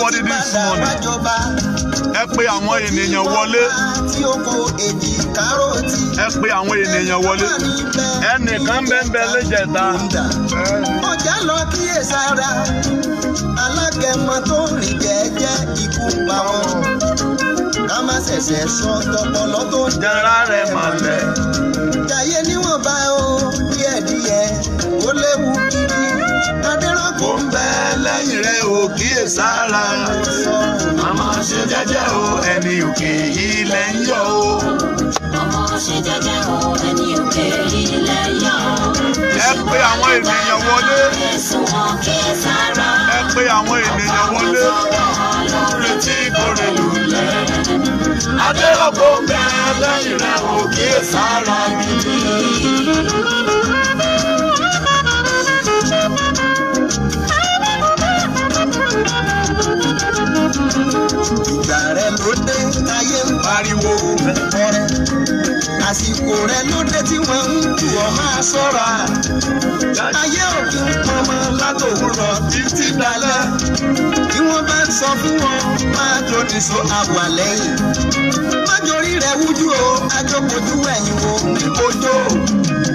Everybody this morning. Ẹ pe àwọn ènìyàn wọlé. Ẹ pe àwọn ènìyàn wọlé. Ẹnìkan bẹ́ẹ̀ lẹ́jẹ̀ta. Ọjà lọ kíyèsára, alágẹmọ tó rìn jẹ́jẹ́ ikú pa wọn. Ká má ṣẹ̀ṣẹ̀ sọ tọpọlọ tó ń jara rẹ̀ mọ̀lẹ́. Jàyé níwọ̀nba o, bí ẹ. ò kíyè sára màmá ṣe jẹ́jẹ́ o ẹni òkè ilẹ̀ ń yọ o. màmá ṣe jẹ́jẹ́ o ẹni òkè ilẹ̀ ń yọ o. ẹ pé àwọn ènìyàn wọlé. ẹ pé àwọn ènìyàn wọlé. retí ìkórè lulẹ̀. adé ọgbọ́n bẹ́ẹ̀ lẹ́yìn rẹ̀ ò kíyè sára bẹ̀rẹ̀ rẹ̀ àsìkò rẹ̀ ló dé tí wọ́n ń tù ọ́ máa ṣọ́ra ayé òkè ń pọnmọ látòwúrọ̀ títí dalẹ́ bí wọ́n bá ń sọ fún wọn máa dòdì so àwà lẹ́yìn májòrí rẹ̀ wújú o ajókòjú ẹ̀yìn wo ní kojó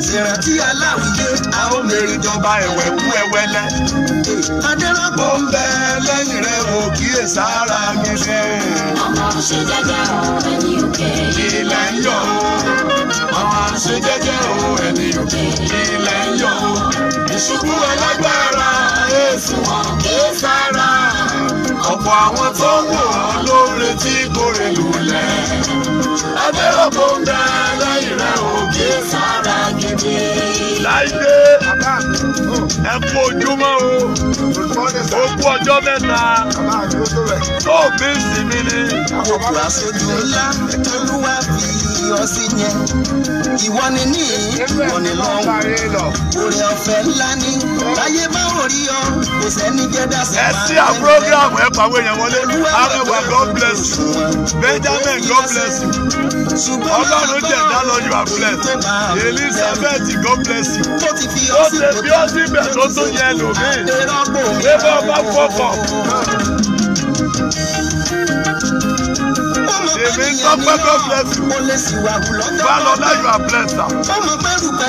ìrántí aláwìyé a ó lè rí jọba ẹ̀wẹ̀ kú ẹ̀wẹ́lẹ́. adérọ́pọ̀ ń bẹ lẹ́yìn rẹ̀ wò kíyè sára mi ṣe. ọmọ ṣe jẹ́jẹ́ o ẹni òkè. ilẹ̀ ń yọ o ọmọ ṣe jẹ́jẹ́ o ẹni òkè. ilẹ̀ ń yọ o ìṣubú alágbára èsù wọn kíyè sára. ọ̀pọ̀ àwọn tó wò ó ló retí kórè lulẹ̀ adéròpọ̀ ń bẹ lẹ́yìn rẹ̀ ò kí sára gidi. láìdé ẹ kú ojúmọ́ o ó kú ọjọ́ mẹ́ta tó o bí sinmi ni. òkú àṣejù ńlá olúwa fi ọ sí yẹn ìwọ ni ní ìwọ ni lọ́wọ́ orí ọ̀fẹ́ ńlá ni láyé bá orí ọ kò sẹ́ni jẹ́dá sí ẹ sí àwọn program ẹ pàwé yẹn wọlé àwọn ẹwà God bless you Benjamin God bless you ọlọ́run jẹ̀dá lọ you are blessed elizabeth god bless you ó ṣe bí ó sì bẹ̀ tó tún yẹ lòmíì bí bá bá fọkàn èmi tọ́pẹ́ tó bless you Balọ̀lá you are blessed ah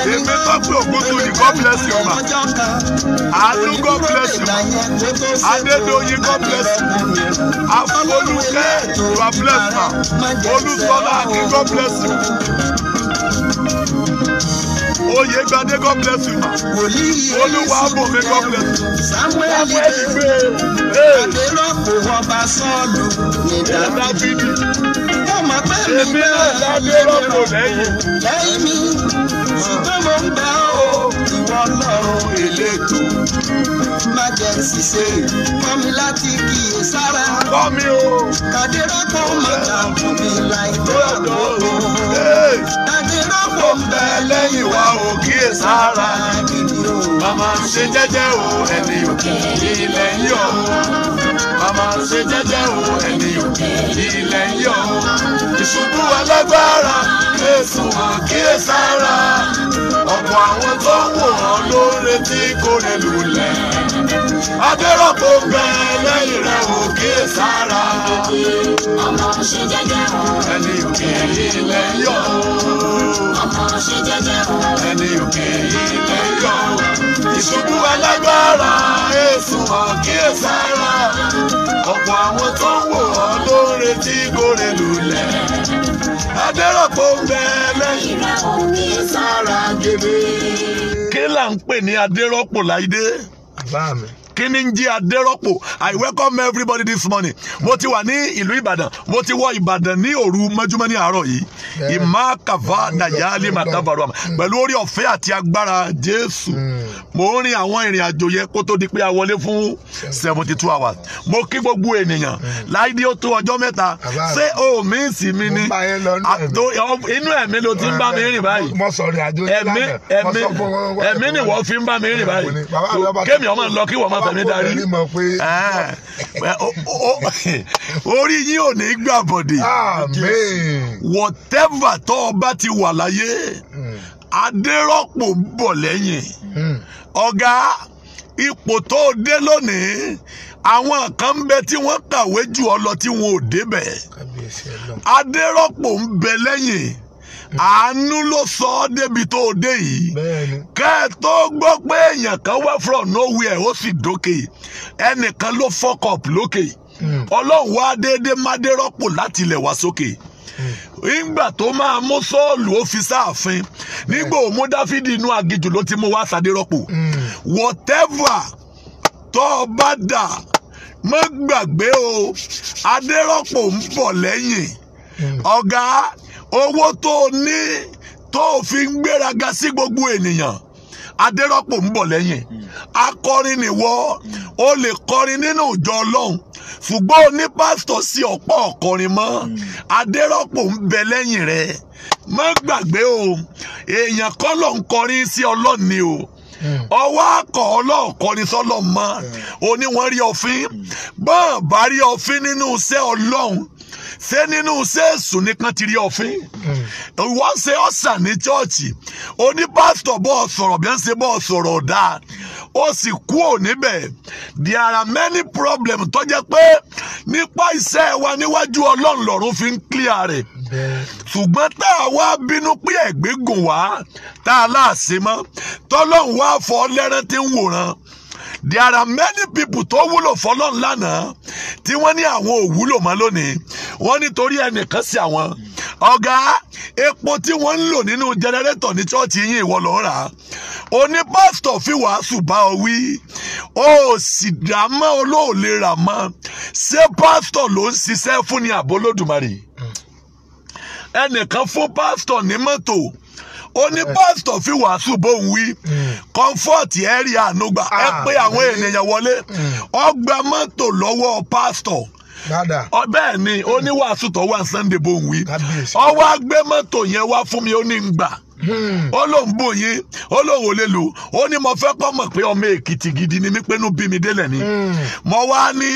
èmi tọ́pẹ́ ògúntù ni God bless you ma àánú God bless you ma Adédoyin God bless you Afọlùkẹ́ you are blessed ma Akin God bless you. Oyè gbadé God bless you ma. Olúwa bòmí God bless you. Samuel gbé. Àbẹ̀rọ̀ kò wọ́n bá sọ́ọ̀lù. Ìdá Dábìdì mọ̀ pé mi bá lọ́dẹ rọ́pò lẹ́yìn. lẹ́yìn mi ṣùgbọ́n mo ń bá o ìwọ lọ́rùn elétò. má jẹ́ ṣìṣe kọ́ mi láti kíyè sára. kọ́ mi o. kàdé rọ́pò màkà fún mi láìpẹ́ àbọ̀ o. kàdé rọ́pò ń bẹ lẹ́yìn wa ò kíyè sára. màmá ṣe jẹ́jẹ́ o ẹni òkè ilẹ̀ yọ̀ o màmá ṣe jẹ́jẹ́ òun ẹni òbí ilẹ̀ ń yọ ìṣubú alágbára èso àkíyèsára ọ̀pọ̀ àwọn tó ń wòran ló ń retí kó lè lulẹ̀ abẹ́rọ̀pọ̀ bẹ́ẹ̀ lẹ́yìn rẹ̀ ò kíyèsára màmá ṣe jẹ́jẹ́ òun ẹni òbí ilẹ̀ ń yọ màmá ṣe jẹ́jẹ́ òun ẹni òbí ilẹ̀ ń yọ ìṣubú alágbára èso àkíyèsára ọ̀pọ̀ àwọn tó ń wò ọ́ ló ń retí gòrè lulẹ̀ adẹ́rọ̀pọ̀ ń bẹ lẹ́yìn sára gèdè. kí ń pè ní adẹ́rọ̀pọ̀ láìdé. bàbá mi kíní ń jí adérọ́pò i welcome everybody this morning mo ti wà ní ìlú ìbàdàn mo ti wọ ìbàdàn ní òru mọ́júmọ́ ní àárọ̀ yìí ìmákàfà nàyàlì màkàbàrọ̀ àmà mm. pẹ̀lú orí ọ̀fẹ́ àti agbára jésù mm. mo ń rin àwọn ìrìn àjò yẹn kó tó di pé a wọlé fún seventy two hours mo kí gbogbo ènìyàn mm. láìdí ó tó ọjọ́ mẹ́ta ṣé o mi sì mi ni inú ẹ̀mí ló ti ń bá mi rìn báyìí ẹ̀mí ni wọ́n fi ń bá mi rìn báyìí kémi ọmọ lọ kí wọ́n máa nìkan darí ah, orí yín ò ní gbà bọ̀dẹ̀ whatever tó o bá ti wà láyé hmm. adérọ́pò ń bọ̀ lẹ́yìn hmm. ọ̀gá ipò tó o dé lónìí àwọn kan ń bẹ tí wọ́n kàwé jù ọ lọ tí wọn ò débẹ̀ adérọ́pò ń bẹ lẹ́yìn àánú ló sọ ọ́ débi tó o dé yìí kẹ́ ẹ tó gbọ́ pé èèyàn kan wá from nowhere ó sì dókè ẹnìkan ló fuck up lókè hmm. ọlọ́run wá déédéé mádérọ́pò láti ilẹ̀ wá sókè hmm. nígbà tó máa mú sọ́ọ̀lù ó fi sáàfin nígbà òun dáfídì inú aginjù ló ti mú wá sadérọ́pò hmm. whatever tó o bá dà má gbàgbé o adérọ́pò ń bọ̀ lẹ́yìn ọ̀gá owó tó o ní tó o fi ń gbéraga sí gbogbo ènìyàn adérọ́pò ń bọ̀ lẹ́yìn akọrin nìwọ o lè kọrin nínú ìjọ ọlọ́run ṣùgbọ́n o ní pásítọ̀ sí ọ̀pọ̀ ọ̀kọrin mọ́ adérọ́pò ń bẹ lẹ́yìn rẹ má gbàgbé o èèyàn kọ́ ló ń kọrin sí ọlọ́run ni o ọwọ́ akọ̀ ọlọ́ọ̀kọrin sọ́lọ́ mọ́ hmm. o ní wọ́n rí ọfín bọ́ọ̀ bá rí ọfín nínú iṣẹ́ ọlọ́run ṣé nínú sẹ́ẹ̀sù nìkan ti rí ọ̀fin hmm. wọ́n ṣe ọ̀sà ní chọ́ọ̀chì oní pásítọ̀ bọ́ọ̀ sọ̀rọ̀ bí wọ́n ṣe bọ́ọ̀ sọ̀rọ̀ ọ̀dà ó sì kú ò níbẹ̀ there are many problems tó jẹ́ pé nípa iṣẹ́ wa níwájú ọlọ́run lọ́run fi ń clear rẹ̀ ṣùgbọ́n tá a wá bínú pé ẹ̀gbẹ́ gùn wá tá a láàṣẹ mọ́ tọ́lọ́run wá fọ́ lẹ́rán tí ń wòran there are many people tó wúlò fọlọ́n lánàá tí wọ́n ní àwọn ò wúlò mọ́ lónìí wọ́n nítorí ẹnìkan sí àwọn ọ̀gá epo tí wọ́n ń lò nínú jẹnẹrétọ̀ ní chọ́ọ̀chì yín ìwọ ló ń rà oní pásítọ̀ fi wàásù bá ọ wí ó sì dá mọ́ olóòlè rà mọ́ ṣé pásítọ̀ ló ń ṣiṣẹ́ fún ni àbólódùmarè hmm. ẹnìkan fún pásítọ̀ ní mọ́tò. Mm ó ní pásítọ̀ fi wàásù bóun wí kọ́ńfọ́ọ̀tì ẹ̀rí ànúgbà ẹ ah. pé àwọn ènìyàn wọlé ọgbà mm. mọ́tò lọ́wọ́ pásítọ̀ bẹ́ẹ̀ ni ó ní mm. wàásù tó wà Sunday bóun wí ọwọ́ agbé mọ́tò yẹn wá fún mi ó ní ń gbà mm. ó lóun bò ó lóun ò lè lò ó ní mo fẹ́ kọ́ mọ̀ pé ọmọ èkìtì gidi ni mí pé inú bí mi délẹ̀ ni mo wá ní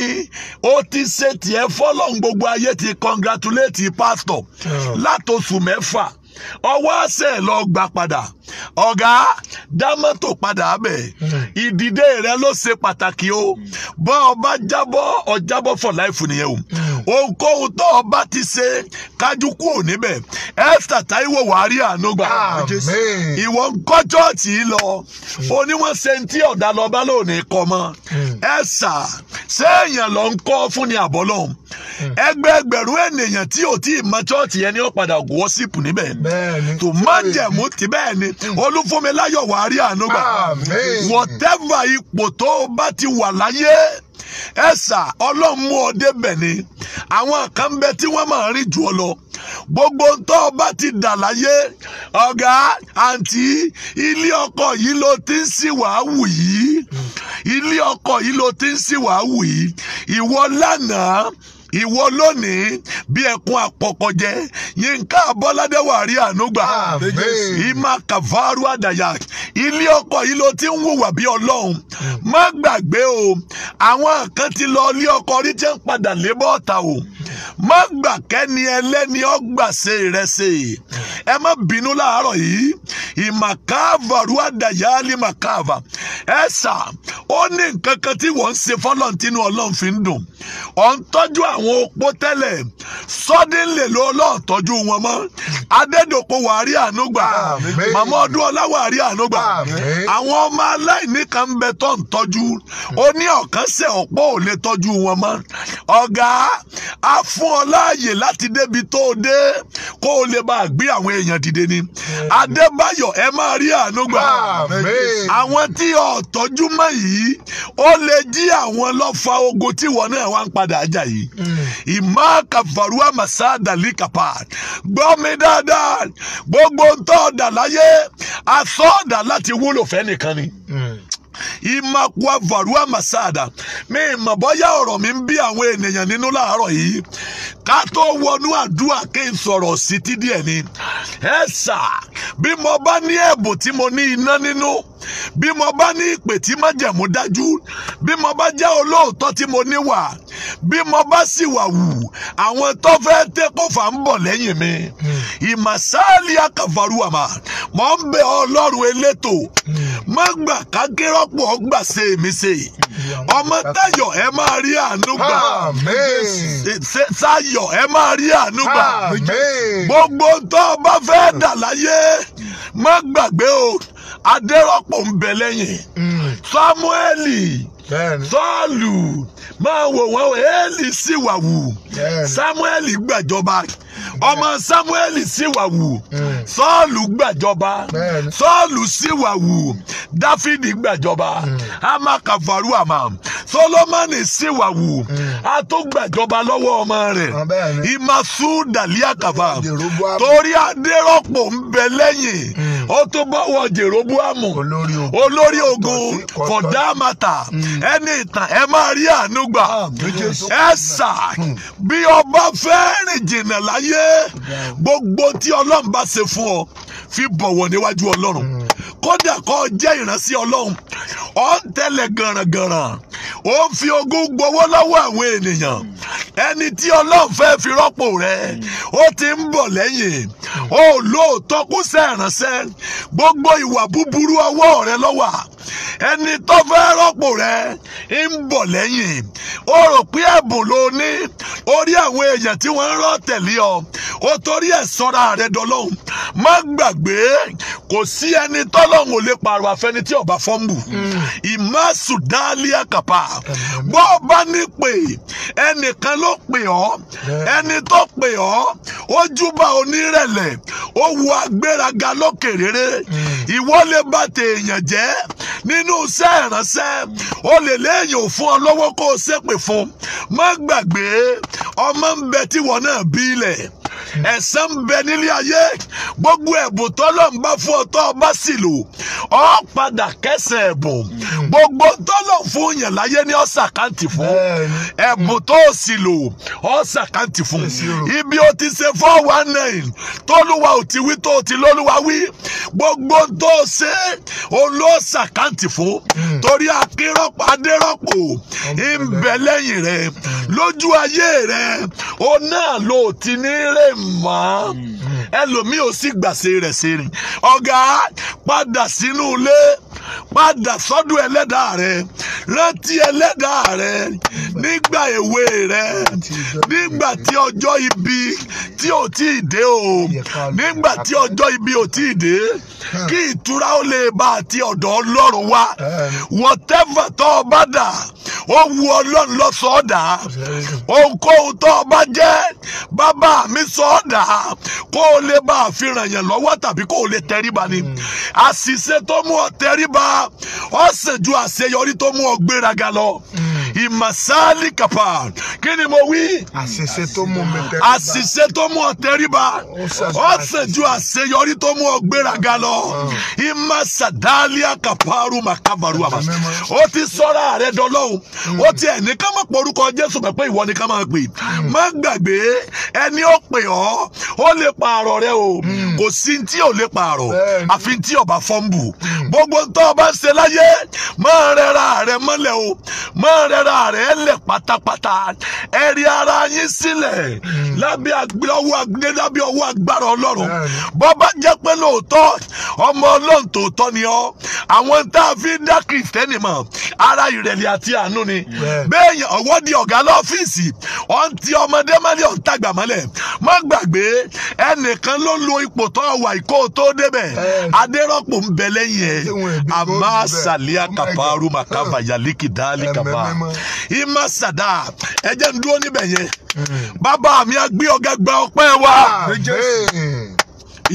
ó ti ṣe tiẹ̀ fọ́lọ́n gbogbo ayé ti congratulate pastor oh. látòṣù mẹ́fà ọwọ́ àṣẹ lọ gbà padà ọ̀gá dámọ́tò padà bẹ̀ ìdìde rẹ ló ṣe pàtàkì o bọ́ ọba jábọ́ ọjábọ́ for life nìyẹn o ohunkóhun tó o bá ti ṣe kájú kúrò níbẹ̀ Esther Táíwò wàá rí nkọ ìwọ ń kọ́ chọ́ọ̀tì lọ oníwọ̀n hmm. sẹ́ńtì ọ̀dà lọ́ba lónìí kọ́ mọ́ hmm. Esther sẹ́yìn lọ ń kọ́ fún ni àbọ́lọ́hún hmm. ẹgbẹẹgbẹ̀rún ènìyàn tí ò tí ì mọ chọ́ọ̀tì yẹn ni ó padà wọ́sípù níbẹ̀ tó má jẹ̀mú ti bá ti wà láyé. ẹ̀sà ọlọ́run mú ọ débẹ̀ ni àwọn kan ń bẹ tí wọ́n máa rí jù ọ lọ gbogbo tó o bá ti dà láyé ọ̀gá àǹtí ilé ọkọ yìí ló ti ń sì wàá wù yìí ilé ọkọ yìí ló ti ń sì wàá wù yìí ìwọ lánàá ìwọ lónìí bí ẹkún àpọkọjẹ yínká abọ́ládé wàrí ànúgbà ìmà kàfàrú àdàyà ilé ọkọ yìí ló ti ń wùwà bí ọlọ́run má gbàgbé o àwọn kan ti lọ ilé ọkọ rí tí ń padà lébọ́ ọ̀tà o má gbà kẹ́ni ẹlẹ́ni ọgbàṣe rẹ̀ ṣe ẹ má bínú láàárọ̀ yìí ìmàkàvà rúwàdàyà àlìmàkàvà ẹ sà ó ní nǹkan kan tí wọ́n ń ṣe fọ́lọ́ntínú ọlọ́run fi ń dùn ọ̀ ń tọ́jú àwọn àwọn opó tẹ́lẹ̀ suddenly ló lọ́ọ̀tọ́jú wọn mọ́ adédọ̀pọ̀ wàárí ànúgbà màmá ọdún ọlá wàárí ànúgbà àwọn ọmọ aláìní kan ń bẹ tó ń tọ́jú ó ní ọ̀kan ṣe ọ̀pọ̀ ò lè tọ́jú wọn mọ́ ọ̀gá a fún ọ láàyè láti débi tó o dé kó o lè bá a gbé àwọn èèyàn dìde ni adébáyọ̀ ẹ máa rí ànúgbà àwọn tí ò tọ́jú mọ́ yìí ó lè jí àwọn lọ́fà ogo tí wọn náà wá ń padà jà yìí ìmáàkà fàrúwà màsáàdà líkàpá gbọ́ mi dáadáa gbogbo ń tọ́ ọ̀dà láyé asọ́ ọ̀dà láti wúlò fẹ́ nìkan ni. Mm imakua varua masada mi mọ̀ bóyá ọ̀rọ̀ mi ń bí àwọn ènìyàn nínú láàárọ̀ yìí ká tó wọnú àdúrà kí n sọ̀rọ̀ sí ti díẹ̀ ni ẹ sà bí mo bá ní ẹ̀bùn tí mo ní iná nínú bí mo bá ní ìpè tí má jẹ̀mú dájú bí mo bá jẹ́ olóòótọ́ tí mo níwà bí mo bá sì wà wù àwọn tó fẹ́ tẹ́ kó fà ń bọ̀ lẹ́yìn mi ìmọ̀sáàlì akàfàrúwàmà mọ̀ ń bẹ ọlọ́run elétò má gbà ká gérọ́pọ̀ ọgbà ṣe mí ṣe ọmọ táyọ̀ ẹ máa rí àánú gbà ayọ̀ ẹ máa rí àánú gbà gbogbo tó o bá fẹ́ dà láyé má gbàgbé o adérọ́pọ̀ ń bẹ lẹ́yìn mm. sámúẹ́lì sọ́ọ̀lù máa wò wọ́n éèlì sì wà wù sámúẹ́lì gbàjọba ọmọ samuel síwàwù mm. sọ́ọ̀lù gbàjọba sọ́ọ̀lù síwàwù dáfídì gbàjọba mm. amakafaru àmà solomoni síwàwù àtúgbàjọba mm. lọ́wọ́ ọmọ rẹ̀ ah, imasu dàlíàkàfà torí adérọ́pò ń bẹ lẹ́yìn ó tún bọ́wọ́ jèròbúàmù olórí ogun kọ̀dámàtà ẹni ìtàn ẹ máa rí àánú gbà ah, ẹ sà bí ọba fẹ́ẹ́ rìn jìnnà láyé láyé gbogbo tí ọlọ́run bá ṣe fún ọ fi bọ̀wọ̀ níwájú ọlọ́run hmm. kódà kó jẹ́ ìránṣẹ́ ọlọ́run ó ń tẹ̀lé gànràngànràn ó fi ogún gbowó lọ́wọ́ àwọn ènìyàn ẹni tí ọlọ́run fẹ́ fi rọ́pò rẹ ó ti ń bọ̀ lẹ́yìn ó lóòótọ́ kó sẹ́ gbogbo ìwà búburú ọwọ́ rẹ lọ́wọ́ ẹni tó rẹ ń bọ̀ lẹ́yìn ó rò pé ẹ̀bùn ló ní orí àwọn èèyàn tí wọ́n ń ọ ó torí ẹ̀ sọ́ra rẹ dọ́lọ́hùn má gbàgbé kò sí ọlọ́run ò lè pààrọ̀ àfẹni tí ọba fọ́ǹbù ìmọ̀ sùdálíà kàpà bọ́ bá ní pè ẹnìkan ló pè ọ́ ẹni tó pè ọ́ ojúbà onírẹ̀lẹ̀ ó wu agbéraga lókè rere lè bà tèèyàn jẹ́ nínú o lè léèyàn fún ọ lọ́wọ́ kó o ṣépè fún ẹ̀san ń bẹ nílé ayé gbogbo ẹ̀bùn tọ́lọ́run bá fún ọ tó o bá sì lò ọ padà kẹsẹ̀ ẹ̀bùn mm. gbogbo tọ́lọ́run fún yẹn láyé ní ọ ṣàkáǹtì fún ẹ̀bùn tó o sì lò ọ ṣàkáǹtì fún ibi o ti ṣe four one nine tọ́lúwa ò ti wí tó o ti lọ́lúwa wí gbogbo tó o ṣe olóò ṣàkáǹtì fún mm. torí akérọ́pọ̀ adérọ́pọ̀ ń bẹ lẹ́yìn rẹ mm. lójú ayé rẹ o náà lò ti ní rẹ pè mọ́ mm. ẹlòmíì ò sì gbàsè rẹ̀ ṣe rìn ọ̀gá padà sínú ilé padà sọ́dọ̀ ẹlẹ́dàá rẹ rántí ẹlẹ́dàá rẹ nígbà èwe rẹ nígbà tí ọjọ́ ibi tí ò tí ì dé o nígbà tí ọjọ́ ibi ò tí ì dé kí ìtura ó lè bá àti ọ̀dọ̀ ọlọ́run wá whatever tó o bá dà ó wu ọlọ́run lọ́sọ̀ọ́ dà ohunkóhun tó o bá jẹ́ bàbá mi sọ́ọ̀dà kó o lè bá àfihàn yẹn lọ́wọ́ tàbí kó o lè tẹríba ni hmm. àṣìṣe tó mú ọ tẹríba ọ̀sẹ̀ ju àṣeyọrí tó mú ọ gbéraga lọ. Hmm ìmọ̀sáálì kàpà kí ni mo wí. àṣìṣe to mú mi tẹríba. àṣìṣe tó mú ọ tẹríba ó sàn ju lọ ìmọ̀sádálì àkàpàrù màkàbàrù àmà ó ti sọ́ra rẹ dọ́lọ́hùn hmm. ó ti ẹ̀ní ká má porúkọ jésù pẹ̀pẹ́ ìwọ ni ká máa pè hmm. má gbàgbé ẹni ó pè ọ́ ó lè pààrọ̀ rẹ o hmm. kò sí tí ò lè pààrọ̀ àfi tí ọba fọ́nbù gbogbo ntọ́ ọba ṣe láyé máa rẹra rẹ mọ́lẹ̀ o máa rẹ rẹ́ra rẹ̀ lẹ̀ patapata ẹ ara yín sílẹ̀ hmm. lábẹ́ ọwọ́ agbé lábẹ́ ọwọ́ agbára ọlọ́run hmm. bọ́ bá jẹ́ pé lóòótọ́ ọmọ ọlọ́run tòótọ́ ni ọ àwọn tá a fi ń dá kìrìtẹ́nì ara ìrẹ̀lẹ̀ àti àánú ni hmm. ọwọ́ di ọ̀gá lọ́fíìsì ọ̀n ti ọmọdé tàgbà mọ́lẹ̀ má gbàgbé ẹnìkan ló lo ipò imasada ẹ jẹ́ n dúró níbẹ̀ yẹn mm. bàbá mi á gbé ọ̀gá gba ọpẹ́ wa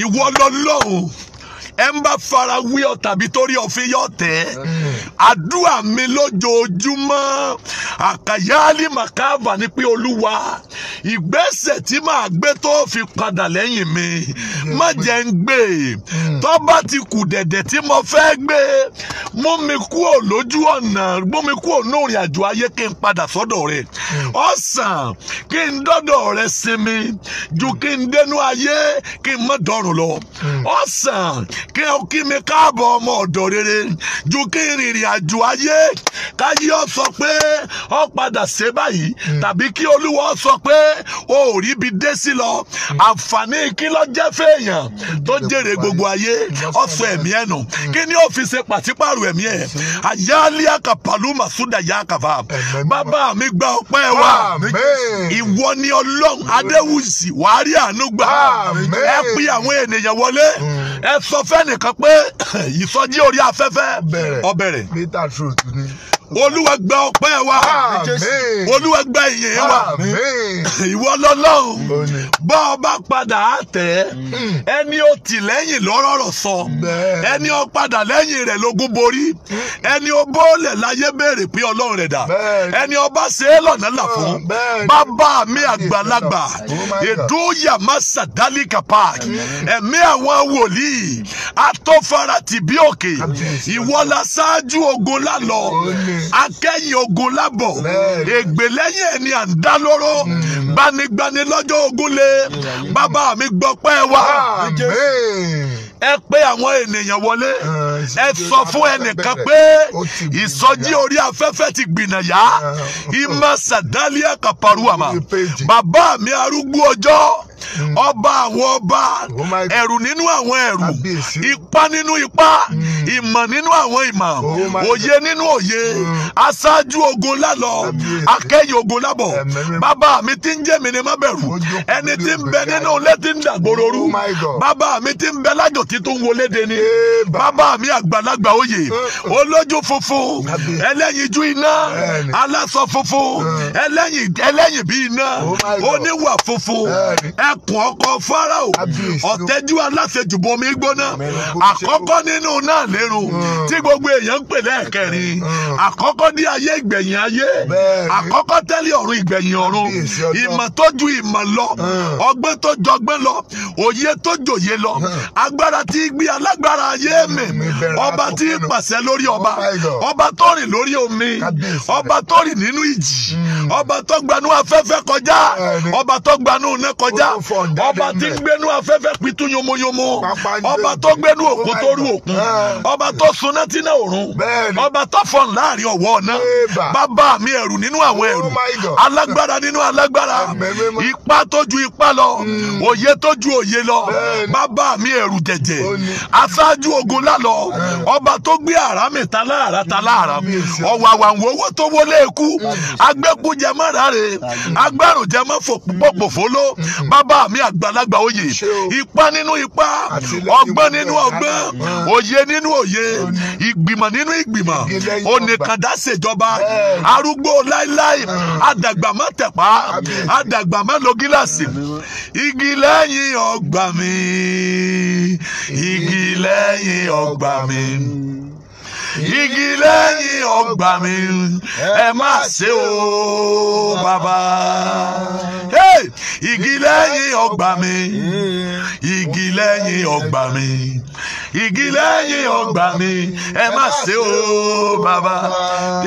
ìwọ lọ́lọ́run ẹ fara wí ọ̀tà bí torí ọ̀fin yọ̀ tẹ́ àdúrà mi lójoojúmọ́ àkàyálì màkàbà ni pé olúwa ìgbésẹ̀ tí màá gbé tó fi padà lẹ́yìn mi má jẹ́ ń gbé tọ́ba ti kù dẹ̀dẹ̀ tí mo fẹ́ gbé mú mi kúò lójú ọ̀nà mú mi kúò ní òrìn àjò ayé kí n padà sọ́dọ̀ rẹ̀ ọ̀sán kí n dọ́dọ̀ rẹ̀ sinmi ju kí n dénú ayé kí n má dọ̀rùn lọ hmm. ọ̀sán kí o kí mi káàbọ̀ ọmọ ọ̀dọ̀ rere ju kí n rìnrìn àjò ayé káyé ọ sọ pé ọ padà ṣe báyìí hmm. tàbí kí olúwa ọ sọ pé o ò rí ibi dé sí lọ hmm. àǹfààní kí ló jẹ́ fẹ́ẹ̀yàn hmm. tó jèrè gbogbo ayé ọ sọ ẹ̀mí ẹ̀ nù kí ni ó fi ṣe pàṣípààrọ̀ ẹ̀mí ẹ̀ àyálíà kàpàlú màsúdà yá kàfà bàbá mi gba ọpẹ́ wa ìwọ ni ọlọ́run adéwùsì wàá rí àánú gbà ẹ pín àwọn ènìyàn wọlé ẹ sọ fẹ́ fẹ́ nìkan pé ìsọjí orí afẹ́fẹ́ ọbẹ̀rẹ̀. bitter truth ni olúwa gba ọpẹ́ wa olúwa gba ìyìn wa ìwọ lọ́lọ́run bá ọba padà á tẹ hmm. ẹni ó tì lẹ́yìn lọ́rọ̀rọ̀ sọ ẹni ó padà lẹ́yìn rẹ̀ lógún borí hmm. ẹni ó bọ́ọ̀lẹ̀ láyé béèrè pé ọlọ́run rẹ̀ dà ẹni ọba ṣe é lọ́nà là fún bàbá mi àgbàlagbà èdò yàmá sàdálì kàpá ẹ̀mí àwọn wòlíì atófaratì bí òkè ìwọ la ṣáájú ogun lálọ. Oh Mm. akẹ́yìn ogun lábọ̀ ègbè lẹ́yìn ẹni à ń dá lóró gbanigbani mm. lọ́jọ́ ogun lé bàbá mi gbọ́pẹ́ wa ẹ pé àwọn ènìyàn wọlé ẹ sọ fún ẹnìkan pé ìsọjí orí afẹ́fẹ́ ti gbìnàyà ìmọ̀ sàdálíà kàpàrùwàmà bàbá mi arúgbó ọjọ́. Mm. ọba àwọn ọba oh ẹ̀rù nínú àwọn ẹ̀rù ipá nínú ipá mm. ìmọ̀ nínú àwọn ìmọ̀ oh òye nínú òye mm. aṣáájú ogun lálọ akẹ́yìn ogun lábọ̀ bàbá mi ti ń jẹ́ mi ni má bẹ̀rù ẹni tí ń bẹ nínú ilé tí ń dàgbòròrú oh bàbá mi ti ń bẹ lájò títún wọlé deni eh, bàbá mi àgbàlagbà òye eh. olójú funfun ẹlẹ́yinjú iná aláṣọ funfun eh. ẹlẹ́yìn bí iná oníwà funfun ẹ àpọ̀n ọkọ̀ Fáráò ọ̀tẹ́jú aláṣejù bomi gbóná àkọ́kọ́ nínú náà lérun mm. tí gbogbo èèyàn ń pè lẹ́ẹ̀kẹrin mm. àkọ́kọ́ ní ayé ìgbẹ̀yìn ayé àkọ́kọ́ tẹ́lẹ̀ ọ̀run ìgbẹ̀yìn ọ̀run ìmọ̀ tó ju ìmọ̀ lọ mm. ọgbẹ́ tó jọgbẹ́ lọ òye tó jòye lọ agbára tí gbé alágbára ayé mi ọba tí pàṣẹ lórí ọba oh ọba tó rìn lórí omi ọba tó rìn nínú ìjì ọba tó gbanú afẹ́fẹ́ kọjá ọba tó gbanú iná kọjá ọba tí ń gbénú afẹ́fẹ́ pitú yomoyomo ọba tó gbénú òkú tó rú òkun ọba tó suná tí náà ọba tó fọ̀n láàrin ọ̀wọ́ ọ̀nà bàbá mi ẹ̀rù nínú àwọn oh ẹ̀rù alágbára nínú alágbára ipá tó ju ipá lọ mm. òye tó ju òye lọ bàbá mi ẹ̀rù jẹ̀jẹ̀ aṣáájú ogun lálọ mm. ọba tó gbé àràmì ta láàrá ta láàrá mm. ọ̀wà àwọn owó tó wọlé ikú agbẹ́kú jẹmọ́ rárẹ̀ agbẹ́rù jẹmọ́ fòpọ̀ pòfó ló bàbá bàbá mi àgbàlagbà oyè ipá nínú ipá ọgbọ́n nínú ọgbọ́n òye nínú òye ìgbìmọ̀ nínú ìgbìmọ̀ onìkàndá ṣèjọba arúgbó láíláí àdàgbà má tẹ̀pá àdàgbà má lo gíláàsì igi lẹ́yìn ọgbà mi igi lẹ́yìn ọgbà mi igi lẹ́yìn ọgbà mi ẹ má ṣe o bàbá. igi lẹ́yìn ọgbà mi igi lẹ́yìn ọgbà mi igi lẹ́yìn ọgbà mi ẹ má ṣe o bàbá.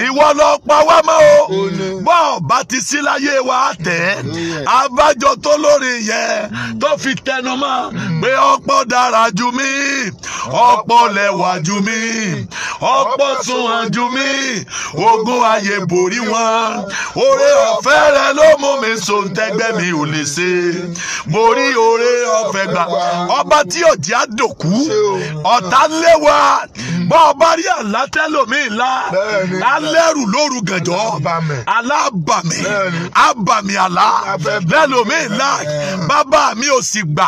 ìwọ ló pa wá mọ́ o bọ́ ọba ti sí láyé wa tẹ̀ abájọ tó lórí yẹn tó fi tẹnu mọ́ pé ọ̀pọ̀ dára jù mí ọ̀pọ̀ lẹ́wà jù mí ọ̀pọ̀ sunwọ̀n jù mi, ogun ayé bori wọn ore ọ̀fẹ́ rẹ ló mú mi so ntẹ́gbẹ́ mi ò lè ṣe mo rí oore ọ̀fẹ́ gbà ọba tí òjì dòkú ọ̀tá léwa bọ́ ọ bá rí àlá la alẹ́rù lóru gànjọ́ alábàmì abàmì àlá lẹ́lòmíì la bàbá mi ò sì gbà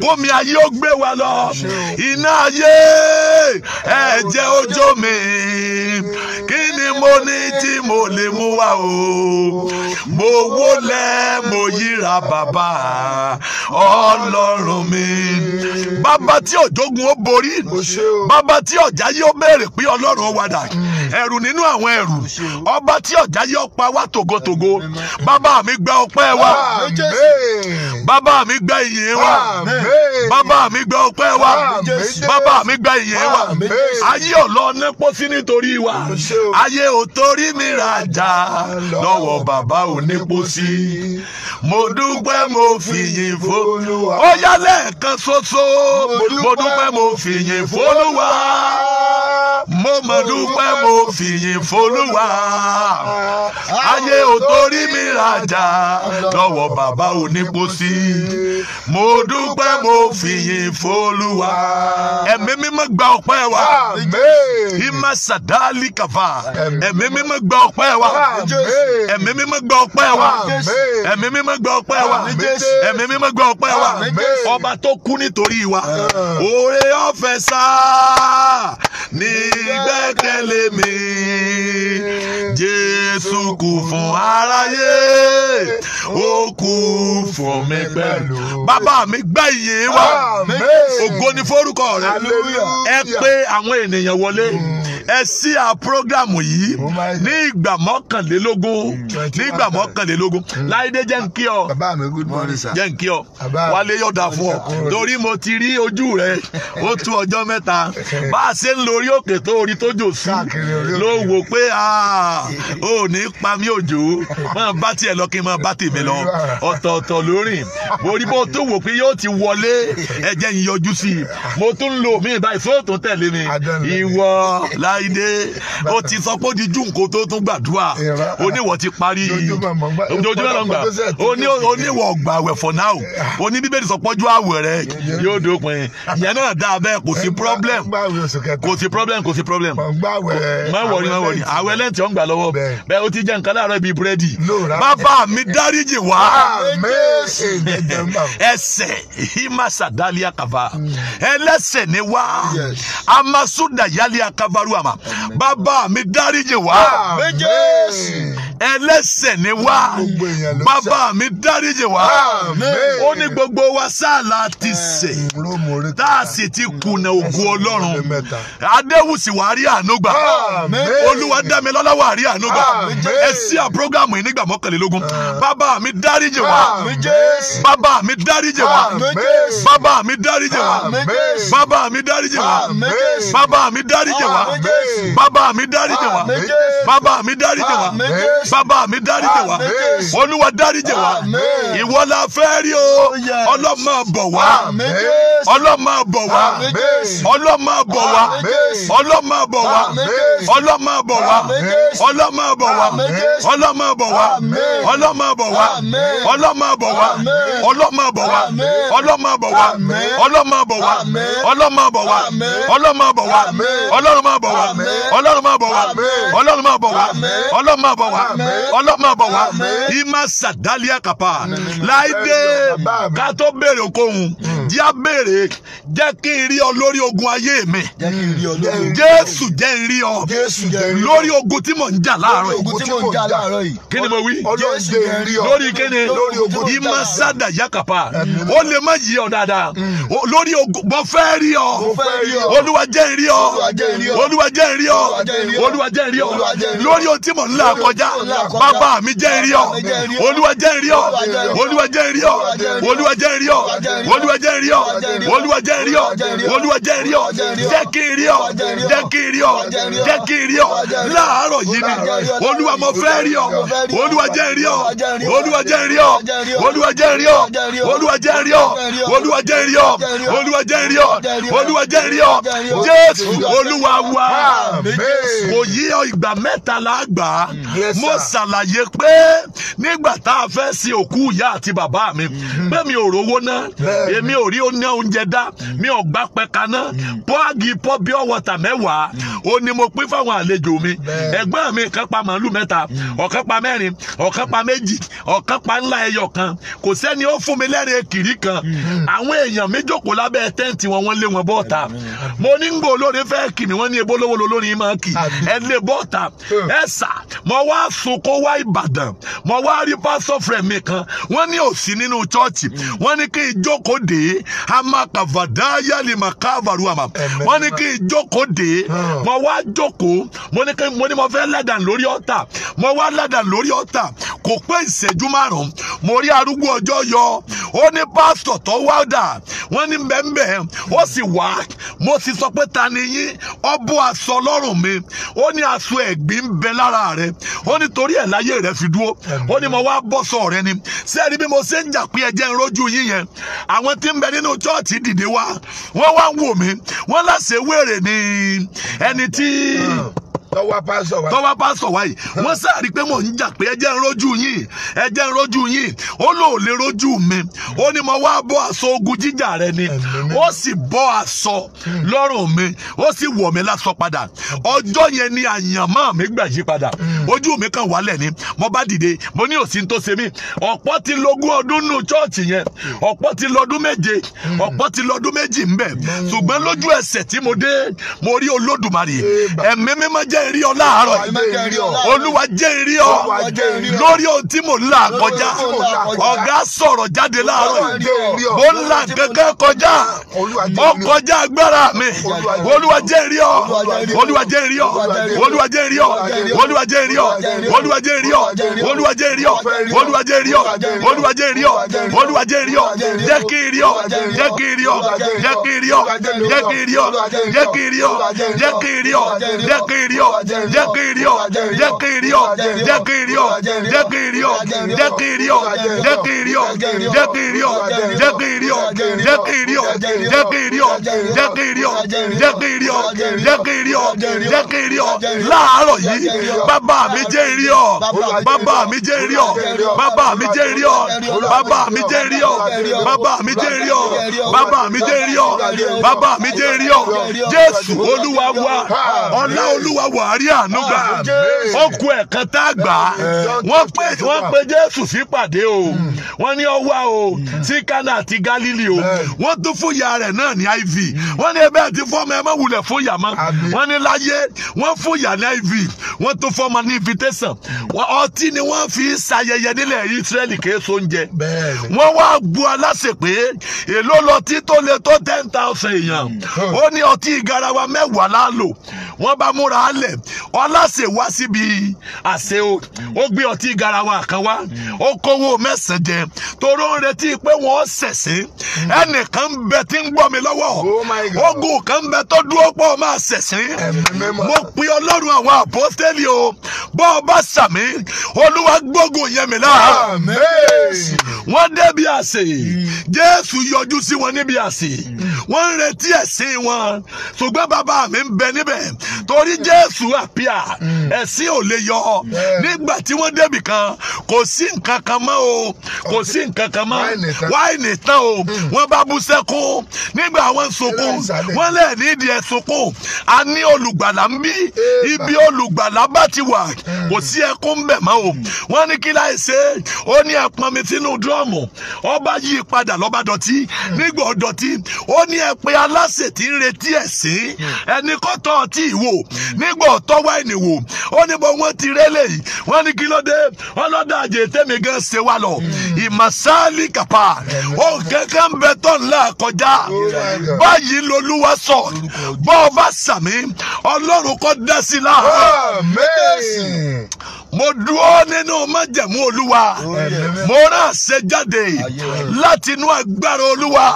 bómi ayé ó gbé wa lọ iná ayé ẹ̀jẹ̀ ojú mi kí ni mo ní tí mo lè mú wá o mo wólẹ̀ mo yíra bàbá ọlọ́run mi bàbá tí òjògùn ó borí bàbá tí ọ̀já yí ayé ó mẹ́rẹ̀ pé ọlọ́run wà dà mm. ẹ̀rù nínú àwọn ẹ̀rù ọba tí ọ̀já yọ pa wá tògótògó bàbá mi gba ọpẹ́ wa bàbá mi gba ìyìn wa bàbá mi gba ọpẹ́ wa bàbá mi gba ìyìn wa ayé ọ̀lọ́ nípò sí nítorí wa ayé ò torí mi rajà lọ́wọ́ bàbá ò nípò sí mo dúpẹ́ mo fìyìn fólúwa ó yálẹ̀ kan ṣoṣo mo dúpẹ́ mo fìyìn fólúwa mo mọ̀ dúpẹ́ mo fìyìn folúwa ayé ò torí mi rajà lọ́wọ́ bàbá onípòsí mo dúpẹ́ mo fìyìn folúwa ẹ̀mí mímọ́ gba ọpẹ́ wa ìmọ̀ sàdáàlì kàfà ẹ̀mí mímọ́ gba ọpẹ́ wa ẹ̀mí mímọ́ gba ọpẹ́ wa ẹ̀mí mímọ́ gba ọpẹ́ wa ẹ̀mí mímọ́ gba ọpẹ́ wa ọba tó kú nítorí wa òrè ọ̀fẹ́ sáà ní gbẹ́kẹ̀lé mi Jésù kú fún aráyé ó kú fún mi pẹ̀lú. bàbá mi gbẹ́ ìyìn wa ògo ni forúkọ rẹ ẹ pé àwọn ènìyàn wọlé ẹ sí à prógrámù yìí oh ní ìgbà mọ́kànlélógún ní ìgbà mọ́kànlélógún hmm. láìdé jẹ́ ń kí ọ jẹ́ ń kí ọ wálé yọ̀dà fún ọ torí mo ti rí ojú rẹ ó tu ọjọ́ mẹ́ta bá a ṣe ń lórí òkè tó orí tó jò sí ló wò pé ò ní pa mí òjò máa bá tiẹ̀ lọ kí n máa bá tèmi lọ ọ̀tọ̀ọ̀tọ̀ lórìn orí bó tó wò pé yóò ti wọlé ẹ̀jẹ̀ ń yọjú sí i mo tún ń lo mi báyìí sóòtún tẹ̀lé mi ìwọ láìdé ó ti sọ pé ó di jù nǹkan tó tún gbàdúrà oníwọ̀ ti parí ojoojúmọ́ lọ gbà oníwọ̀ gbà wẹ̀ for now oní bíbélì sọ pọ́jú àwẹ̀ rẹ yóò dópin ìyẹn náà dáa bẹ́ẹ̀ kò sí problem kò kò sí problem kò sí problem. mọ̀ ń gbà wẹ̀ mọ̀ ń wọ̀rí mọ̀ ń wọ̀rí àwẹ̀ lẹ́ǹtì ọ̀ ń gbà lọ́wọ́ bẹ́ẹ̀ o ti jẹ́ nǹkan láàárọ̀ bíi búrẹ́dì. bàbá mi dáríjì wá. ẹsẹ̀ himasa dalia kava ẹlẹ́sẹ̀ ni wá amasuda yalia kavaru ama bàbá mi dáríjì wá ẹlẹ́ṣẹ̀ ni wá bàbá mi dáríjì wá ó ní gbogbo wa sáàlà ti ṣẹ̀ tá a sì ti kùnà ògùn ọlọ́run adéwùsì wà á rí àánú gbà olúwa dá mi lọ́lá wà á rí àánú ẹ sí à prógámù yìí nígbà mọ́kànlélógún bàbá mi dáríjì wá bàbá mi dáríjì wá bàbá mi dáríjì wá bàbá mi dáríjì wá bàbá mi dáríjì wá bàbá mi dáríjì wá bàbá mi dáríjì wá bàbá mi dáríjì wá olúwa dáríjì wá ìwọ la fẹ́ rí o ọlọ́mọ bọ̀ wá ọlọ́mọ bọ̀ wá ọlọ́mọ bọ̀ wá ọlọ́mọ bọ̀ wá ọlọ́mọ bọ̀ wá ọlọ́mọ bọ̀ wá ọlọ́mọ bọ̀ wá ọlọ́mọ bọ̀ wá ọlọ́mọ bọ̀ wá ọlọ́mọ bọ̀ wá ọlọ́mọ bọ̀ wá ọlọ́mọ bọ̀ wá ọlọ́mọ bọ̀ wá ọlọ́mọ bọ̀ wá ọlọ́mọ bọ̀ wá ọlọ́mọ bọ̀ wá ọlọ́mọ bọ̀ wá ọlọ́mọ bọ̀ wá ọlọ́mọ bọ̀ wá ima sadalia kapa láìdé ká tó béèrè okòhun jẹ́ à béèrè jẹ́ kí n rí ọ lórí ogun ayé mi jésù jẹ́ n rí ọ lórí ogun tí mò ń jà láàárọ̀ yìí kí ni mo wí lórí kí ni ima kapa ó lè má yí ọ dáadáa lórí ogun mo fẹ́ rí ọ olúwa jẹ́ n rí ọ olúwa jẹ́ n rí ọ olúwa jẹ́ n rí ọ lórí ohun tí mò ń là kọjá bàbá mi jẹ́ rí ọ olúwa jẹ́ rí ọ olúwa jẹ́ rí ọ olúwa jẹ́ rí ọ olúwa jẹ́ rí ọ olúwa jẹ́ rí ọ olúwa jẹ́ rí ọ jẹ́ kí n rí ọ jẹ́ kí n rí ọ jẹ́ kí n rí ọ láàárọ̀ yìí ni olúwa mo fẹ́ rí ọ olúwa jẹ́ rí ọ olúwa jẹ́ rí ọ olúwa jẹ́ rí ọ olúwa jẹ́ rí ọ olúwa jẹ́ rí ọ olúwa jẹ́ rí ọ olúwa jẹ́ rí ọ jésù olúwa wa kò yí ọ ìgbà mẹ́ta la mo mo ah. ṣàlàyé pé nígbà tá a fẹ́ sin òkú ìyá àti bàbá mi mhm. pé mi ò rówó ná èmi ò rí oní oúnjẹ dá mhm. mi ò gbá pẹ́ka ná mhm. pọ́àgì pọ́ bí mẹ́wàá ó mo pín fáwọn àlejò mi ẹ̀gbọ́n mi kan pa màálù mẹ́ta ọ̀kan pa mẹ́rin ọ̀kan pa méjì ọ̀kan pa ńlá ẹyọ kan kò sẹ́ni ó fún mi lẹ́rìn ekiri kan àwọn èèyàn mi jókòó lábẹ́ tẹ́ǹtì wọn wọ́n lé wọn bọ́ọ̀ta mo ní ń gbò olórin fẹ́ kì mí wọ́n ní ebolówó lolórin máa kì ẹ lé bọ́ọ̀ta ẹ sà mo wá f sunkún wá ìbàdàn mo wá rí pásọfrẹ mi kan wọ́n ní òsì nínú chọọchì mm. wọ́n ní kí n jókòó dé amakavada yálì makaavaru àmà wọ́n ní kí n jókòó dé ah. mo wá jókòó mo ní kí mo ní mo fẹ́ ládàá lórí ọ̀tà mo wá ládàá lórí ọ̀tà kò pé ìṣẹ́jú márùn-ún mo rí arúgbó ọjọ́ yọ ó ní pásítọ̀ tó wá dà wọ́n ní bẹ́ẹ̀nbẹ́ẹ̀ ó sì wá mo sì sọ pé ta ni yín ọ bọ́ aṣọ lọ́rùn mi ó ní aṣọ ẹ̀gbin ń bẹ lára rẹ ó ní torí ẹ̀ láyé rẹ fi dúró ó ní mo wá bọ́sọ rẹ ni sẹ́ẹ̀rí bí mo ṣe ń jà pé ẹjẹ́ ń rójú yín yẹn àwọn tí ń bẹ nínú chọ́ọ̀tì dìde wá wọ́n wá ń wò mí wọ́n láṣẹ wèrè ni ẹni tí tọ́wá pásọ̀ wáyé tọ́wá pásọ̀ wáyé wọ́n sáàrí pé mò ń jà pé ẹ jẹ́ ń rojú yín ẹ jẹ́ ń rojú yín ó lò lè rojú mi ó ní mo wá bọ́ aṣọ ogun jíjà rẹ ni ó sì bọ́ aṣọ lọ́rùn mi ó sì wọ̀ mí láṣọ padà ọjọ́ yẹn ni àyànmọ́ mi gbà yí padà hmm. ojú mi kàn wálẹ̀ ni mo bá dìde mo ní òsín tó ṣe mí ọ̀pọ̀ ti lógún ọdún nù chọ́ọ̀chì yẹn hmm. ọ̀pọ̀ ti lọ́dún méje hmm. ọ̀pọ̀ ti lọ́dún méjì ń bẹ̀ ṣùgbọ́n lójú ẹsẹ̀ tí mo dé mo rí olódùmarè ẹ̀mí mímọ́ jẹ́ jẹ́ rí ọ láàárọ̀ yìí olúwa jẹ́ rí ọ lórí ohun tí mò ń là kọjá ọ̀gá sọ̀rọ̀ jáde láàárọ̀ yìí mò ń là kankan kọjá mò kọjá agbára mi olúwa jẹ́ rí ọ olúwa jẹ́ rí ọ olúwa jẹ́ rí ọ olúwa jẹ́ rí ọ olúwa jẹ́ rí ọ olúwa jẹ́ rí ọ olúwa jẹ́ rí ọ olúwa jẹ́ rí ọ olúwa jẹ́ rí ọ jẹ́ kí rí ọ jẹ́ kí rí ọ jẹ́ kí rí ọ jẹ́ kí rí ọ jẹ́ kí rí ọ jẹ́ kí rí ọ jẹ́ kí rí ọ jẹ́ kí n rí ọ jẹ́ kí n rí ọ jẹ́ kí n rí ọ jẹ́ kí n rí ọ jẹ́ kí n rí ọ jẹ́ kí n rí ọ jẹ́ kí n rí ọ jẹ́ kí n rí ọ jẹ́ kí n rí ọ jẹ́ kí n rí ọ jẹ́ kí n rí ọ jẹ́ kí n rí ọ jẹ́ kí n láàárọ̀ yìí bàbá mi jẹ́ rí ọ bàbá mi jẹ́ rí ọ bàbá mi jẹ́ rí ọ bàbá mi jẹ́ rí ọ bàbá mi jẹ́ rí ọ bàbá mi jẹ́ rí ọ bàbá mi jẹ́ rí ọ Jésù Olúwa wa ọlá Olúwa wa buhari ànúgbà ah, ó ku ẹ̀kan tá a gbà wọ́n pe jésù sípàdé o hmm. wọ́n ní ọwá o hmm. sí kánà àti galili o wọ́n tún fún ìyá rẹ̀ náà ní iv hmm. wọ́n ní ẹbẹ́ àti fọ́ọ̀mù ẹ má wulẹ̀ fún ìyá mọ́ wọ́n ní láyé wọ́n fún ìyá ní iv wọ́n tún fọ́ọ̀mù ní invitation ọtí ni wọ́n fi ṣayẹyẹ nílẹ̀ israẹli kì í so oúnjẹ wọ́n wá bu aláṣẹ pé èló lọtí tó le tó ten thousand èèyàn ó ní ọtí garawa mẹ́wàá lálò wọ́n bá múra alẹ̀ bẹ́ẹ̀ ọlásè wá síbi àṣẹ o ó gbé ọtí garawa kan wá ó kówó mẹ́sàn-án jẹ toró ń retí pé wọ́n ṣẹ̀ṣẹ̀ ẹnìkan bẹ tí ń gbọ́ mi lọ́wọ́ oh ogun kan bẹ tó dúró pọ̀ máa ṣẹ̀ṣẹ̀ mo pe ọlọ́run àwọn àpọ́tẹ́lì o bọ́ ọ bá sàmí olúwa gbógun yẹn mi lára wọ́n débi àṣẹ jésù yọjú sí wọn níbi àṣẹ wọ́n ń retí ẹ̀sìn wọn ṣùgbọ́n bàbá mi ń bẹ níbẹ̀ torí jésù àpíà mm. ẹ̀sìn ò lè yọ nígbà tí wọ́n débì kan kò sí nǹkan kan mọ́ o kò sí nǹkan kan mọ́ wáìnì tán o mm. wọ́n bá bú sẹ́kún nígbà wọ́n ń sunkún wọ́n lè nídìí ẹ̀ sunkún a ní olùgbàlà ń bí ibi olùgbàlà bá ti wà mm. kò sí ẹkún bẹ̀ mọ́ o wọ́n ní kí láì ṣe ó ní ẹ̀pọ̀n mi sínú dúrọ́ọ̀mù ọba yí padà lọ́ba dọ̀tí nígbà ọ̀dọ̀tí ó ní ẹ pé aláṣẹ tí ń retí ẹ̀sìn ẹni kọ́ tọ́ ọtí ìwò nígbà ọ̀tọ́ wáìnì wò ó ní bọ́ wọ́n ti rélé yìí wọ́n ní kí ló dé ọlọ́dà àjè tẹ́mi gan ṣe wá lọ ìmọ̀sáálì kàpá ó kankan bẹ tọ́ ńlá kọjá báyìí lolúwa sọ bọ́ bá sàmí ọlọ́run kọ́ dá sí i láàárọ̀. mo dúró nínú májẹ̀mú olúwa mo rán ṣe jáde láti inú agbára olúwa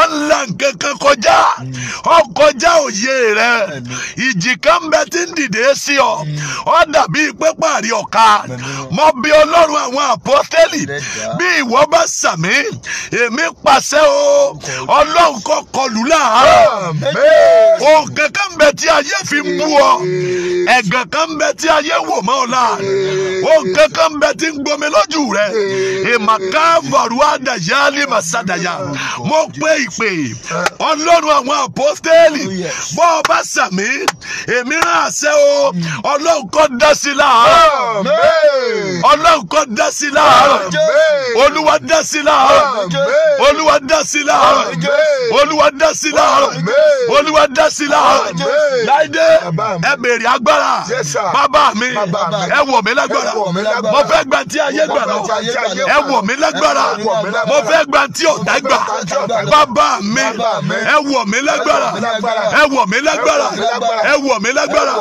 ọ̀la nkankan kọjá ọkọjá òye rẹ ìjì kan bẹ tí ń dìde sí ọ ọ dàbí pépà rí ọ̀ka mo bí ọlọ́run àwọn àpọ́tẹ́lì bí ìwọ bá sàmí èmi pàṣẹ o ọlọ́run kọlù láàárọ̀ bẹ tí ayé fi ń bú ọ ẹ̀gàn kan bẹ ọ o kankan bẹ ti ń gbomi lójú rẹ ìmàkàvàrúwádà yálì màsàdàyà mo pé ìpè ọlọ́run àwọn àpọ́stẹ́ẹ̀lì bọ́ ọ bá sàmì èmi rán àṣẹ o ọlọ́run kọ́ dá sí láàárọ̀ ọlọ́run kọ́ dá sí láàárọ̀ olúwa dá sí láàárọ̀ olúwa dá sí láàárọ̀ olúwa dá sí láàárọ̀ olúwa dá sí láàárọ̀ láìdé ẹ bèrè agbára bàbá mi ẹ wọ̀ mí lágbára mo fẹ́ gba tí ayé gbà lọ ẹ wọ̀ mí lágbára mo fẹ́ gba tí ọ̀tá gbà bàbá mi ẹ wọ̀ mí lágbára ẹ wọ̀ mí lágbára ẹ wọ̀ mí lágbára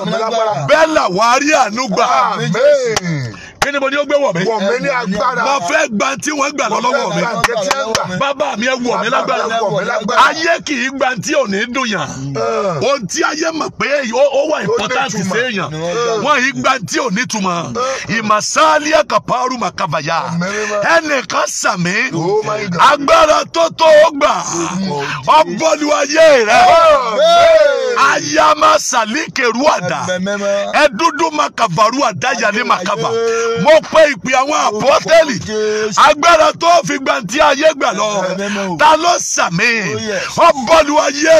bẹ́ẹ̀ là wàá àánú gbà kí ni mo ní ó gbé wọ̀ mí. wọ̀ mí ní agbára. mo fẹ́ gba tí wọ́n gbà lọ́wọ́ mi. bàbá mi ẹ wọ̀ mí lágbára. ayé kì í gba tí ò ní dùn yàn. Eh. ohun tí ayé mọ̀ pé ó wà important séèyàn. Eh. wọ́n yìí gba tí ò ní túmọ̀. Eh. ìmọ̀sáálí àkàpàrù màkàbàyà. ẹnìkan sàmì. Oh agbára tó tó ó gbà. ọgbọ́lu ayé rẹ̀. ayama sàlíkèrú àdá. ẹdúdú màkàbàrú àdá yàní màkàbà mo pe ìpè àwọn àpọ́tẹ́lì agbára tó fi gbàǹtí ayé gbà lọ ta ló sàmì oh, ọbọ̀lù ayé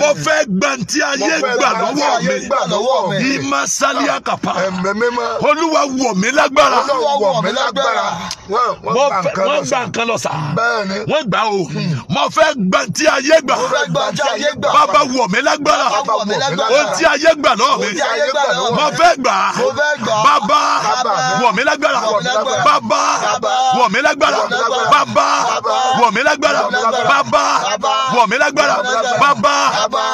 mo fẹ́ gbàǹtí ayé gbà lọ́wọ́ mi ìmásálí ah, àkàpà olúwa wọ̀ mí lágbára wọ́n gbà nǹkan lọ sà wọ́n gbà o hmm. mo fẹ́ gbàǹtí ayé gbà bàbá wọ̀ mí lágbára o ti ayé gbà lọ́wọ́ mi mo fẹ́ gbà bàbá wọ̀ mí lágbára bàbá wọ̀ mí lágbára bàbá wọ̀ mí lágbára bàbá wọ̀ mí lágbára bàbá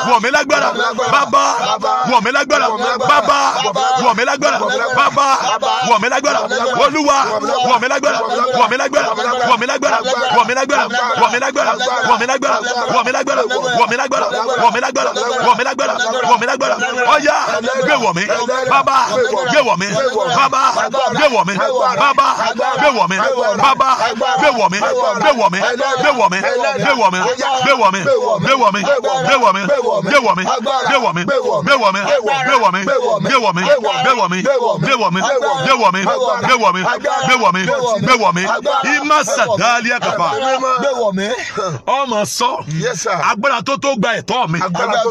wọ̀ mí lágbára bàbá wọ̀ mí lágbára bàbá wọ̀ mí lágbára bàbá wọ̀ mí lágbára olúwa wọ̀ mí lágbára wọ̀ mí lágbára wọ̀ mí lágbára wọ̀ mí lágbára wọ̀ mí lágbára wọ̀ mí lágbára wọ̀ mí lágbára wọ̀ mí lágbára wọ̀ mí lágbára wọ̀ mí lágbára wọ̀ mí lágbára ọ̀yá gbé wọ̀ mí bàbá gbé wọ̀ mí bàbá gbé wọ̀ mí bàbá gbé wọ̀ mí bàbá gbé wọ̀ mí gbé wọ̀ mí gbé wọ̀ mí gbé wọ̀ mí gbé wọ̀ mí gbé wọ̀ mí gbé wọ̀ mí gbé wọ̀ mí gbé wọ̀ mí gbé wọ̀ mí gbé wọ̀ mí gbé wọ̀ mí gbé wọ̀ mí gbé wọ̀ mí gbé wọ̀ mí gbé wọ̀ mí gbé wọ̀ mí gbé wọ̀ mí ima sadali akapa ọmọ sọ agbára tó tó gba ẹ̀tọ́ mi agbára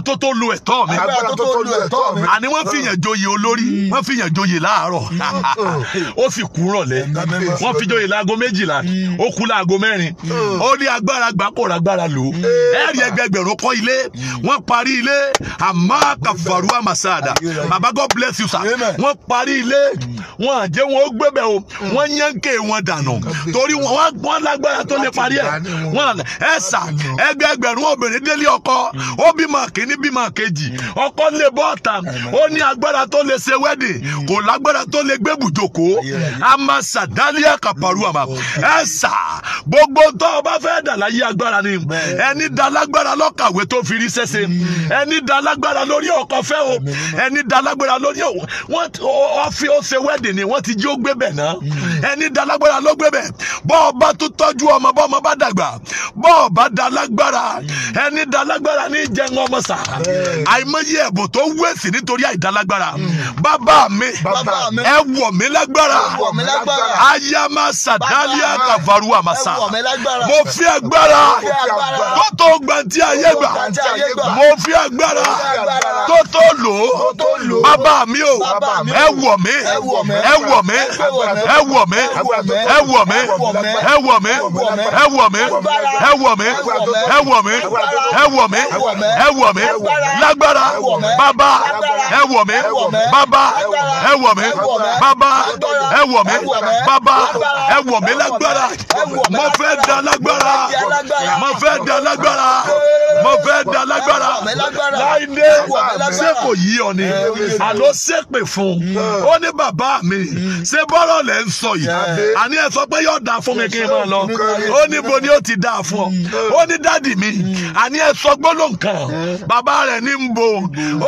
tó tó lo ẹ̀tọ́ mi àní wọ́n fi yẹn joyè olórí wọ́n fi yàn joyè láàárọ̀ ó sì kú rọ̀lẹ́ wọ́n fi joyè láago méjìlá mm. ó kú láago mẹ́rin mm. ó ní agbára gbà kó ragbára lò mm. ẹ̀rí ẹgbẹgbẹ̀rún kọ́ ilé wọ́n parí ilé àmọ́ kàfàrú àmàsáàdà baba God bless you sir wọ́n parí ilé wọ́n àjẹ́ wọn ó gbébẹ̀ o wọ́n yànkè wọn dànù torí wọ́n lágbára tó lè parí ẹ̀ wọ́n ẹ̀sà ẹgbẹgbẹ̀rún obìnrin délé ọkọ ó bímọ kìíní bímọ kejì ọkọ lè bọ́ ọ̀tà ó ní agbára tó lè ṣe wẹ́d jáde kò lágbára tó lè gbé bùjókòó amasadania kaparuama ẹsà gbogbo tó o bá fẹ́ dà láyé agbára ni ẹni da lágbára lọ́kàwé tó fi rí sẹ́sẹ́ ẹni da lágbára lórí ọkọ fẹ́ o ẹni da lágbára lórí wọn ọfi ọsẹ wẹ́ẹ̀dì ni wọ́n ti jí ó gbé bẹ̀ náà ẹni da lágbára ló gbé bẹ̀ bọ́ ọ bá tó tọ́jú ọmọ bọ́ ọmọ bá dàgbà bọ́ ọ bá da lágbára ẹni da lágbára ní jẹun ọmọ sà àìmọye ẹ̀bùn tó wẹ̀sì nítorí àìdálágbára bàbá bàbá mi ẹ wọ̀ mí lágbára ayama sadalia kavaru amasa mo fi agbára tó tó gbanti ayé gbà mo fi agbára tó tó lò ó bàbá mi o ẹ wọ̀ mí ẹ wọ̀ mí ẹ wọ̀ mí ẹ wọ̀ mí ẹ wọ̀ mí ẹ wọ̀ mí ẹ wọ̀ mí ẹ wọ̀ mí ẹ wọ̀ mí ẹ wọ̀ mí lágbára bàbá ẹ wọ̀ mí bàbá ẹ wọ̀ mí bàbá ẹ wọ̀ mí bàbá ẹ wọ̀ mí lágbára mo fẹ́ da lágbára mo fẹ́ da lágbára mo fẹ́ da lágbára láìdé ṣé kò yí ọ ni àló ṣépè fún hmm. ó ní bàbá mi hmm. ṣé bọ́rọ̀ lẹ̀ ń sọ yìí hmm. àní ẹ sọ pé yóò dáa fún mi kí n máa lọ ó ní bo ni ó ti da fún ọ ó ní dádì mi àní ẹ sọ gbólóǹkan bàbá rẹ̀ ní ń bo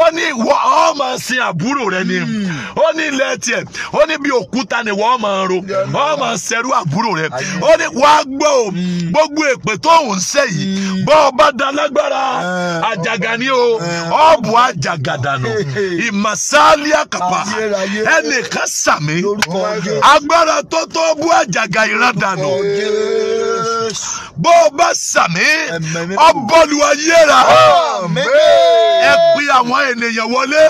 ó ní ìwọ ọ sin àbúrò rẹ ní. ó ní ilẹ̀ tiẹ̀ ó ní bí òkúta ni wọ́n máa ro wọ́n máa ṣẹrú àbúrò rẹ̀ ó ní wàá gbọ́ o gbogbo èpè tó ń ṣe yìí bọ́ ọ bá da lágbára eh. àjàgà ni o eh. ọ̀bù àjàgà dànù àkàpà ẹnìkan sàmì agbára tó tó bú àjàgà ìran bó o bá sàmí ọbọlù ayéra ẹ pé àwọn ènìyàn wọlé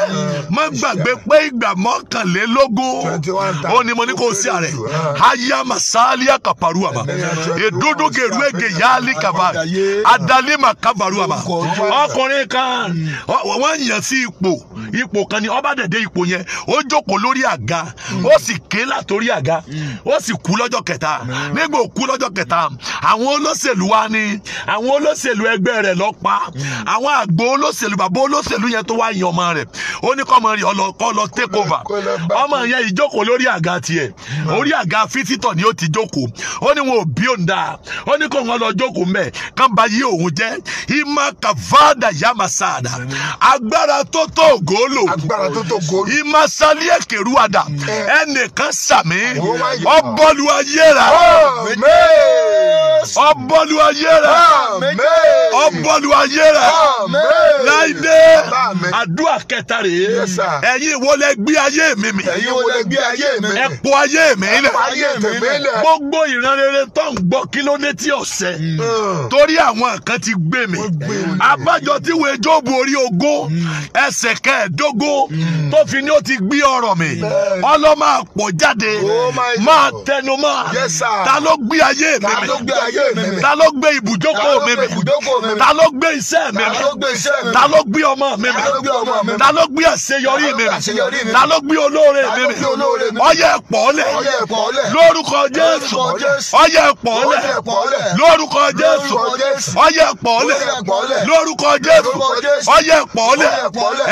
má gbàgbé pé ìgbà mọ́kànlélógún ó ní mo ní kó o sí ààrẹ aya masalia kaparuama èdúdú gèrú ègè yaali kaba adalima kabaruama ọkùnrin kan mm. wọ́n yàn sí ipò mm. ipò kan ni ọba dẹ̀dẹ̀ ipò yẹn ó jókòó lórí àga mm. ó sì ké látòrí àga ó sì kú lọ́jọ́ kẹta nígbà òkú lọ́jọ́ kẹta àwọn olóṣèlú wa ni àwọn olóṣèlú ẹgbẹ́ rẹ̀ lọ pa àwọn àgbo olóṣèlú bàbá olóṣèlú yẹn tó wá yan ọmọ rẹ̀ ó ní kọ́mọ rẹ̀ ọlọ́kọ́ lọ take over ọmọ yẹn ìjókòó lórí àga tiẹ̀ orí àga fítítọ̀ ni ó ti jókòó ó ní wọn ò bí òun dáa ó ní kó wọn lọ jókòó mẹ́ kán bá yí òun jẹ́ ìmọ̀ kàfáàdà yamasada agbára tó tó góòlò ìmọ̀ sálí èkèrú àdà ẹnìkan sàmì oh ọbọ̀lù ayé rà ọbọlu ayé rẹ ọbọlu ayé rẹ láìdé àdúrà kẹta rèé ẹ̀yin wo lẹ gbé ayé mi mi ẹ pò ayé mi lẹ gbogbo ìran rere tó ń gbọ́ kí ló dé tí ọ̀sẹ̀ hmm. torí àwọn kan ti gbé mi abájọ tí wo ejóòbù orí ogún hmm. ẹsẹ̀ kẹẹ̀ẹ́dógún hmm. tó fi ni ó ti gbé ọ̀rọ̀ mi ọlọ́ máa pọ̀ jáde oh máa tẹnu mọ́ ta ló gbé ayé mi mi ayé mi mi. ta ló gbé ibùjókòó mi mi. ta ló gbé iṣẹ́ mi mi. ta ló gbé ọmọ mi mi. ta ló gbé àṣeyọrí mi mi. ta ló gbé olóore mi mi. ọyẹ pọ̀ọ́lẹ̀ lórúkọ Jésù. ọyẹ pọ̀ọ́lẹ̀ lórúkọ Jésù. ọyẹ pọ̀ọ́lẹ̀ lórúkọ Jésù. ọyẹ pọ̀ọ́lẹ̀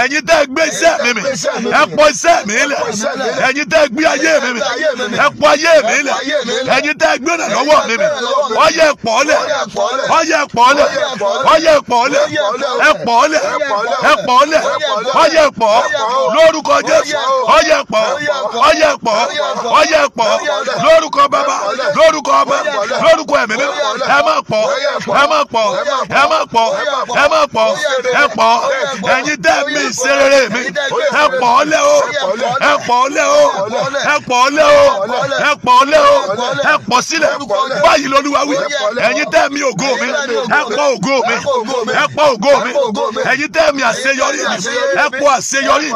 ẹ̀yin tẹ́ gbé iṣẹ́ mi mi. ẹ pọ̀ iṣẹ́ mi lẹ̀. ẹ̀yin tẹ́ gbé ayé mi mi. ẹ pọ̀ ayé mi lẹ̀. ẹ̀yin tẹ́ gbé ọ̀nà lọ́wọ́ mi mi ọyẹ pọ̀ọ́lẹ̀ ọyẹ pọ̀ọ́lẹ̀ ọyẹ pọ̀ọ́lẹ̀ ẹ pọ̀ọ́lẹ̀ ẹ pọ̀ọ́lẹ̀ ọyẹ pọ̀ lórúkọ Jésù ọyẹ pọ̀ ọyẹ pọ̀ ọyẹ pọ̀ lórúkọ bàbá lórúkọ ọmọ lórúkọ ẹ̀mí mi ẹ má pọ̀ ẹ má pọ̀ ẹ má pọ̀ ẹ má pọ̀ ẹ pọ̀ ẹ̀yin tẹ́ mi ìṣerere mi ẹ pọ̀ọ́lẹ̀ o ẹ pọ̀ọ́lẹ̀ o ẹ pọ̀ọ́lẹ̀ o ẹ pọ̀ọ́lẹ̀ o ẹ pọ̀ sílẹ̀ báyìí lolúwa wí ẹ̀yin tẹ́ mi ògo mi ẹ pọ̀ ògo mi ẹ pọ̀ ògo mi ẹ̀yin tẹ́ mi àṣeyọrí mi ẹ pọ̀ àṣeyọrí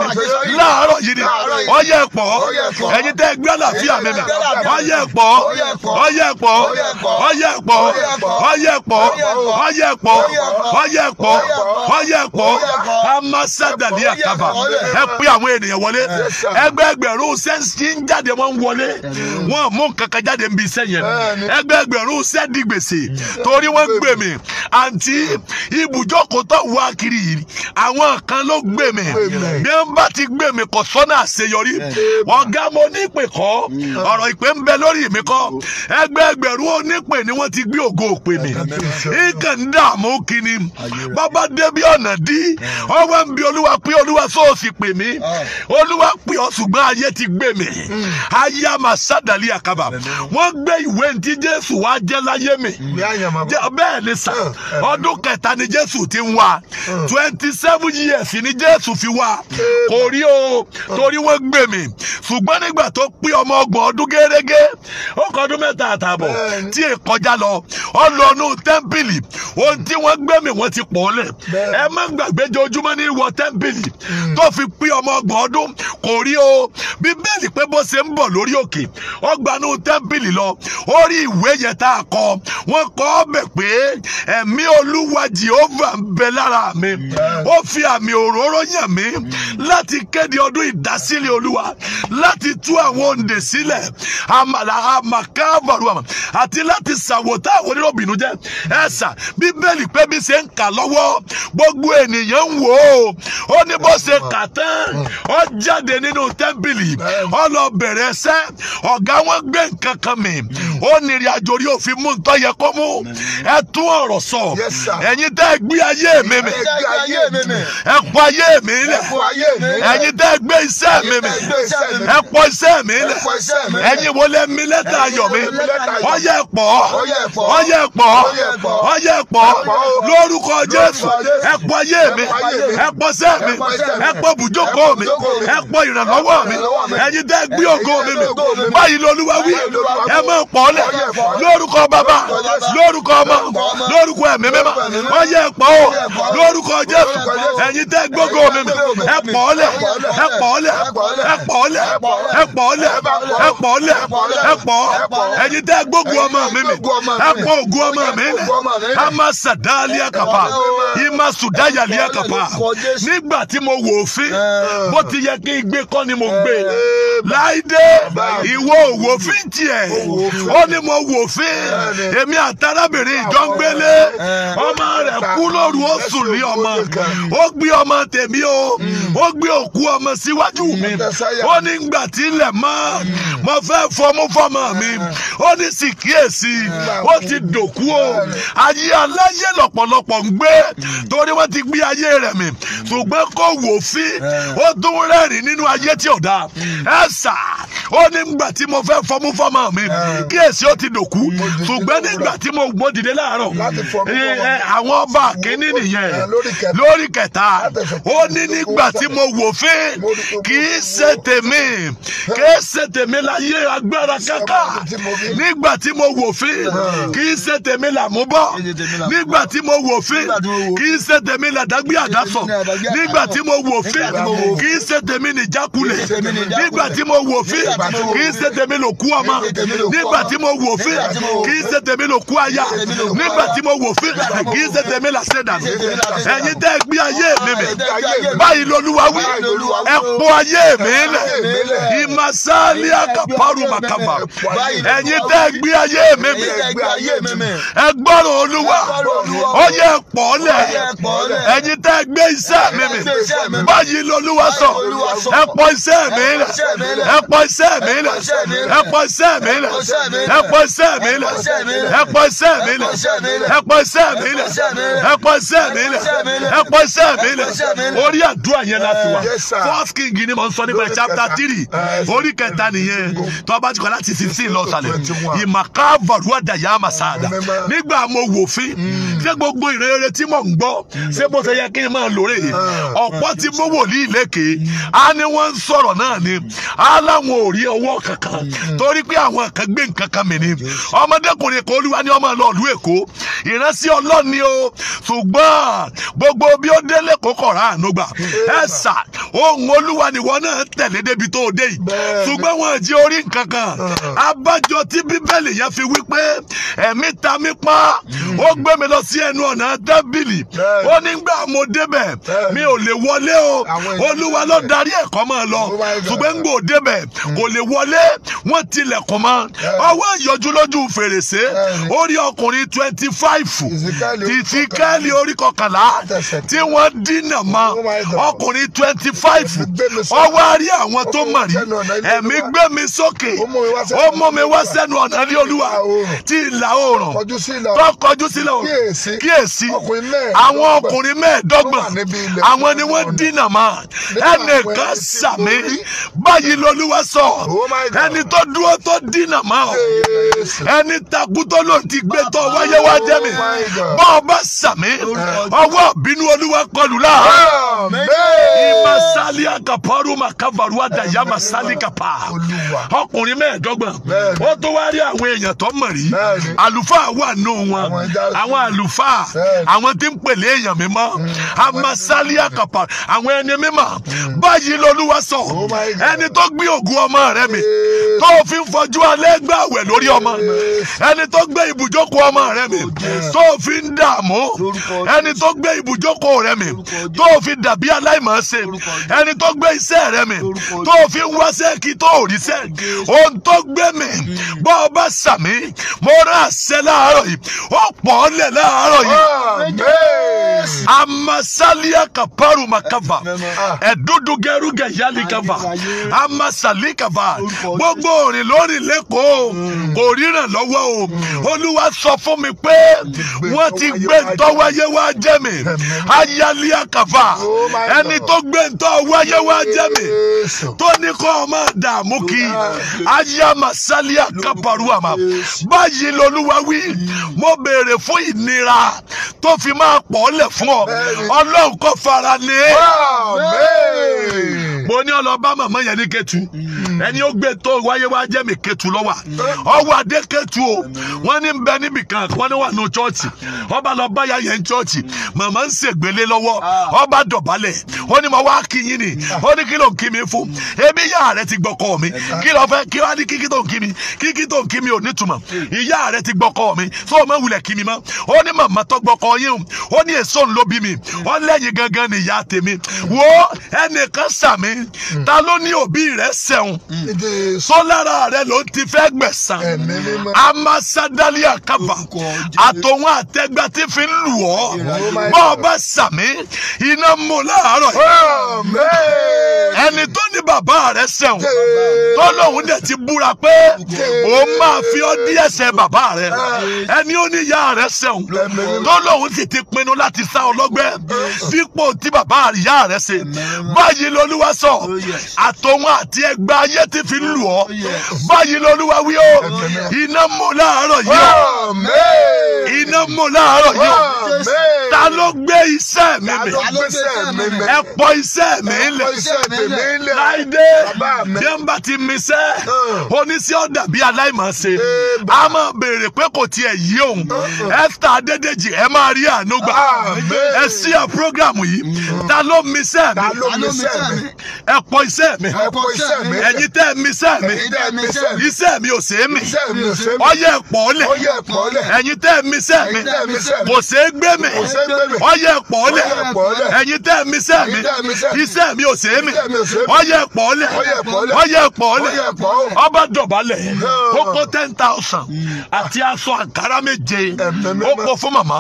mi láàárọ̀ yìí ni ọyẹ ẹ pọ̀ ẹ̀yin tẹ́ gbé àlàáfíà mi mi ọyẹ ẹ pọ̀ ọyẹ ẹ pọ̀ ọyẹ ẹ pọ̀ ọyẹ ẹ pọ̀ ọyẹ ẹ pọ̀ ọyẹ ẹ pọ̀ ọyẹ ẹ pọ̀ amasadali akaba ẹ pé àwọn ènìyàn wọlé ẹgbẹẹgbẹ̀rún sẹ́ńsì ń jáde wọ́n ń wọlé wọ́n mú kankan jáde ń bi sẹ́yìn ẹgbẹẹgbẹ̀rún sẹ́ńsì di gbèsè mm. torí wọ́n gbè mí àǹtí ibùjókòó tó wá kiri yìí àwọn kan ló gbè mí bí wọ́n bá ti gbè mí kò sọ́nà àṣeyọrí mm. ọ̀gá mo nípè kọ́ mm. ọ̀rọ̀ ìpè ń bẹ lórí mi kọ́ ẹgbẹ́ ẹgbẹ̀rún onípè ni wọ́n ti gbé ògo òpè mi nǹkan ń dààmú kíni bàbá débi ọ̀nà dí ọwọ́ ń bi olúwa pé olúwa sóòsì pè mí olúwa pè ọ́ ṣùgbọ́n ayé ti gbè mí ayé àmàṣàdàlì àkàbà wọ́n gbé ìwé ntí jésù wá jẹ́ láyé ayé mi mm. bẹ́ẹ̀ ni sà mm, ọdún kẹta ni jésù ti ń mm. twenty seven years ni jésù fi wá kò rí o torí wọ́n gbé mi ṣùgbọ́n nígbà tó pé ọmọ ọgbọ̀n ọdún gẹ́gẹ́ ó kọ ọdún mẹ́ta àtààbọ̀ tí è kọjá lọ ọlọ́nu tẹ́ḿpìlì ohun tí wọ́n gbé mi wọ́n ti pọ̀ lẹ̀ ẹ má gbàgbé jojúmọ́ ní ìwọ tẹ́ḿpìlì tó fi pé ọmọ ọgbọ̀n ọdún kò rí o bíbélì pé bó ṣe ń bọ̀ lórí òkè ọgbàánu tẹ́ḿpìlì lọ ó rí ìwé yẹn tá a kọ kọ wọ́n kọ ọ́ bẹ̀ pé ẹ̀mí olúwa Jehovah ń bẹ lára mi ó fi àmì òróró yàn mí láti kéde ọdún ìdásílẹ̀ olúwa láti tú àwọn òǹdè sílẹ̀ àmàlà àmàkàbàrùwà àti láti ṣàwòtá àwọn onírọ̀bìnú jẹ́ ẹ̀sà bíbélì pé bí ṣe ń kà lọ́wọ́ gbogbo ènìyàn ń wò ó ó ní bó ṣe kà tán ó jáde nínú tẹ́ḿpìlì ó lọ bẹ̀rẹ̀ ẹsẹ́ ọ̀gá wọn gbé nǹkan kan mì ó ní àjò rí òfin mú mú ntọ́ yẹ kó mú ẹ tún ọ̀rọ̀ sọ ẹ̀yin tẹ́ gbé ayé mi mi ẹ ayé mi lẹ̀ ẹ̀yin tẹ́ gbé iṣẹ́ mi mi ẹ iṣẹ́ mi lẹ̀ ẹ̀yin wo lẹ mi lẹ́tà ayọ̀ mi ọyẹ pọ̀ ọyẹ pọ̀ ọyẹ pọ̀ lórúkọ Jésù ẹ ayé mi ẹ iṣẹ́ mi ẹ bùjókòó mi ẹ ìrànlọ́wọ́ mi ẹ̀yin tẹ́ gbé ògo mi mi báyìí lolúwa wí ẹ máa pọ̀ lẹ̀ lórúkọ bá bàbá lórúkọ ọmọ lórúkọ ẹ̀mí mímọ́ wọ́n yẹ ẹ̀pọ̀ o lórúkọ jésù ẹ̀yin tẹ́ gbógo mi mi ẹ̀pọ̀ lẹ̀ ẹ̀pọ̀ lẹ̀ ẹ̀pọ̀ lẹ̀ ẹ̀pọ̀ lẹ̀ ẹ̀pọ̀ lẹ̀ ẹ̀pọ̀ ẹ̀yin tẹ́ gbógo ọmọ mi mi ẹ̀pọ̀ ògo ọmọ mi lẹ̀ ama sadali akapa ima sudayali akapa nígbà tí mo wò ó fi bó ti yẹ kí n gbé kọ́ ni mo gbé láìdé ìwọ òwò fi ń tiẹ̀ ó ní mo wò ó fi èmi àtàràbìnrin ìjọ ń gbélé ọmọ rẹ̀ kú lóru ó sùn ní ọmọ ó gbé ọmọ tèmi o ó gbé òkú ọmọ síwájú mi ó ní gbà tí ilẹ̀ mọ́ mo fẹ́ fọmú fọmọ mi ó ní sì kíyèsí ó ti dòkú o ayé aláyé lọ́pọ̀lọpọ̀ ń gbé torí wọ́n ti gbé ayé rẹ̀ mi ṣùgbọ́n kò wò fí ó tún rẹ́rìn nínú ayé tí ò dáa ẹ̀ sà ó ní gbà tí mo fẹ́ fọmú fọmọ mi kíyèsí ó ti dòkú ṣùgbọ́n ṣùgbọ́n nígbà tí mo gbọ́n dìde láàárọ̀ àwọn ọba kínní nìyẹn lórí kẹta ó ní nígbà tí mo wò fi kì í ṣe tèmi kì í ṣe tèmi láyé agbára kàkà nígbà tí mo wò fi kì í ṣe tèmi làmúbọ̀ nígbà tí mo wò fi kì í ṣe tèmi làdágbé àdásọ nígbà tí mo wò fi kì í ṣe tèmi nìjákulẹ̀ nígbà tí mo wò fi kì í ṣe tèmi lòkú ọmọ nígbà tí mo wò fín kì í ṣe tèmi ló kú aya nígbà tí mo wò fún kì í ṣe tèmi là dànù ẹ̀yin tẹ́ gbé ayé mi mì báyìí lolúwa wí ẹ pò ayé mi lẹ̀ ìmàsáálí àkàpàrù màkàmà ẹ̀yin tẹ́ ẹ gbé ayé mi mì ẹ gbọ́rọ̀ olúwa ó yẹ pọ̀ lẹ̀ ẹ̀yin tẹ́ ẹ gbé iṣẹ́ mi mì báyìí lolúwa sọ ẹ pò iṣẹ́ mi lẹ̀ ẹ pò iṣẹ́ mi lẹ̀ ẹ pò iṣẹ́ mi lẹ̀ ẹ pò iṣẹ́ mi lẹ̀ ẹ̀pọ̀ sẹ́ mi lẹ̀ ẹ̀pọ̀ sẹ́ mi lẹ̀ ẹ̀pọ̀ sẹ́ mi lẹ̀ ẹ̀pọ̀ sẹ́ mi lẹ̀ orí àdúrà yẹn láti wà fourth king ni mo ń sọ nípa chapter three orí kẹta nìyẹn tó a bá ti kọ́ láti sixteen lọ sálẹ̀ ìmàkà varuada yà má nígbà mo wò fín hmm. ṣé gbogbo ìrere tí mò ń gbọ́ ṣé bó ṣe yẹ kí n máa lóore ah. ọ̀pọ̀ tí mo wò ní ìlẹ́kẹ̀ á ní wọ́n ń sọ̀rọ̀ náà ni á láwọn ò rí ọwọ́ kankan hmm. torí pé àwọn kan gbé nǹkan kan mi ni ọmọdékùn ọkùnrin kan olúwa ní ọmọ lọ́ọ̀lú èkó ìránṣẹ́ ọlọ́ni o ṣùgbọ́n gbogbo bí ó délé kó kọ̀ra àánú gbà ohun olúwa nìwọ náà tẹ̀lé débi tó o dé yìí ṣùgbọ́n wọn jí orí nǹkan kan ah. abájọ tí bíbélì yẹn fi wí pé ẹ̀mí ta mí pa hmm. ó gbé mi lọ sí ẹnu ọ̀nà tábìlì ó nígbà mo débẹ̀ mi ò lè wọlé o olúwa ló darí ẹ̀kọ́ máa lọ ṣùgbọ́n ń gbò débẹ̀ kò lè wọlé wọ́n tilẹ̀kùn mọ́ ọwọ́ ìyọjú lójú fèrèsé méje orí ọkùnrin twenty five ìsìnkẹ́lì orí kọkànlá tí wọ́n dínà mọ́ oh ọkùnrin twenty five ọwọ́ àárí àwọn tó mọ̀ rí ẹ̀mí gbé mi sókè ó mú mi wá sẹ́nu ọ̀nà ní olúwa tí ìlà oòrùn tó kọjú sílẹ̀ oòrùn kíyèsí àwọn ọkùnrin mẹ́ẹ̀ẹ́dọ́gbọ̀n àwọn ni wọ́n dínà mọ́ ẹnìkan sàmì báyìí lolúwa sọ oh ẹni tó dúró tó dínà mọ́ ẹni tá takú tó ló ti gbé tọ́ wáyé wá jẹ́ mi oh bọ́ ọ bá sàmì ọwọ́ bínú olúwa kọlù láàá ìmàsálí àkàpọ̀rù màkàbàrù àdàyà màsálí kàpà ọkùnrin mẹ́ẹ̀ẹ́dọ́gbọ̀n ó tó wá rí àwọn èèyàn tó mọ̀ rí àlùfáà wà nù wọn àwọn àlùfáà àwọn tí ń pèlè èèyàn mímọ́ àmàsálí hmm. àkàpà àwọn ẹni mímọ́ hmm. báyìí lolúwa sọ oh ẹni tó gbé ògùn ọmọ rẹ mi tó fi ń fọjú alẹ́ gbàwẹ̀ lórí ọmọ ẹni tó gbé ibùjókòó ọmọ rẹ mi tó fi ń dààmú ẹni tó gbé ibùjókòó rẹ mi tó fi dàbí aláìmọ̀ọ́sẹ̀ ẹni tó gbé iṣẹ́ rẹ mi tó fi ń wáṣẹ́ kí tó rí sẹ́ ohun tó gbé mi bọ́ ọ bá sàmí mo rán àṣẹ láàárọ̀ yìí ó pọ̀ ọ́ lẹ̀ láàárọ̀ yìí amasalia kaparu makava ah. ẹ̀dúdú gẹrúgẹ̀ yálì kava amasali kava gbogbo òrìn lórí lẹ́kọ̀ọ́ hmm. kò ríran lọ́wọ́ o o hmm. olúwa sọ fún mi pé wọ́n ti gbé ntọ́ wáyé wá jẹ́ mi ayálé àkàfà oh ẹni tó gbé ntọ́ wáyé wá jẹ́ mi tó ní kọ́ ọmọ dààmú kí ayáma sálíà kápárù àmà báyìí lolúwa wí hmm. mo béèrè fún ìnira tó fi máa pọ̀ ọ́ lẹ̀ fún ọ ọlọ́run kò fara ní. Amen. onye ọlọba mama màmá yẹn ní kẹtù mm. ẹni ó gbé tó wáyé wá jẹ́ mi kẹtù lọ́wà mm. ọwọ́ adé kẹtù o mm. wọ́n ní bẹ níbì kan wọ́n ní wà ní chọ́ọ̀chì ọba lọ ya yẹn chọ́ọ̀chì màmá ń ṣègbélé lọ́wọ́ ah. ọba dọ̀bálẹ̀ ó ní mo wá kí yín ni ó ní kí ló ń kí mi fún ẹbí ìyá rẹ ti gbọ́kọ mi kí ló fẹ́ kí wá ní kíkí tó ń kí o mọ̀ wulẹ̀ kí mi ó ní tó ni ìyá Mm. ta ló ní òbí rẹ mm. sẹ́wọ̀n sọ́lára rẹ ló ti fẹ́ gbẹ̀sán amasadalia kaba àtòwọn àtẹgbà tí fi ń lù ọ́ bọ́ ọ bá sàmí iná mú láàárọ̀ yìí ẹni tó ní bàbá rẹ sẹ́wọ̀n tó lóun dẹ̀ ti búra pé òun máa fi ọ́ dí ẹsẹ̀ bàbá rẹ ẹni ó ní ìyá rẹ sẹ́wọ̀n tó lóun sì ti pinnu láti sá ọlọ́gbẹ́ dípò tí bàbá ìyá rẹ ṣe báyìí lolúwa sọ sọ oh, àtòun àti ẹgbẹ́ ayé ti fi lù ọ́ oh, báyìí lọ́lúwa wí ó iná mú láàárọ̀ yìí ó iná mú láàárọ̀ yìí ó ta ló gbé iṣẹ́ mi mi ẹ pọ iṣẹ́ mi lẹ̀ láìdé yẹ́nba ti mi sẹ́ oníṣẹ́ ọ̀dà bíi aláìmọ̀ọ́sẹ̀ a máa béèrè pé kò tiẹ̀ yí òun Esther Adédèjì ẹ máa rí àánú gbà ẹ sí ẹ program yìí mm. ta ló mi sẹ́ mi ẹ pọ iṣẹ́ mi ẹ̀yin tẹ́ mi iṣẹ́ mi iṣẹ́ mi ò ṣe é mi ọyẹ pọ̀ lẹ̀ ẹ̀yin tẹ́ mi iṣẹ́ mi kò ṣe é gbé mi ọyẹ pọ̀ lẹ̀ ẹ̀yin tẹ́ mi iṣẹ́ mi iṣẹ́ mi ò ṣe é mi ọyẹ pọ̀ lẹ̀ ọyẹ pọ̀ lẹ̀ ọba dọ̀bálẹ̀ kókó ten thousand àti aṣọ àǹkárá méje ó kó fún màmá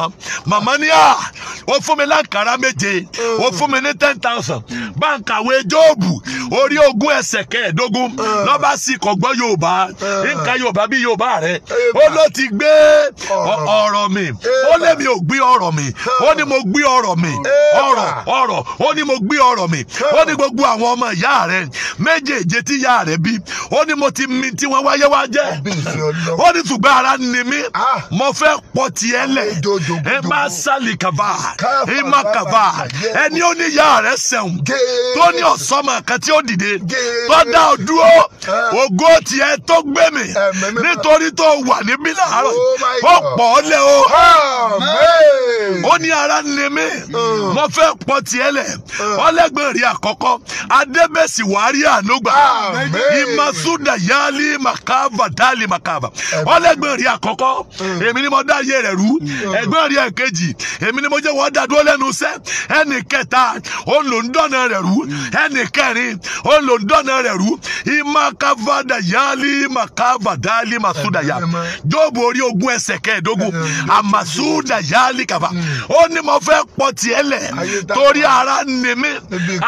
màmá ní à ah, ó fún mi láǹkárá méje ó fún mi ní ten thousand báǹkà wo ejò. Jóòbù orí ogún ẹsẹ̀ kẹẹ̀ẹ́dógún ah. lọ́ba sì kò gbọ́ Yorùbá nǹkan ah. Yorùbá bí Yorùbá rẹ. ó ló ti gbé ọrọ mi ó lé mi ò gbé ọrọ mi ah. ó ní mo gbé ọrọ mi ọrọ ọrọ, ó ní mo gbé ọrọ mi ó ní gbogbo àwọn ọmọ ìyá rẹ méjèèje tí ìyá bí ó ní ti mi tí wọ́n wáyé wá ó ní ṣùgbọ́n ara ni mo fẹ́ pọ̀ lẹ̀ ẹ sálì ẹ sọmọ kan tí ó dìde tó dá ọ tó gbé mi nítorí tó wà níbí láàárọ̀ oh ó pọ̀ ọ́ lẹ́ o ó ní ara ń mi hmm. mo fẹ́ pọ̀ tiẹ̀ lẹ̀ hmm. ọlẹ́gbẹ̀ẹ́ rí àkọ́kọ́ adébẹ̀sì wàárí ànúgbà ìmàsúdà yálì màkàvà dálì màkàvà ọlẹ́gbẹ̀ẹ́ rí àkọ́kọ́ hmm. èmi ni mo dá ayé rẹ̀ rú ẹ̀gbọ́n rí ẹ̀kejì èmi ni mo jẹ́ wọ́n dá dúró lẹ́nu ẹnì kẹta ó lò ń dọ́nà rẹ̀ rú ẹnì ẹnìkẹrin òun ló ń dọ́nà rẹ̀ rú imakavada yali makavadali masudaya jóòbù orí ogún ẹsẹ̀ kẹẹ̀ẹ́dógún amasuda yali kava ó ní mo fẹ́ pọ̀ tiẹ̀ lẹ̀ torí ara nèmi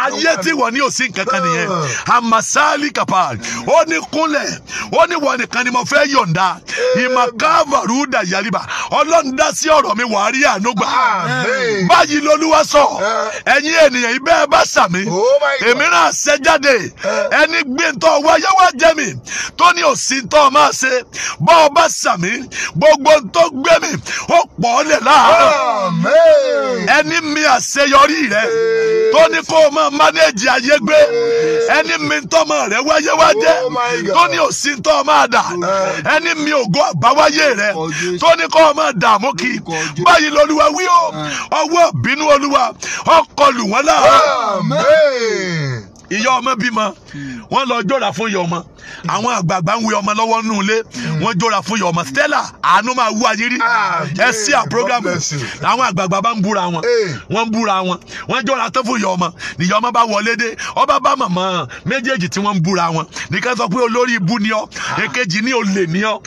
ayé tí wọ́n ní òsín kankan nìyẹn amasali ah. kapa ó ní kúnlẹ̀ ó ní wọ́n nìkan ni mo fẹ́ yọ̀ǹda imakavaruda yaliba ọlọ́run dá sí ọ̀rọ̀ mi wàá rí àánú gbà báyìí lolúwa sọ eh. ẹ̀yin ènìyàn ibẹ̀ bá sàmì oh èmi ẹlòmíràn ṣe jáde ẹni gbé tọ́ wáyé wá jẹ́ mi tó ní òsì tọ́ máa ṣe bọ́ ọ bá sàmí gbogbo tó gbé mi ó pọ̀ ọ́ lẹ̀ láàárọ̀ ẹni mi àṣeyọrí rẹ tó ní kó o máa mánéjì ayé gbé ẹni mi tọ́mọ rẹ wáyé wá jẹ́ oh tó ní òsì tọ́ máa dà ẹni mi ògo àbáwáyé rẹ tó ní kó o máa dààmú kí báyìí lolúwa wí o ọwọ́ bínú olúwa ọkọlù wọn láàárọ̀ ìyá ọmọ bímọ wọ́n lọ jọra fún ìyá ọmọ àwọn àgbààgbà ń wé ọmọ lọ́wọ́ nù ilé wọ́n jọra fún ìyá ọmọ Stella àánú máa wú ayé rí ẹ sí à program àwọn àgbààgbà bá ń búra wọn wọ́n ń búra wọn wọ́n jọra tán fún ìyá ọmọ ìyá ọmọ bá wọlé dé ọba bá màmá méjèèjì tí wọ́n ń búra wọn nìkan sọ pé olórí ibú ni ọ èkejì ní olè ni ọ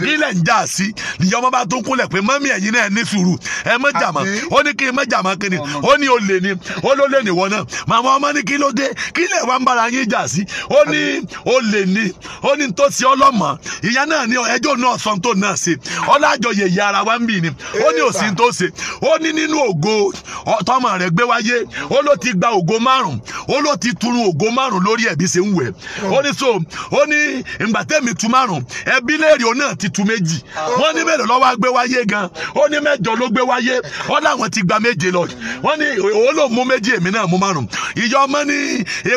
nílẹ̀ ń jà sí ìyá ọmọ bá tún kúnlẹ̀ pé mọ́mí ẹ̀yin náà ní sùúrù ẹ mọ́ jàmọ́ ó ní kí n mọ́ jàmọ́ kí ni ó ní olè ni ó lólè nìwọ náà màmá ọmọ ní kí ló dé kí kílẹ̀ wá ń bára yín jà sí ó ní olè ni ó ní tó ti ọlọ́mọ ìyá náà ní ẹjọ́ náà sọ tó náà ṣe ọlájọ yẹ̀yẹ́ ara wa ń bì ni ó ní òsì tó ṣe ó ní nínú ògo tọmọ rẹ̀ gbé wáyé ó ló ti gba ògo márùn ó ló ti tunu ògo márùn lórí ẹ̀bí ṣe ń wẹ̀ ó ní so ó ní ìgbà tẹ́mi tu márùn ẹbí léèrè ó náà ti tu méjì wọ́n ní mélòó lọ́wọ́ gbé wáyé gan ó ní mẹ́jọ ló gbé wáyé ó láwọn ti gba méje lọ wọ́n ní òun ló mú méjì èmi náà mú márùn ìyá ọmọ ní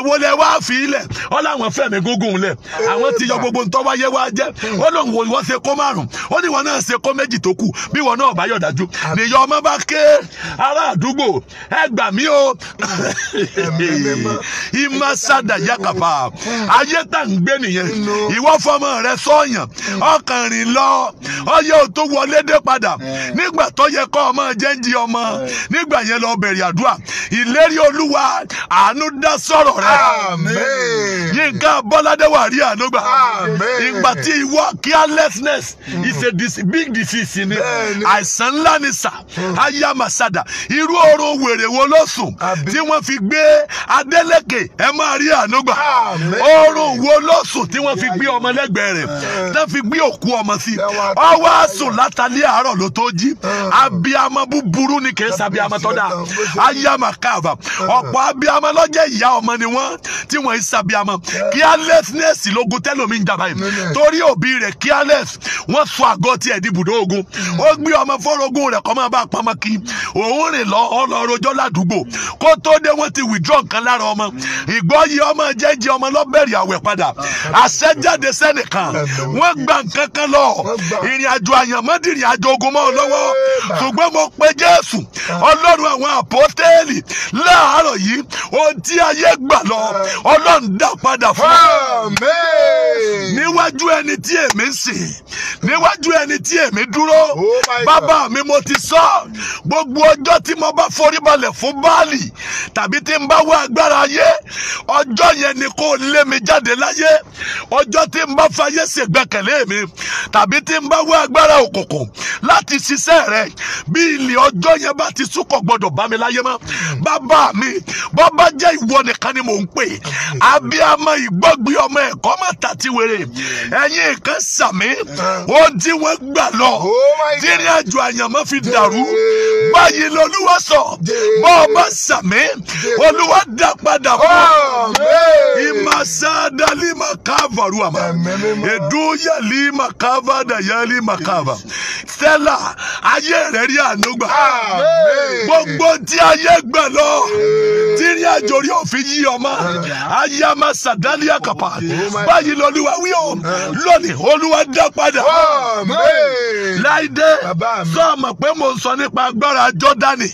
èwo lẹ wá fi ilẹ̀ ọ làwọn fẹ̀mí gúngùn lẹ̀ àwọn ti yọ gbogbo ntọ́ wáyé wá jẹ́ ó lóun wò wọ́n ṣe kó márùn ó ní wọn náà ṣe kó méjì tó kù bí wọn náà bá yọ̀dájú nìyọ ọmọ bá ké ará àdúgbò ẹ gbà mí o ìmọ̀ sádà yàkàfà ayé tá ń gbé nìyẹn ìwọ fọmọ rẹ sọyàn ọkàn rìn lọ ọyẹ ò tó wọlé dé padà nígbà tó yẹ kọ́ ọmọ jẹ́ńjì ọmọ nígbà yẹn lọ bẹ̀rẹ̀ àdúrà ìlérí olúwa àánú dá sọ̀rọ̀ rẹ Amen. yínká bọ́ládé wà rí Amen. ìgbà tí ìwọ carelessness is a big disease ni àìsàn ńlá ni sà aya masada irú oorun wèrè wo ló sùn tí wọ́n fi gbé adélèké ẹ máa rí ànúgbà oorun wo ló sùn tí wọ́n fi gbé ọmọ lẹ́gbẹ̀ẹ́ rẹ̀ náà fi gbé òkú ọmọ sí ọwọ́ àsùn látàlẹ́ àárọ̀ ló tó jí abiyamọ búburú ni kì í sàbíamọ tó dáa aya makaba ọ̀pọ̀ abiyamọ lọ́jọ́ ìyá ọmọ ni wọ́n mọ́ tí wọ́n ìsàbíamọ́ carelessness lógun tẹ́lómi ń jàmbá yìí torí òbí rẹ̀ careless wọ́n sọ àgọ́ tiẹ̀ di ibùdó ogun ó gbé ọmọ fọ́rọ́gùn rẹ̀ kọ́ máa bá a pamọ́ kí òun rìn lọ ọlọ rojọ́ ládùúgbò kó tó dé wọ́n ti withdraw nǹkan lára ọmọ ìgbọ́yé ọmọ jẹ́jẹ́ ọmọ lọ́bẹ̀rì àwẹ̀ padà àṣẹjáde sẹ́nìkan wọ́n gba nǹkan kan lọ ìrìn àjò àyànmọ́dì ìrìn àjò ogun mọ́ ọ lọ́wọ́ ṣùgbọ́n mo pe Jésù ọlọ́run àwọn àpótẹ́ẹ̀lì láàárọ̀ yìí ohun tí ayé gbà lọ ọlọ́run dá padà fún ọ. níwájú ẹni tí èmi ń sìn níwájú ẹni tí èmi dúró oh bàbá mi mo ti sọ gbogbo ọjọ́ tí mo bá forí balẹ̀ fún báàlì tàbí tí n bá wá agbára ayé ọjọ́ yẹn ni kò lé mi jáde láyé ọjọ́ tí n bá fayé ṣègbẹ́kẹ̀lé mi tàbí tí n bá wá agbára òkùnkùn láti ṣiṣẹ́ rẹ bí ilé ọjọ́ yẹn bá ti súnkọ̀ gbọ́dọ̀ bá mi láyé mọ́ hmm. bàbá mi bọ́ jẹ́ ìwọ nìkan ni mo mò ń pè abiyamọ ìgbọ́gbe ọmọ ẹ̀kọ́ má tàti wèrè ẹ̀yin kan sàmì ó tí wọ́n gbà lọ oh dírí àjò àyànmọ́ fi dàrú báyìí lọ́lúwa sọ bọ́ ọ bá sàmì olúwa dá padà fún ìmàsáadálì màkàvà rúwàmà èdúyàlì màkàvà dàyàlì màkàvà stella ayé rẹ̀ rí àánú gbà gbogbo tí ayé gbà lọ dírí àjò rí òfin yí ọmọ kama ayama sadaliya kapa oh, báyìí lọ́lúwa wí o lónìí olúwa dá padà láìdé sọ ma pé mo sọ nípa agbára jọ́dánì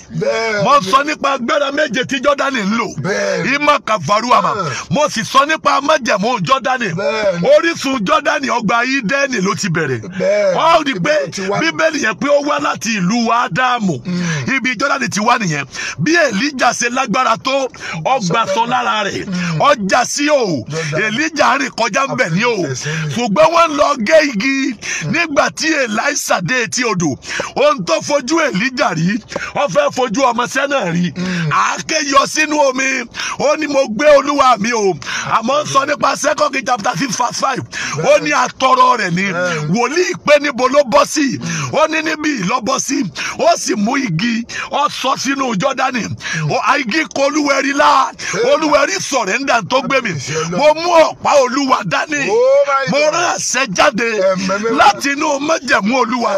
mo sọ nípa agbára méje tí jọ́dánì ń lò ìmọ̀ kàfàrú ama, mo sì sọ nípa májẹ̀mú jọ́dánì orísun jọ́dánì ọgbà ídẹ́nì ló ti bẹ̀rẹ̀ ó rí i pé bíbélì yẹn pé ó wá láti adamu, mm. ibi jọ́dánì ti wá nìyẹn Bi èlíjà ṣe lágbára tó ọgbà sọ lára ara rẹ̀ mm. ọjà sí o èlíjà rìn kọjá ń bẹ̀ ní o ṣùgbọ́n wọ́n lọ gé igi mm. nígbà tí Èlíṣà dé etí odò ohun tó fojú èlíjà rí wọ́n fojú ọmọọṣẹ́ náà rí mm. àáké yọ sínú omi ó ní mo gbé olúwa mi o àmọ́ ń sọ nípa second chapter six verse five ó ní atọrọ rẹ̀ ni wòlíì pé níbo ló bọ́ sí ó ní níbí ló bọ́ sí ó sì mú igi ó sọ sínú Jọ́dánì igi kọ olúwẹ̀rí la olúwẹ̀rí torí sọ̀rẹ́ndà tó gbé mi mo mú ọ̀pá olúwa dání oh mo rán àṣẹ jáde láti inú májẹ̀mú olúwa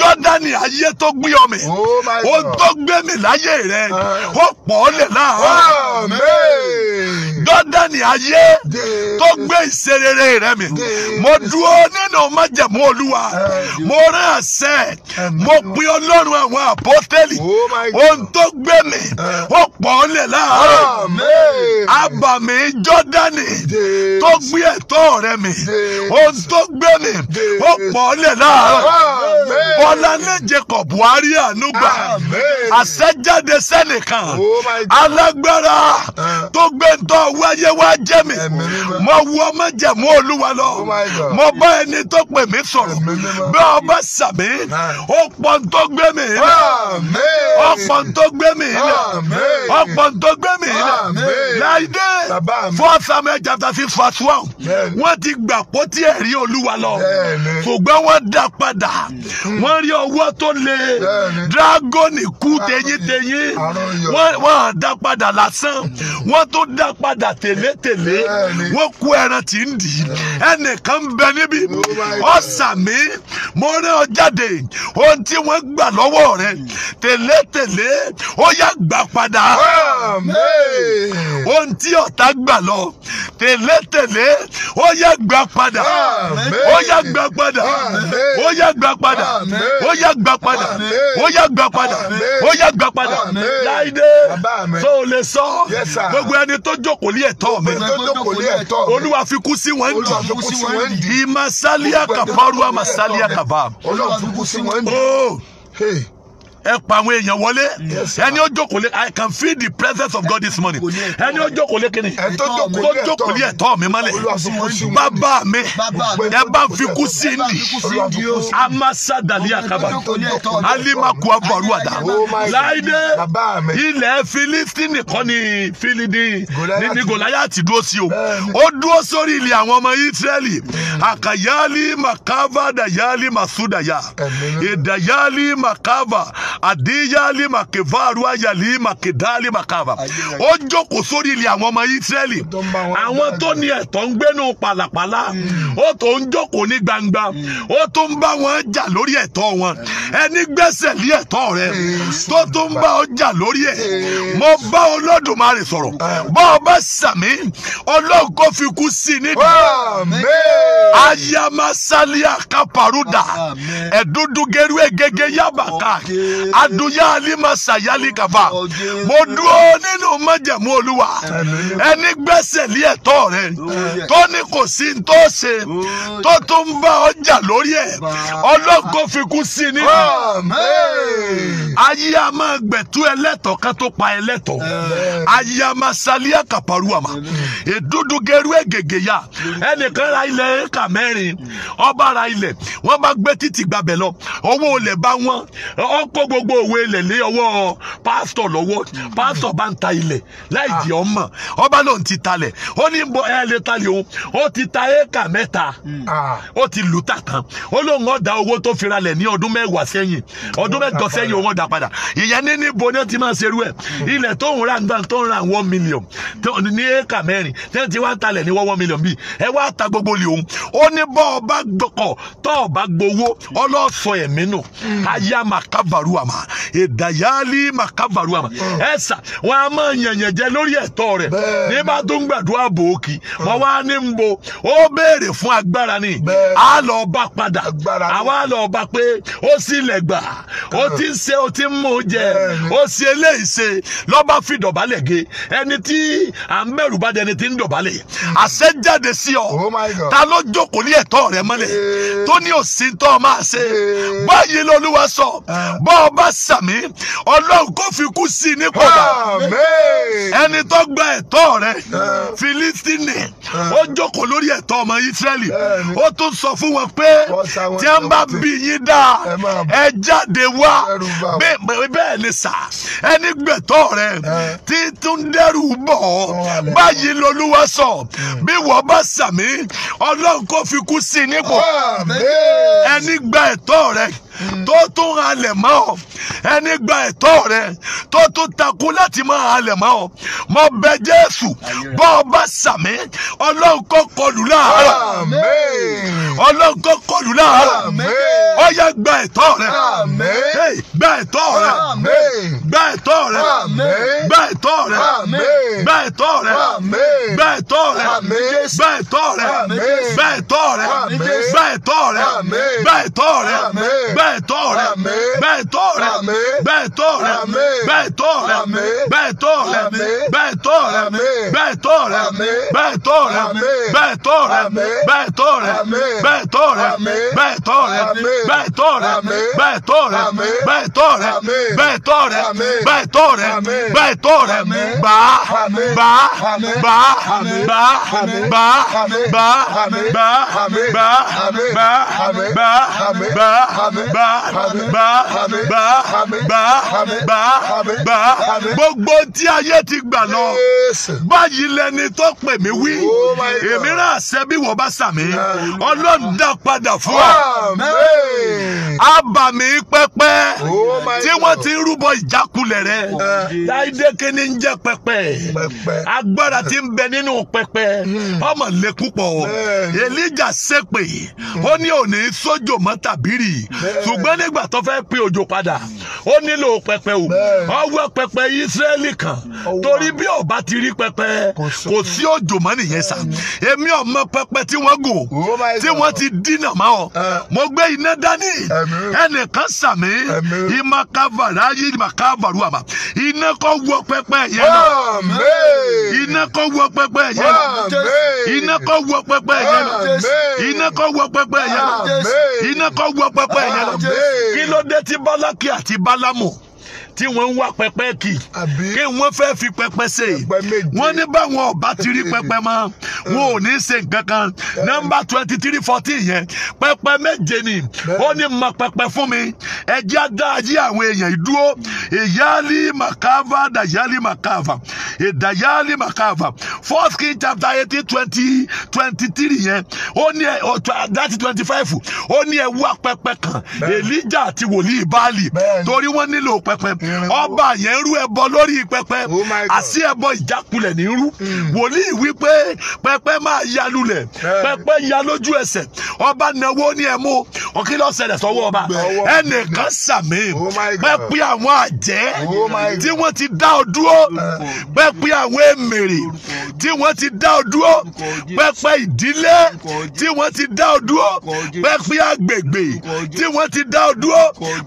jọ́dánì ayé tó gbé ọ mi ó oh tó gbé mi láyé rẹ ah. ó pọ̀ ọ́ lẹ̀ láàárọ̀ jọ́dánì ayé tó gbé ìṣerere rẹ mi mo dúró nínú májẹ̀mú olúwa mo rán àṣẹ mo pe ọlọ́run àwọn àpótẹ́lì oh ohun tó gbé mi ó pọ̀ ọ́ lẹ̀ láàárọ̀ abàmì jọ́dánì tó gbé ẹ̀tọ́ rẹ mi ohun tó gbé mi ó pọ̀ ọ́lẹ̀ láàárọ̀ bọ́lá méje kọ̀ buhari ànúgbà àṣẹjáde sẹ́nìkan oh alágbára eh. tó gbé ntọ́ wáyé wá jẹ́ mi mo wu ọmọ jẹ̀mú olúwa lọ oh mo bá ẹni tó pè mí sọ̀rọ̀ bí ọba sàmì ah. ó pọ̀ ntọ́ gbé mi ilẹ̀ ọ̀pọ̀ ntọ́ gbé mi ilẹ̀ ọ̀pọ̀ ntọ́ gbé mi ilẹ̀ friday four samuel chapter six verse one wọ́n ti gbà pótí ẹ̀rí olúwa lọ ṣùgbọ́n wọ́n dá padà mm-hmm. wọ́n rí ọwọ́ tó le dragoni kú tẹ̀yìntẹ̀yìn wọ́n dá padà lásán mm-hmm. wọ́n tó dá padà tẹ̀lé-tẹ̀lé wọ́n kú ẹran tí ń dì í ẹnìkan bẹ níbi ọ̀sán mi mo rán ọ jáde ohun tí wọ́n gbà lọ́wọ́ rẹ mm. tẹ̀lé-tẹ̀lé ó yá gbà padà ó ohun tí ọ̀tá gbà lọ tẹ̀lé-tẹ̀lé ó yá gbà padà ó yá gbà padà ó yá gbà padà ó yá gbà padà ó yá gbà padà ó yá gbà padà láìdé tó o lè sọ gbogbo ẹni tó jókòó lé ẹ̀tọ́ mi olúwa fi kú sí wọn dì ìmàsálíà kàfọ́rùwà màsálíà kàfà. olúwa fi kú sí wọn dì ẹ pa àwọn èèyàn wọlé ẹni ó jókòó lé i can feel the presence of God this morning ẹni ó jókòó lé kíni tó jókòó lé ẹ̀tọ́ mi mọ́lẹ̀ bàbá mi ẹ bá ń fi kú sí ndì amasa dàlí àkàbà alimaku abaruada oh láìdé ilẹ̀ filistini kọ́ ni filidi ní Gòláyátì dúró sí o ó dúró sórí ilẹ̀ àwọn ọmọ Ísírẹ́lì àkàyálì makava dayali masudaya ìdayali makava. àdíyálì màkèvárù ayàlì màkèdálì màkàvà ó jókòó sórí ilẹ̀ àwọn ọmọ Ísírẹ́lì àwọn tó ní ẹ̀tọ́ ń gbénu pàlàpàlà hmm. ó tó ń jókòó ní gbangba hmm. ó tó ń bá wọn jà lórí ẹ̀tọ́ wọn hmm. ẹni gbẹ́sẹ̀ lé ẹ̀tọ́ rẹ tó tó ń bá ọ jà lórí ẹ̀ mo bá Olódùmarè sọ̀rọ̀ bá ọ bá sàmì ọlọ́gọ́ fi kú sí i nídìí ayamasalia yabaka. adúyàlímọ̀ sàyálì kàfà oh, mo dúró nínú májẹ̀mú olúwa ẹni gbẹ́sẹ̀ lé ẹ̀tọ́ rẹ̀ tó ní kò sí tó ṣe tó tún bá ọjà lórí ẹ̀ ọlọ́kọ̀ fi kú sí i nínú. ayé a máa gbẹ̀tú ẹlẹ́tọ̀ ká tó pa ẹlẹ́tọ̀ ayé a máa sálíà kàpàrúwàmà èdúdú gẹrú ègègè ya ẹnìkan ra ilẹ̀ ẹ̀ka mẹ́rin ọba ra ilẹ̀ wọ́n bá gbé títì gbàbẹ̀ lọ owó olè bá wọn ọkọ̀ gbogbo òwe ilẹ̀ lé ọwọ́ pásítọ̀ lọ́wọ́ hmm. pásítọ̀ bá ń ta ilẹ̀ láì jẹ́ ah. ọmọ ọba náà ń ti talẹ̀ ó ní bọ ẹ lè talẹ̀ òun ó ti ta éèkà mẹ́ta hmm. ah. ó ti lù tà tán ó lóun ọ̀dà owó tó fira lẹ̀ ní ọdún mẹ́wàá sẹ́yìn hmm. ọdún mẹ́jọ sẹ́yìn òun ọ̀dà padà ìyẹn ní níbo ni ó ti máa ṣerú ẹ̀ ilẹ̀ tó ń ra nígbà tó ń ra one million ní éèkà mẹ́rin tẹ́ ti wá ń talẹ̀ ní one million bíi ẹ wá ta gbogbo lè òun ó ní bọ́ ọba gbọ́kọ̀ tọ́ ọba gbowó ọlọ́sọ ẹ̀mí nù ayé àmàkàbàrú makabaruama ìdàyálì makabaruama ẹ̀sà wọn a máa yẹ̀yẹ̀jẹ̀ lórí ẹ̀tọ́ rẹ̀ ní bá tó ń gbàdúrà bòókì ah. wọn wá ní ń bo ó béèrè fún agbára ni a lọ bá padà àwa lọ bá pé ó sì lẹ̀ ó ah. ti ń ṣe ó ti ń mú jẹ ó sì eléyìí ṣe lọ́ba fi ge ẹni tí à ń bẹ̀rù bá dẹni tí ń dọ̀bálẹ̀ hmm. àṣẹ jáde sí ọ oh ta ló jókòó ní ẹ̀tọ́ rẹ mọ́lẹ̀ eh. tó ní òsì tó máa ṣe eh. báyìí lọ́lúwa sọ ah. bọ́ọ̀ tó bá sàmí ọlọ́run kò fi kú sí i nípò bá ẹni tó gba ẹ̀tọ́ rẹ̀ filistini ó jókòó lórí ẹ̀tọ́ ọmọ israẹli ó tún sọ fún wọn pé tí a bá bí yín dá ẹ jáde wá bẹ́ẹ̀ ni sà ẹni gbẹ̀tọ́ rẹ̀ tí tún dẹ́rù bọ̀ báyìí lolúwa sọ bí wọ́n bá sàmí ọlọ́run kò fi kú sí i nípò ẹni gba ẹ̀tọ́ rẹ̀ hmm. tó tún halẹ̀ mọ́ ọ ẹni gba ẹ̀tọ́ rẹ tó tún takú láti máa halẹ̀ mọ́ ọ mo bẹ jésù bọ́ ọ bá sàmì kọlù láàárọ̀ ọlọ́run kọlù láàárọ̀ ó yá gba ẹ̀tọ́ rẹ gba ẹ̀tọ́ rẹ gba ẹ̀tọ́ rẹ gba ẹ̀tọ́ rẹ gba ẹ̀tọ́ rẹ gba ẹ̀tọ́ rẹ gba ẹ̀tọ́ rẹ gba ẹ̀tọ́ rẹ gba ẹ̀tọ́ rẹ gba ẹ̀tọ́ rẹ gba ẹ̀tọ́ rẹ gba ẹ̀tọ́ rẹ rẹ̀ bẹ́ẹ̀ tó rẹ̀ bẹ́ẹ̀ tó rẹ̀ bẹ́ẹ̀ tó rẹ̀ bẹ́ẹ̀ tó rẹ̀ bẹ́ẹ̀ tó rẹ̀ bẹ́ẹ̀ tó rẹ̀ bẹ́ẹ̀ tó rẹ̀ bẹ́ẹ̀ tó rẹ̀ bẹ́ẹ̀ tó rẹ̀ bẹ́ẹ̀ tó rẹ̀ bẹ́ẹ̀ tó rẹ̀ bẹ́ẹ̀ tó rẹ̀ bẹ́ẹ̀ tó rẹ̀ bẹ́ẹ̀ tó rẹ̀ bẹ́ẹ̀ tó rẹ̀ bẹ́ẹ̀ tó rẹ̀ bá bá bá bá bá bá bá bá bá bá bá bá bá bá gbà gbà gbà gbà gbogbo tí ayé ti gbà lọ báyìí lẹni tó pè mí wí oh èmi rà ṣe bí wọ́n bá sàmì ọlọ́run dá padà fún ọ abàmì pẹpẹ oh tí wọ́n ti ń rúbọ ìjákulẹ̀ rẹ láìdéke ní ń jẹ pẹpẹ agbára ti ń bẹ nínú pẹpẹ hmm. ọmọ lè púpọ̀ elija ṣépè ó ní òní sójò mọ́ tàbírì ṣùgbọ́n nígbà tó fẹ́ pe òjò pa padà ó nílò pẹpẹ o ọwọ́ pẹpẹ Ísírẹ́lì kan torí bí ọba ti rí pẹpẹ kò sí òjò mọ́ nìyẹn sà mm. èmi ọmọ pẹpẹ tí wọ́n gò tí wọ́n ti dínà mọ́ ọ eh. mo gbé iná dání ẹnìkan sàmì ìmọ̀ kávàrà ayé ìmọ̀ kávàrú àmà iná kọ́ wọ pẹpẹ yẹn lọ iná kọ́ wọ pẹpẹ yẹn lọ iná kọ́ wọ pẹpẹ yẹn lọ iná kọ́ wọ pẹpẹ yẹn lọ iná kọ́ wọ pẹpẹ yẹn lọ kí ló dé tí bọ́lá Balaki àti Bálámù tí wọ́n ń wá pẹpẹ kì kí wọ́n fẹ́ fi pẹpẹ ṣe wọ́n ní báwọn ọba ti rí pẹpẹ mọ́ wọn ò ní ṣe nǹkan kan nọ́mbà twenty three fourteen yẹn pẹpẹ méje ni ó ní mọ pẹpẹ fún mi ẹjẹ́ adá ayé àwọn èèyàn ìdúró ìyáálí makava. dàyáálí màkàvà ìdàyáálí makava. Fourth king chapter eighteen twenty twenty three yẹn ó ní ẹ láti twenty five ó ní ẹ wá pẹpẹ kan èlíjà àti wòlíì báàlì torí wọ́n nílò pẹpẹ ọba yẹn rú ẹbọ lórí pẹpẹ oh àti ẹbọ ìjákulẹ̀ ní rú hmm. wòlíì wípé pẹpẹ máa ya lulẹ̀ pẹpẹ ya lójú ẹsẹ̀ ọba náwó ní ẹ̀mú ọkí lọ sọ́wọ́ ọba ẹnìkan sàmì oh pẹpẹ àwọn àjẹ́ oh tí wọ́n ti dá ọ dúró pẹpẹ àwọn èmèrè tí wọ́n ti dá ọ dúró pẹpẹ ìdílé tí wọ́n ti dá ọ dúró pẹpẹ agbègbè tí wọ́n ti dá ọ dúró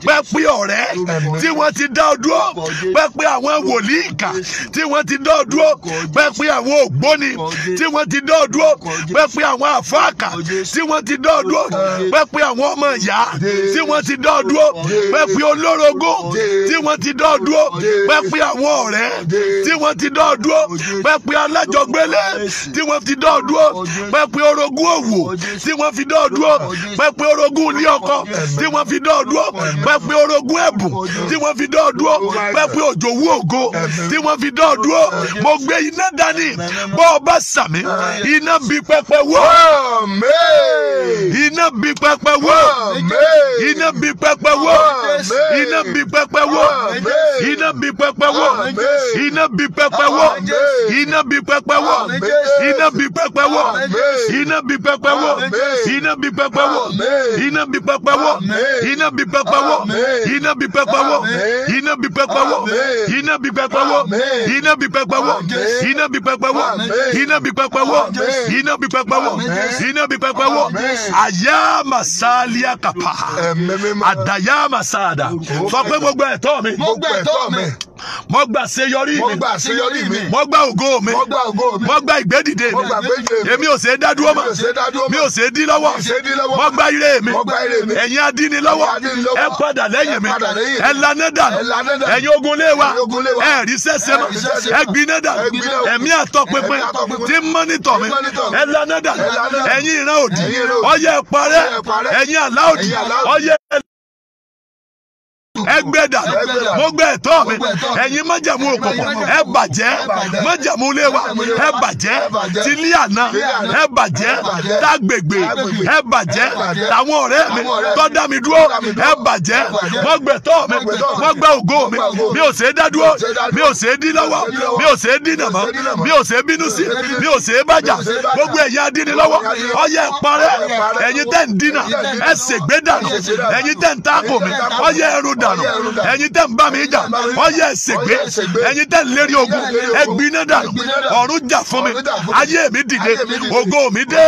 pẹpẹ ọ̀rẹ́ tí wọ́n ti dá dá ọ dúró bẹ́ẹ̀ pé àwọn wòlíì ìkà tí wọ́n ti dá ọ dúró bẹ́ẹ̀ pé àwọn ògbóni tí wọ́n ti dá ọ dúró bẹ́ẹ̀ pé àwọn àfáàkà tí wọ́n ti dá ọ dúró bẹ́ẹ̀ pé àwọn ọmọ ìyá tí wọ́n ti dá ọ dúró bẹ́ẹ̀ pé olórogó tí wọ́n ti dá ọ dúró bẹ́ẹ̀ pé àwọn ọ̀rẹ́ tí wọ́n ti dá ọ dúró bẹ́ẹ̀ pé alájọgbélé tí wọ́n ti dá ọ dúró bẹ́ẹ̀ pé orogún òwò tí wọ́n fi dá ọ dúró bẹ́ẹ̀ pé orogún ilé ọkọ tí wọ́n fi dá ọ dúró bẹ́ẹ̀ pé orogún ẹ̀bùn tí wọ́n fi dá ọ dúró pẹ́pẹ́ òjò wú ògo tí wọ́n fi dán dúró mo gbé iná dání bọ́ ọ bá sàmí iná bí pẹ́pẹ́ wó iná bí pẹ́pẹ́ wó iná bí pẹ́pẹ́ wó iná bí pẹ́pẹ́ wó iná bí pẹ́pẹ́ wó iná bí pẹ́pẹ́ wó iná bí pẹ́pẹ́ wó iná bí pẹ́pẹ́ wó iná bí pẹ́pẹ́ wó iná bí pẹ́pẹ́ wó iná bí pẹ́pẹ́ wó iná bí pẹ́pẹ́ wó iná bí pẹ́pẹ́ wó iná iná bí pẹpẹ wó iná bí pẹpẹ wó iná bí pẹpẹ wó iná bí pẹpẹ wó iná bí pẹpẹ wó iná bí pẹpẹ wó iná bí pẹpẹ wó àyà màsálíà kàpà àdàyà màsáàdà sọ pé gbogbo ẹ̀tọ́ mi. gbogbo ẹ̀tọ́ mi mo gba àṣeyọrí mi mo gba àṣeyọrí mi mo gba ògo mi mo gba ògo mi mo gba ìgbédìde mi èmi ò ṣe é dádúró mọ́ mi ò ṣe é dí lọ́wọ́ mo gba ire mi ẹ̀yin adínilọ́wọ́ ẹ padà lẹ́yìn mi ẹ lanẹ́ dànù ẹ̀yin ogun lé wa ẹ rí sẹ́sẹ́ mọ́ ẹ gbiná dànù ẹ̀mí àtọpinpin tí mọ́nítọ̀ mi ẹ lanẹ́ dànù ẹ̀yin ìran òdì ọyẹ parẹ́ ẹ̀yin àlá òdì ọyẹ ẹgbẹ́ dà mo gbẹ́ ẹ̀tọ́ mi ẹ̀yin májàmú òkùnkùn ẹ bàjẹ́ májàmú léwa ẹ bàjẹ́ tìlí àná ẹ bàjẹ́ tágbègbè ẹ bàjẹ́ tàwọn ọ̀rẹ́ mi tọ́dá mi dúró ẹ bàjẹ́ mo gbẹ́ ẹ̀tọ́ mi mo gbẹ́ ògo mi mi ò ṣe é dá mi ò ṣe é dí lọ́wọ́ mi ò ṣe é dínà mọ́ mi ò ṣe é bínú sí mi ò ṣe é bàjà gbogbo ẹ̀yin adíni lọ́wọ́ ọyẹ ẹ parẹ́ ẹ̀yin tẹ́ dànù ẹ̀yin tẹ́ ń bá mi jà ọyẹ ẹ̀sẹ̀gbé ẹ̀yin tẹ́ ń lérí ogun ẹ̀gbin náà dànù ọ̀run jà fún mi ayé mi dìde ògo mi dé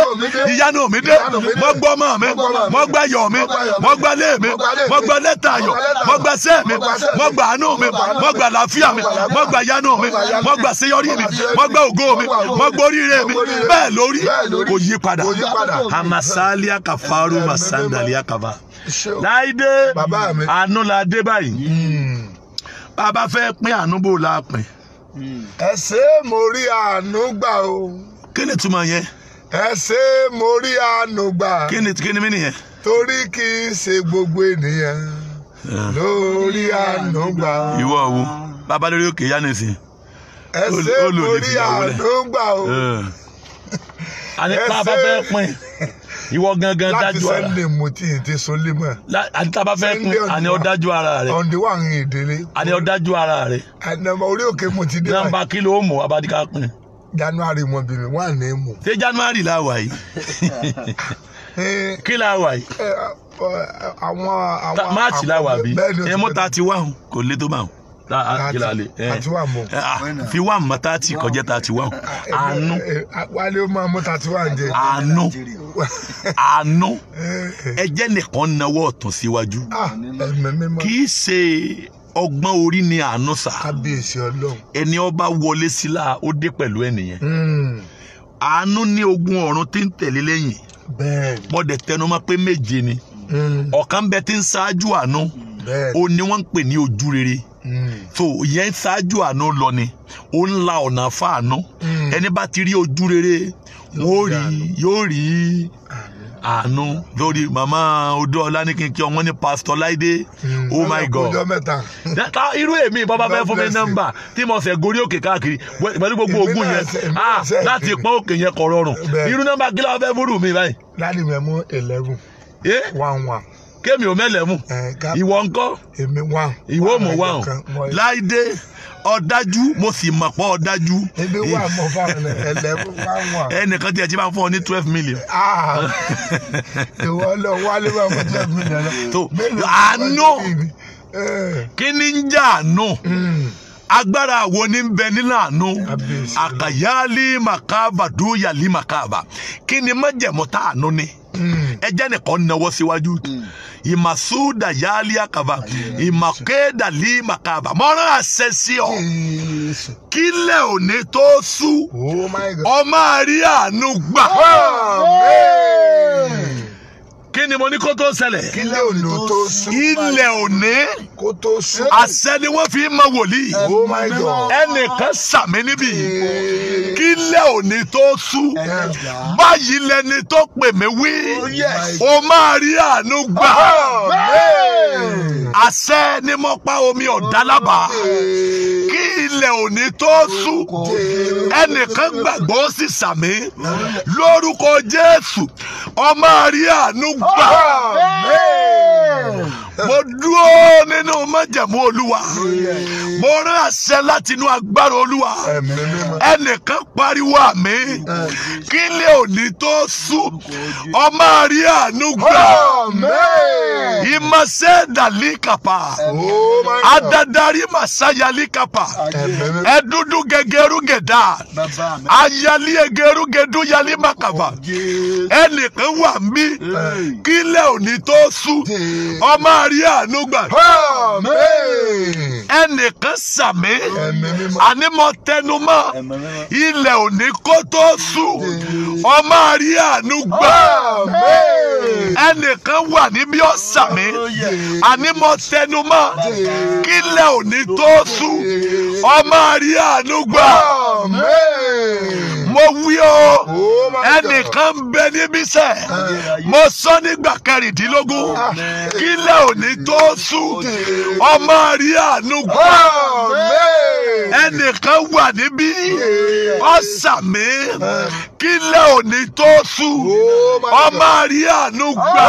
ìyanu mi dé mo gbọ́ ọmọ mi mo gbọ́ mi mo gbọ́ mi mo gbọ́ lẹ́tà ayọ̀ mo mi mo àánú mi mo àlàáfíà mi mo gbọ́ mi mo gbọ́ mi mo ògo mi mo oríire mi bẹ́ẹ̀ lórí kò yí padà amasalia kafaru masandalia kava láìdé àánú la dé báyìí bàbá hmm. fẹ́ pín àánú bò la pín. Hmm. ẹ ṣé mo rí àánú gbà o. kí ni túmọ̀ yẹn. ẹ ṣé mo rí àánú gbà. kí ni kí ni mí nìyẹn. torí kì í ṣe gbogbo ènìyàn lórí àánú gbà. ìwọ wo bàbá lórí òkè yá nìsín. ẹ ṣé mo rí àánú gbà o. àní ìwọ gangan dájú ara láti sunday mo ti ète sunday mọ. àti tá a bá fẹ́ kún àní ọ dájú ara rẹ. ọ̀ǹdẹ̀ wà ń èdèlé. àní ọ dájú ara rẹ. nàmbà orí òkè mo ti dé báyìí. nàmbà kí ló mú abadika kún. january mo bìnrin wà ní mú. ṣé january la wà yìí eh, kí la wà yìí. Eh, eh, àwọn àwọn. máàcì la wà bí ẹ mú ta ti wá kò lé tó bá wọn thirty one mọ. fi one mọ thirty kọjá thirty ah, one eh, àánú. Eh, eh, ah, wálé ó máa mú thirty one jẹ. àánú àánú ẹjẹ́ nìkan náwó ọ̀tún síwájú ah, kì í ṣe ọgbọ́n orí ni àánú sá. kábíyèsí ọlọ́run. ẹni ọba wọlé sílá ó dé pẹ̀lú ẹnìyẹn. Hmm. àánú ní ogun ọ̀run tí ń tẹ̀lé lẹ́yìn. bẹ́ẹ̀ mo dẹ̀ tẹnu mọ́ pé méje ni. Hmm. ọ̀kan bẹ tí ń ṣáájú àánú. o ni wọ́n ń pè ní ojú rere so ìyẹn ṣáájú àánú lọ ni ó ń la ọ̀nà fáànú hmm. ẹni bá ti rí ojú rere wọn ò rí yóò rí àánú lórí màmá odò ọlá ní kíkí ọmọ ní pásítọ̀ láìdé hmm. oh my god data irú èmi bàbá fẹ́ fún mi nọ́mbà tí mo ṣe gorí òkè káàkiri pẹ̀lú gbogbo ogun yẹn ah, láti pọ́n òkè yẹn kọ̀ rọrùn irú nọ́mbà kí ló fẹ́ fúrú mi báyìí. láti mẹ́mú eleven eh? one one kémi ò mẹ́lẹ̀mú ìwọ ńkọ́ ìwọ mọ̀ wá o láìdé ọ̀dájú mo sì mọ̀ pọ̀ ọ̀dájú. ebi wà mọ fáwọn ẹlẹ́mú wà wọn. ẹnìkan tí ẹ ti máa fún ọ ní twelve million. Ah, ìwọ lọ wálé wà fún twelve million. tó àánú kí ni ń jà àánú hmm. agbára wo ni ń bẹ nínú àánú àkàyálì màkàbà dúyàlì màkàbà kí ni májẹ̀mú tá àánú ni ẹjẹ́ nìkan náwó síwájú hmm. ìmàsúdà yálí àkàbà ìmàkéèdà lí màkàbà mọ́rán àṣẹ sí ọ kílẹ̀ òní tó sú oh ọ máa àánú gbà. Amen kí ni mo ní kó tó ṣẹlẹ̀. ilẹ̀ òní tó sún. ilẹ̀ òní. kó tó sún. àṣẹ ni wọ́n fi mọ wòlíì. oh my God. ẹnìkan sàmì níbí. kí ilẹ̀ òní tó sún. báyìí lẹni tó pè mí wí. Oh, o máa rí àánú gbà. àṣẹ ni mo pa omi ọ̀dá lábàá. kí ilẹ̀ òní tó sún. ẹnìkan gbàgbọ́ sí sàmì. lórúkọ Jésù o máa rí àánú gbà. Oh, man. man. mo dúró nínú májẹ̀mú olúwa mo rán àṣẹ láti inú agbára olúwa ẹnìkan pariwo àmì kí lè òní tó sùn ọmọ àrí àánú gbà ìmọ̀sẹ́ dàlíkàpà oh adadari masayalikapa ẹdúdú gẹgẹrúgẹdà ayali egerugedu yalimakaba ẹnìkan wà mí kí lè òní tó sùn ọmọ àrí agbárí àánú gbà. ẹnìkan sàmì àní mo tẹnu mọ́ ilẹ̀ òní kó tó sùn ọmọ àrí àánú gbà. ẹnìkan wà níbi ọ̀sàmì àní mo kílẹ̀ òní tó sùn ọmọ àrí àánú mo wí o oh ẹnìkan bẹ níbí sẹ mo sọ nígbà kẹrìndínlógún kílẹ̀ òní tó sùn oh, ọmọ rí àánú gbọ́ ẹnìkan wà níbí ọ̀sàmì kílẹ̀ òní tó sú ọmọ rí àánú gbà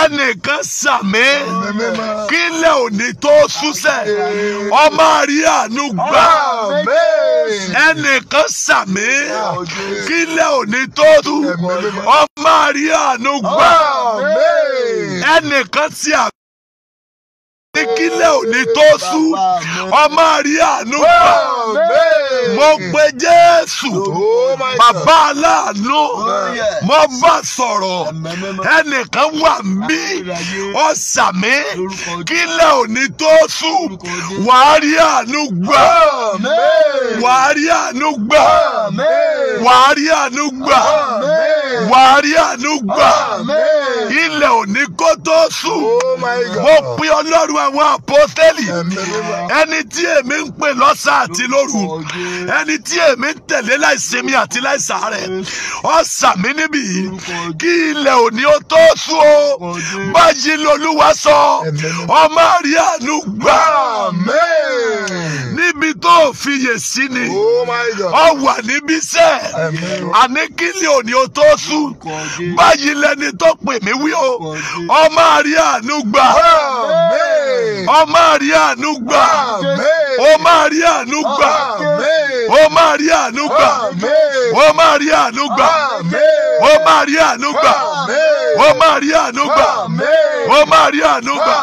ẹnìkan sàmì kílẹ̀ òní tó súsẹ̀ ọmọ rí àánú gbà ẹnìkan sàmì kílẹ̀ òní tó tú ọmọ rí àánú gbà ẹnìkan sí àmì ní kílẹ̀ òní tó sú ọmọ oh, oh, rí àánú gbà mo pe Jésù bàbá aláàánú mo bá sọ̀rọ̀ ẹnìkan wà mí ọ̀sà mi kílẹ̀ òní tó sú wàá rí àánú gbà wàá rí àánú gbà wàá rí àánú gbà wàá rí àánú gbà ilẹ̀ òní kó tó sú oh, mo pe Ọlọ́run àwọn àpọ́tẹ́lì ẹni tí èmi ń pè lọ́sàn àti lóru ẹni tí èmi ń tẹ̀lé láìsinmi àti láìsàárẹ̀ ọ̀sà mi níbí kí ilẹ̀ òní ó tó sú o báyìí lolúwa sọ ọmọ rí àánú gbà níbi tó fiyè sí ni ọ oh wà níbí sẹ́ àní kí ilẹ̀ òní ó tó sú báyìí lẹni tó pè mí wí o ọmọ rí àánú gbà. Amen ọ máa rí àánú gbà ó máa rí àánú gbà ó máa rí àánú gbà ó máa rí àánú gbà ó máa rí àánú gbà ó máa rí àánú gbà ó máa rí àánú gbà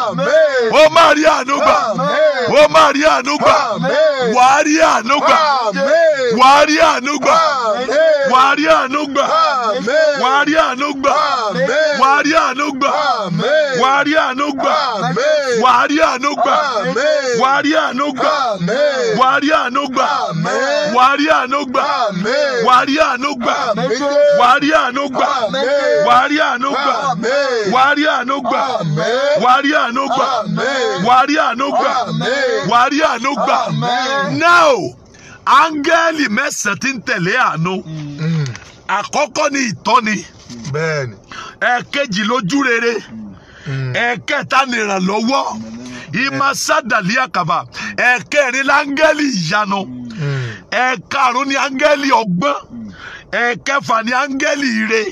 ó máa rí àánú gbà ó máa rí àánú gbà wà á rí àánú gbà wà á rí àánú gbà wà á rí àánú gbà wà á rí àánú gbà wà á rí àánú gbà wà á rí àánú gbà wàá rí àánú gbà wàá rí àánú gbà wàá rí àánú gbà wàá rí àánú gbà wàá rí àánú gbà wàá rí àánú gbà wàá rí àánú gbà wàá rí àánú gbà wàá àánú gbà wàá àánú gbà wàá àánú gbà now áńgẹ́lì mẹ́sàn-án ti ń tẹ̀lé àánú àkọ́kọ́ ni ìtọ́ni ẹ̀ẹ̀kejì lójú rere. ẹ̀kẹta nìrànlọ́wọ́ ìmọ̀sádàlí àkàbà ẹ̀kẹrin láńgẹ́lì ìyanu ẹ̀karùn ni áńgẹ́lì ọgbọ́n ẹ̀kẹfà ni áńgẹ́lì ire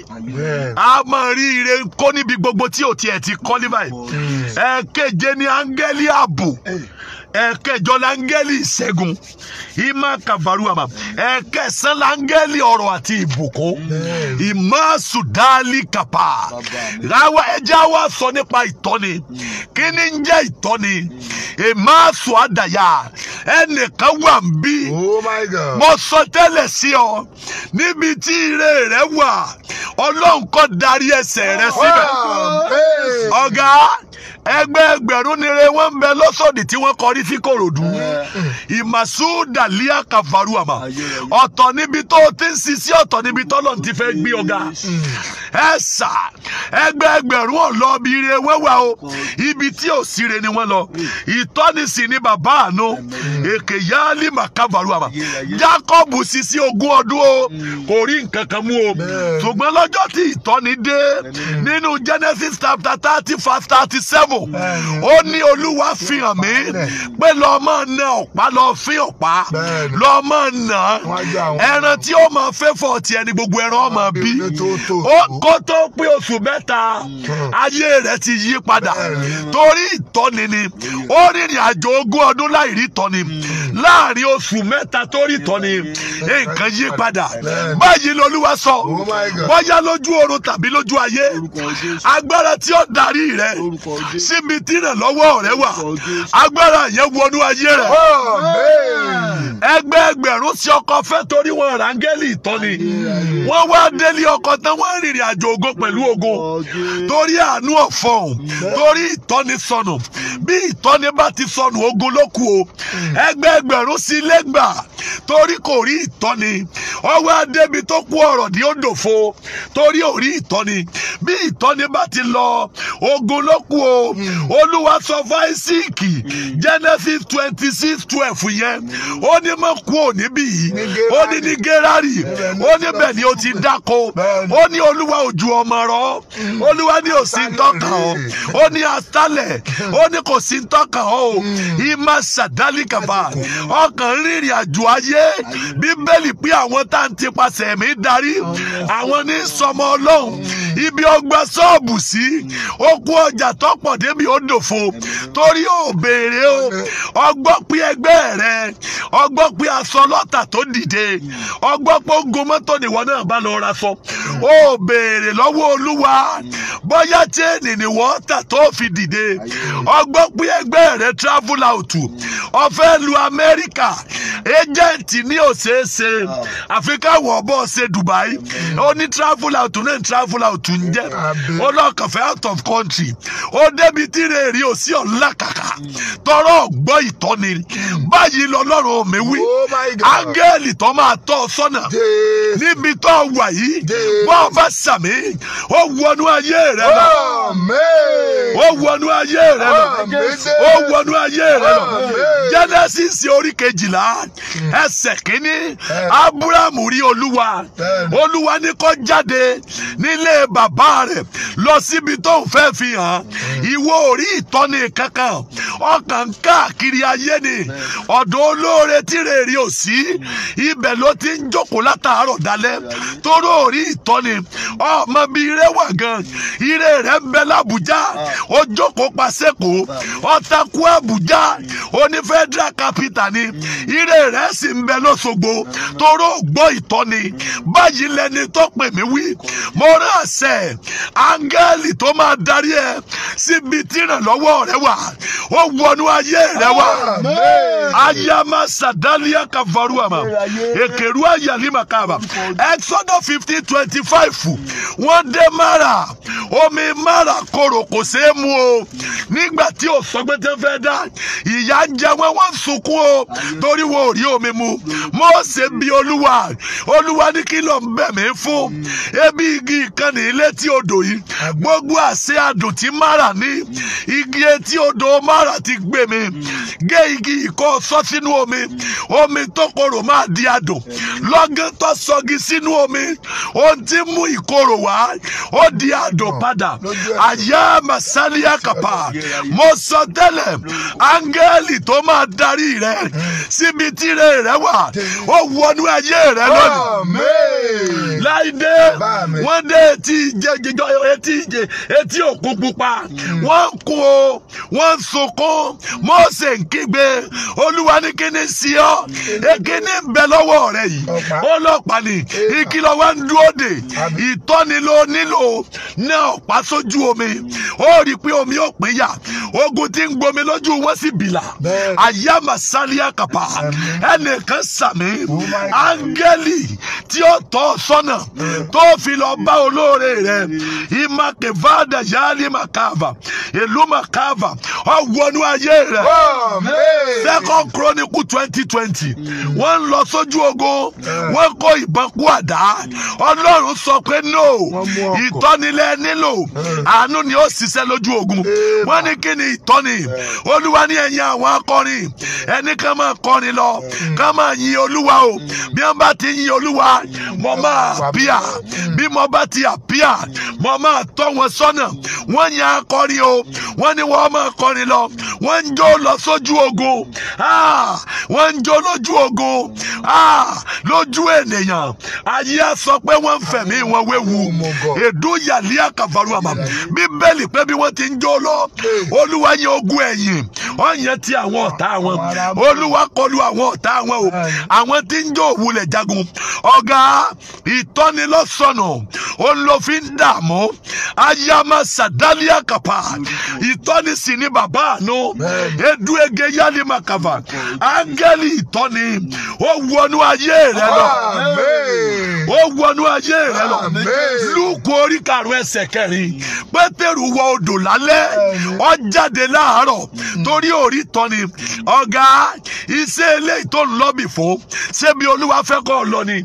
a máa rí ire kó níbi gbogbo tí o tiẹ̀ ti eti ní báyìí ẹ̀keje ni áńgẹ́lì ààbò. Eke jọ na Segun, i ma ka barua ma, eke sị na ngeghi Ọrọatiboko, i ma su daali kapa, ɛ ji awa sɔnna pa ịtɔnye, kinin nje ịtɔnye, i ma adaya ndaya, ɛ n'eka wambi, mɔzɔn tɛ le siyɔ, ire rɛ wa, ɔlɔ nkɔ daari ese rɛ sibɛ, ɔga. ẹgbẹ́ ẹgbẹ̀rún nire wọ́n ń bẹ lọ́sọ̀dì tí wọ́n kọrí sí korodu ìmàṣú dàlíà kàfàrú àmà ọ̀tọ̀ níbi tó ti ń sisi ọ̀tọ̀ níbi tọ́lọ̀ ti fẹ́ gbé ọ̀gá ẹ o ibi tí ò ni wọ́n lọ ìtọ́nisìn ni bàbá àánú èkè sisi ogún ọdún o mm. kò rí nǹkan kan mú o ṣùgbọ́n Genesis chapter thirty five thirty seven. Ádámù ó ní olúwa fihàn mí pé lọ́ọ́ máa na ọ̀pá lọ́ọ́ fi ọ̀pá lọ́ọ́ máa nà ẹran tí ó máa fẹ́ fọ̀ tiẹ̀ ni gbogbo ẹran ó máa bí kó tó pé oṣù mẹ́ta hmm. ayé rẹ̀ ti yí padà torí ìtọ́ni ni ó rìnrìn àjò ogún ọdún láì rí ìtọ́ni hmm. láàrin oṣù mẹ́ta tó rí ìtọ́ni hmm. nǹkan yí padà báyìí lolúwa sọ oh bóyá lójú oorun tàbí lójú ayé agbára tí ó darí rẹ síbi dínà lọ́wọ́ rẹ wà agbára yẹn wọnú ayé rẹ ẹgbẹ́ ẹgbẹ̀rún sí ọkọ fẹ́ torí wọn rángẹ́lì ìtọ́ni wọ́n wá délé ọkọ tán wọ́n rìnrìn àjò ogun pẹ̀lú ogun torí àánú ọ̀fọ̀hún torí ìtọ́ni sọnù bí ìtọ́ni bá ti sọnù ogun ló kù o hmm. ẹgbẹ́ ẹgbẹ̀rún sí lẹ́gbà torí kò rí ìtọ́ni ọwọ́ adébi tó kú ọ̀rọ̀ ní òdòfo torí ò rí ìtọ́ni bí ìtọ́ni bá ti lọ ogun ló kù o. Mm. olúwa sọ fún genesis twenty six twelve yẹn ó ní mọ̀ kú òní bí yìí ó ní ní gerari ó ní bẹ́ẹ̀ ni ó ti dáko ó ní olúwa ojú ọmọ rọ mm. olúwa ní òsì tọ́ka ọ ó ní asálẹ̀ ó ní kò sí tọ́ka ọ o ìmọ̀ mm. sàdálìkàfà ọkàn rìnrìn àjò ayé bíbélì pé àwọn tá à ń tipasẹ̀ mi darí àwọn ní sọmọ ọlọ́run ibi ọgbà sọ́ọ̀bù sí ó kú ọjà tọ́pọ̀ tèmi ó dòfo torí ò o ọgbọ́ pé ẹgbẹ́ rẹ ọgbọ́ pé aṣọ lọ́tà tó dìde ọgbọ́ pé ogun mọ́tò nìwọ náà bá lọ ra sọ lọ́wọ́ olúwa bóyá ni tà tó fi dìde ọgbọ́ pé ẹgbẹ́ rẹ travel out ọfẹ́ lu Amẹ́ríkà agent ní òṣèṣe àfikà bọ́ ṣe Dubai ó ní travel out náà travel out ń jẹ́ ó out of country níbi tí rèrè ò sí ọ̀la kàkà tọrọ ọgbọ́ ìtọ́ni báyìí lọ́lọ́run mi wí oh áńgẹ́lì tó máa tọ́ ọ sọ́nà níbi tó wà yìí bọ́ ọ bá sàmì ó wọnú ayé rẹ lọ ó wọnú ayé rẹ lọ ó wọnú ayé rẹ lọ Genesis orí kejìlá hmm. ẹsẹ̀ kínní hmm. Ábúráhámù rí olúwa hmm. olúwa ní kó jáde nílé bàbá rẹ̀ lọ síbi tó ń fẹ́ fi hàn ìwọ ò rí ìtọ́ni kankan ọkàn káàkiri ayé ni ọ̀dọ̀ olóore tí rèrè ò sí ibẹ̀ ló ti ń jókòó látàárọ̀ dalẹ́ tóró ò rí ìtọ́ni ọmọ bíi ire wà gan ire rẹ̀ ń bẹ lábújá ó jókòó pasẹ́kò ọ̀tàkù àbújá oní federal capital ni ire rẹ̀ sì ń bẹ lọ́sọ̀gbọ̀ tóró gbọ́ ìtọ́ni báyìí lẹni tó pè mí wí mo rán àṣẹ áńgẹ́lì tó máa darí ẹ síbi níbi tí ìrànlọ́wọ́ rẹ wà ó wọnú ayé rẹ wà ayama sadalia kavaru ama èkèrú ayalima kaba exodus fifteen twenty five wọ́n dé mara omi mara koro kò ṣeé mu o nígbà tí o sọ pé tẹ́ fẹ́ dá ìyá ń jẹ wọn wọ́n sunkún o torí wọn ò rí omi mu Mósè bi olúwa olúwa ní kí ló ń bẹ̀ mí fún ebi igi ìkànnì ilé tí odò yìí gbogbo àṣẹ adùn tí mara ní mi igi etí odò mara ti gbé mi gé igi ìkọ́ sọ sínú omi omi tó korò máa di adùn lọ́gán tó sọgi sínú omi ó ti mú ìkorò wá ó di àdùn padà àyà màsálíà kàpà mo sọ tẹ́lẹ̀ áńgẹ́lì tó máa darí rẹ síbi tíire rẹ wà ó wọnú ayé rẹ lónìí láìdé wọ́n dé etí ìjẹ etí òkun pupa Mm. wọ́n ń kun o wọ́n ń sunkún Mósè ń kígbe olúwa ní kíní sí ọ èkíní mm. ń bẹ lọ́wọ́ rẹ yìí ó lọ pàdé ìkìlọ̀ wa ń dúró dè ìtọ́ni ló nílò náà pa sójú omi ó rí i pé omi ó pín yà ogun tí ń gbomi lójú wọn sì bìlà àyàmà sálíà kàpà ẹnìkan sàmì oh áńgẹ́lì tí ó tọ́ sọ́nà tó fi lọ bá olóore rẹ ìmàkèvádà yálì màkàvà èló màkàvà ọwọ́nú ayé rẹ̀ second chronicle twenty twenty mm. wọ́n ń lọ sójú ogun wọ́n kó ìbọn kú àdá mm. ọlọ́run sọ pé no ìtọ́nilẹ̀ nílò àánú ni ó ṣiṣẹ́ lójú ogun wọ́n ní kí ni ìtọ́ni olúwa ní ẹ̀yìn àwọn akọrin ẹni kan máa kọrin lọ ká máa yin olúwa o mm. bí wọ́n bá ti yin olúwa mo máa bíà bí mo bá ti àbíà mo máa tọ́ wọn sọ́nà wọ́n yan akọrin o wọ́n ní wọ́n máa kọrin lọ wọ́n ń jó lọ sójú ogun Ah, wọ́n ń jó lójú ogun ah, lójú ènìyàn ayé sọ pé wọ́n ń fẹ̀mí wọn wéwu oh èdú yàlẹ́ àkàfàrú àmà bíbélì pé bí wọ́n ti ń jó lọ olúwa yẹn ogun ẹ̀yìn ọ̀yẹn ti àwọn ọ̀tá wọn oh, olúwa kọlu àwọn ọ̀tá wọn o àwọn tí ń jó òwúlẹ̀ jagun ọ̀gá ìtọ́nilọ́sọ̀nà olófin dààmú ayama sadalia kapa ìtọ́ni sì ni bàbá àánú edu ege yálima kàfà àlùfà áńgẹ́lì ìtọ́ni ó wọnú ayé rẹ lọ ó wọnú ayé rẹ lọ lúkú orí karùn ẹsẹ̀ kẹrin pétérù wọ odò lálẹ́ ó jáde láàárọ̀ torí orí tọ́ni ọ̀gá iṣẹ́ eléyìí tó ń lọ́bì fún ṣébi olúwa fẹ́ kọ́ ọ lọ ni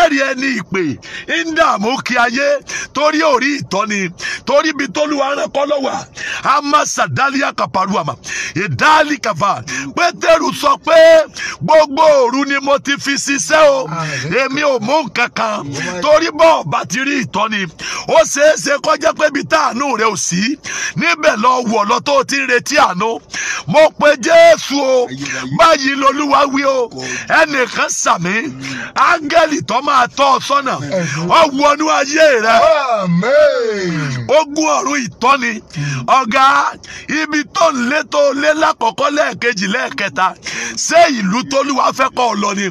ẹ̀rí ẹni ìpè ń kí ayé torí orí ìtọ́ni torí ibi tólúwa rán kọ́ lọ́wọ́ àmàṣà dálíà kàpàrọ̀ àmà ìdálì pé pétérù sọ pé gbogbo òru ni mo ti fi ṣiṣẹ́ o ah, èmi ò mú kankan torí bọ́ ọba ti rí ìtọ́ni ó ṣeé kọjá pé ibi tá rẹ ò sí níbẹ̀ lọ wọ̀ lọ tó ti ń retí àánú mo pe jésù o báyìí lolúwa wí o ẹnìkan sàmí mm. áńgẹ́lì tó máa tọ́ ọ sọ́nà ọ mm. wọnú ayé rẹ ogun ọ̀run ìtọ́ni mm. ọ̀gá ibi tó ń lé tó lé lákọ̀ọ́kọ́ lẹ́ẹ̀kejì lẹ́ẹ̀kejì kẹta ṣé ìlú tólúwa fẹ́ kọ́ ọ lọ ni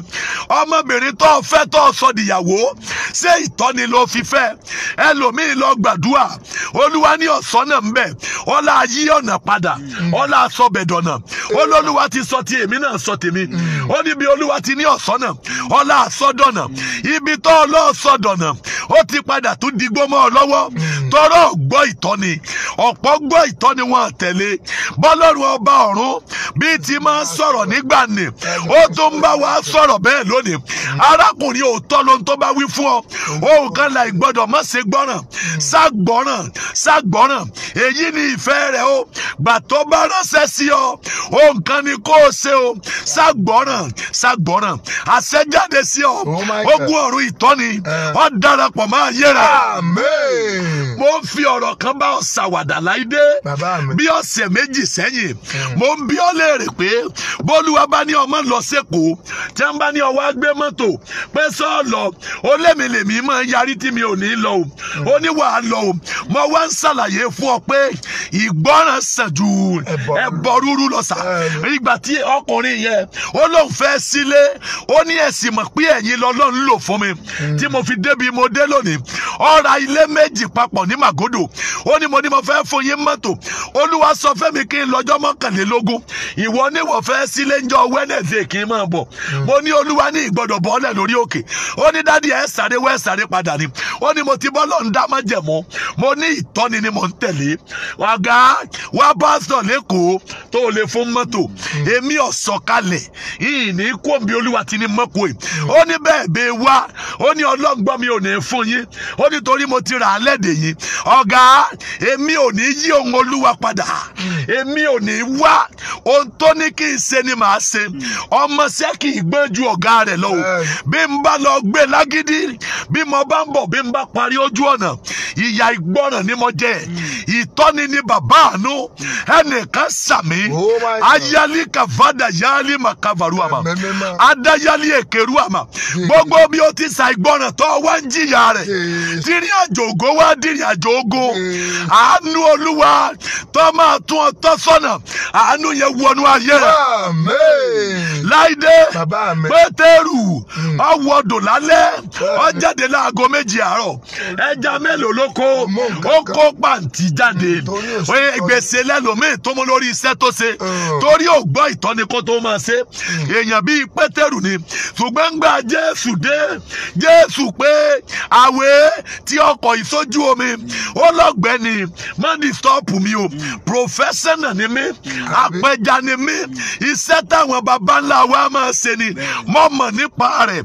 ọmọbìnrin tó fẹ́ tó sọ dìyàwó ṣé ìtọ́ni ló fi fẹ́ ẹlòmíì lọ gbàdúrà olúwa ní ọ̀sán náà ń bẹ̀ ọlá yí ọ̀nà padà ọlá sọbẹ̀dọ̀nà olólùwà ti sọ ti èmi náà sọ tèmi ó níbi olúwa ti ní ọ̀sán náà ọlá sọdọ̀nà ibi tó ọlọ́ọ̀sọdọ̀nà ó ti padà tún digbó mọ́ ọ lọ́wọ́ tọrọ gbọ́ ìtọ́ni ọ̀pọ̀ gbọ́ ìtọ́ni wọn àtẹ̀lé bọ́lọ́run ọba ọ̀run bíi ti máa máa ń sọ̀rọ̀ nígbà ni ó tó ń bá wa sọ̀rọ̀ bẹ́ẹ̀ lónìí arákùnrin òótọ́ ló ń tó bá wí fún ọ òun kan là ìgbọ́dọ̀ má ṣe gbọ́ràn sá gbọ́ràn èyí ni ìfẹ́ rẹ̀ o gbà bá ránṣẹ́ sí ọ òun kan ni kó o ṣe o sá gbọ́ràn àṣẹjáde sí ọ oh ogun ọ̀run ìtọ́ni ọ darapọ̀ máa yẹra mo ń fi ọ̀rọ̀ kan bá ọ láìdé bí ọ̀sẹ̀ méjì sẹ́yìn mm. mo ń bi ọ́ léèrè pé bólúwa bá ní ọmọ lọ sẹ́kọ̀ọ́ tí wọ́n bá ní ọwọ́ agbé mọ́tò pé sọ́ọ̀lọ́ ó lèmi lèmi máa yarí tí mi ò ní lọ o ó ní wàá lọ o mo wá ń ṣàlàyé fún ọ pé ìgbọràn sàn ju ẹbọ rúru lọ sà ìgbà tí ọkùnrin yẹn ó lóun fẹ́ sílé ó ní ẹ̀sìn mọ̀ pé ẹ̀yin lọ́lọ́run lò fún mi tí mo fi débi mo dé lónìí ó ilé méjì papọ̀ ní màgòdò ó ní mo ní mo fẹ́ fún yín mọ́tò olúwa sọ fẹ́mi kí n lọ́jọ́ mọ́kànlélógún ìwọ tó fẹ́ sílé ńjọ́ Wednesday kì í máa bọ̀ mo ní olúwa ní ìgbọ́dọ̀ bọ́ọ̀lẹ̀ lórí òkè ó ní dádì ẹ̀ sáré wẹ́ sáré padà ni ó ní mo ti bọ́ lọ́n dá má jẹ̀mọ́ mo ní ìtọ́ni ni mo ń tẹ̀lé ọ̀gá wá pásítọ̀ lẹ́kọ̀ọ́ tó lè fún mọ́tò èmi ọ̀sọ̀kalẹ̀ yìí ní kóńbi olúwa ti ní mọ́kò yìí ó ní bẹ́ẹ̀ bẹ́ẹ̀ wá ó ní ọlọ́gbọ́n mi ò ní fún yín ó ní torí mo ti rà á lẹ́dẹ̀ yín ọ̀gá èmi ò ní yí ohun olúwa padà èmi ò ní wá ohun tó ní kí ń ṣe ni màá ṣe hmm. ọmọ ṣẹ́ kì í gbọ́n ju ọ̀gá rẹ̀ lọ o eh. bí n bá lọ gbé lágídí bí mo bá ń bọ̀ bí n bá parí ojú ọ̀nà ìyà ìgbọ́ràn ni mo jẹ hmm. ìtọ́ni ni bàbá àánú hmm. ẹnìkan sàmí oh ayálí kàfádà yálí màkàfàrú àmà adáyálí èkèrú àmà gbogbo bí o ti sa ìgbọ́ràn tó wá ń jìyà rẹ̀ dìrìn àjò wá dìrìn àjò àánú olúwa tó máa tún ọ tọ́ sọ́nà àánú yẹn wọnú ayé rẹ̀ láìdé pétérù ọwọ́dọ̀ hmm. lálẹ́ ọjáde hmm. láago méjì àárọ̀ ẹja mélòó ló kó ó kó pàǹtí jáde gbèsè lẹ́lòmíì tó mú lórí iṣẹ́ tó ṣe hmm. torí ò gbọ́ ìtọ́ni kó tó máa ṣe èèyàn bíi pétérù ni ṣùgbọ́n gba jésù dé jésù pé àwẹ̀ tí ọkọ̀ ìsójú omi ó lọ́gbẹ́ni mọ́ni stọ́ọ̀pù mi o professional ni mí apẹja ni mí iṣẹ́ táwọn baba ńlá wa máa ṣe ni mo mọ̀ nípa rẹ̀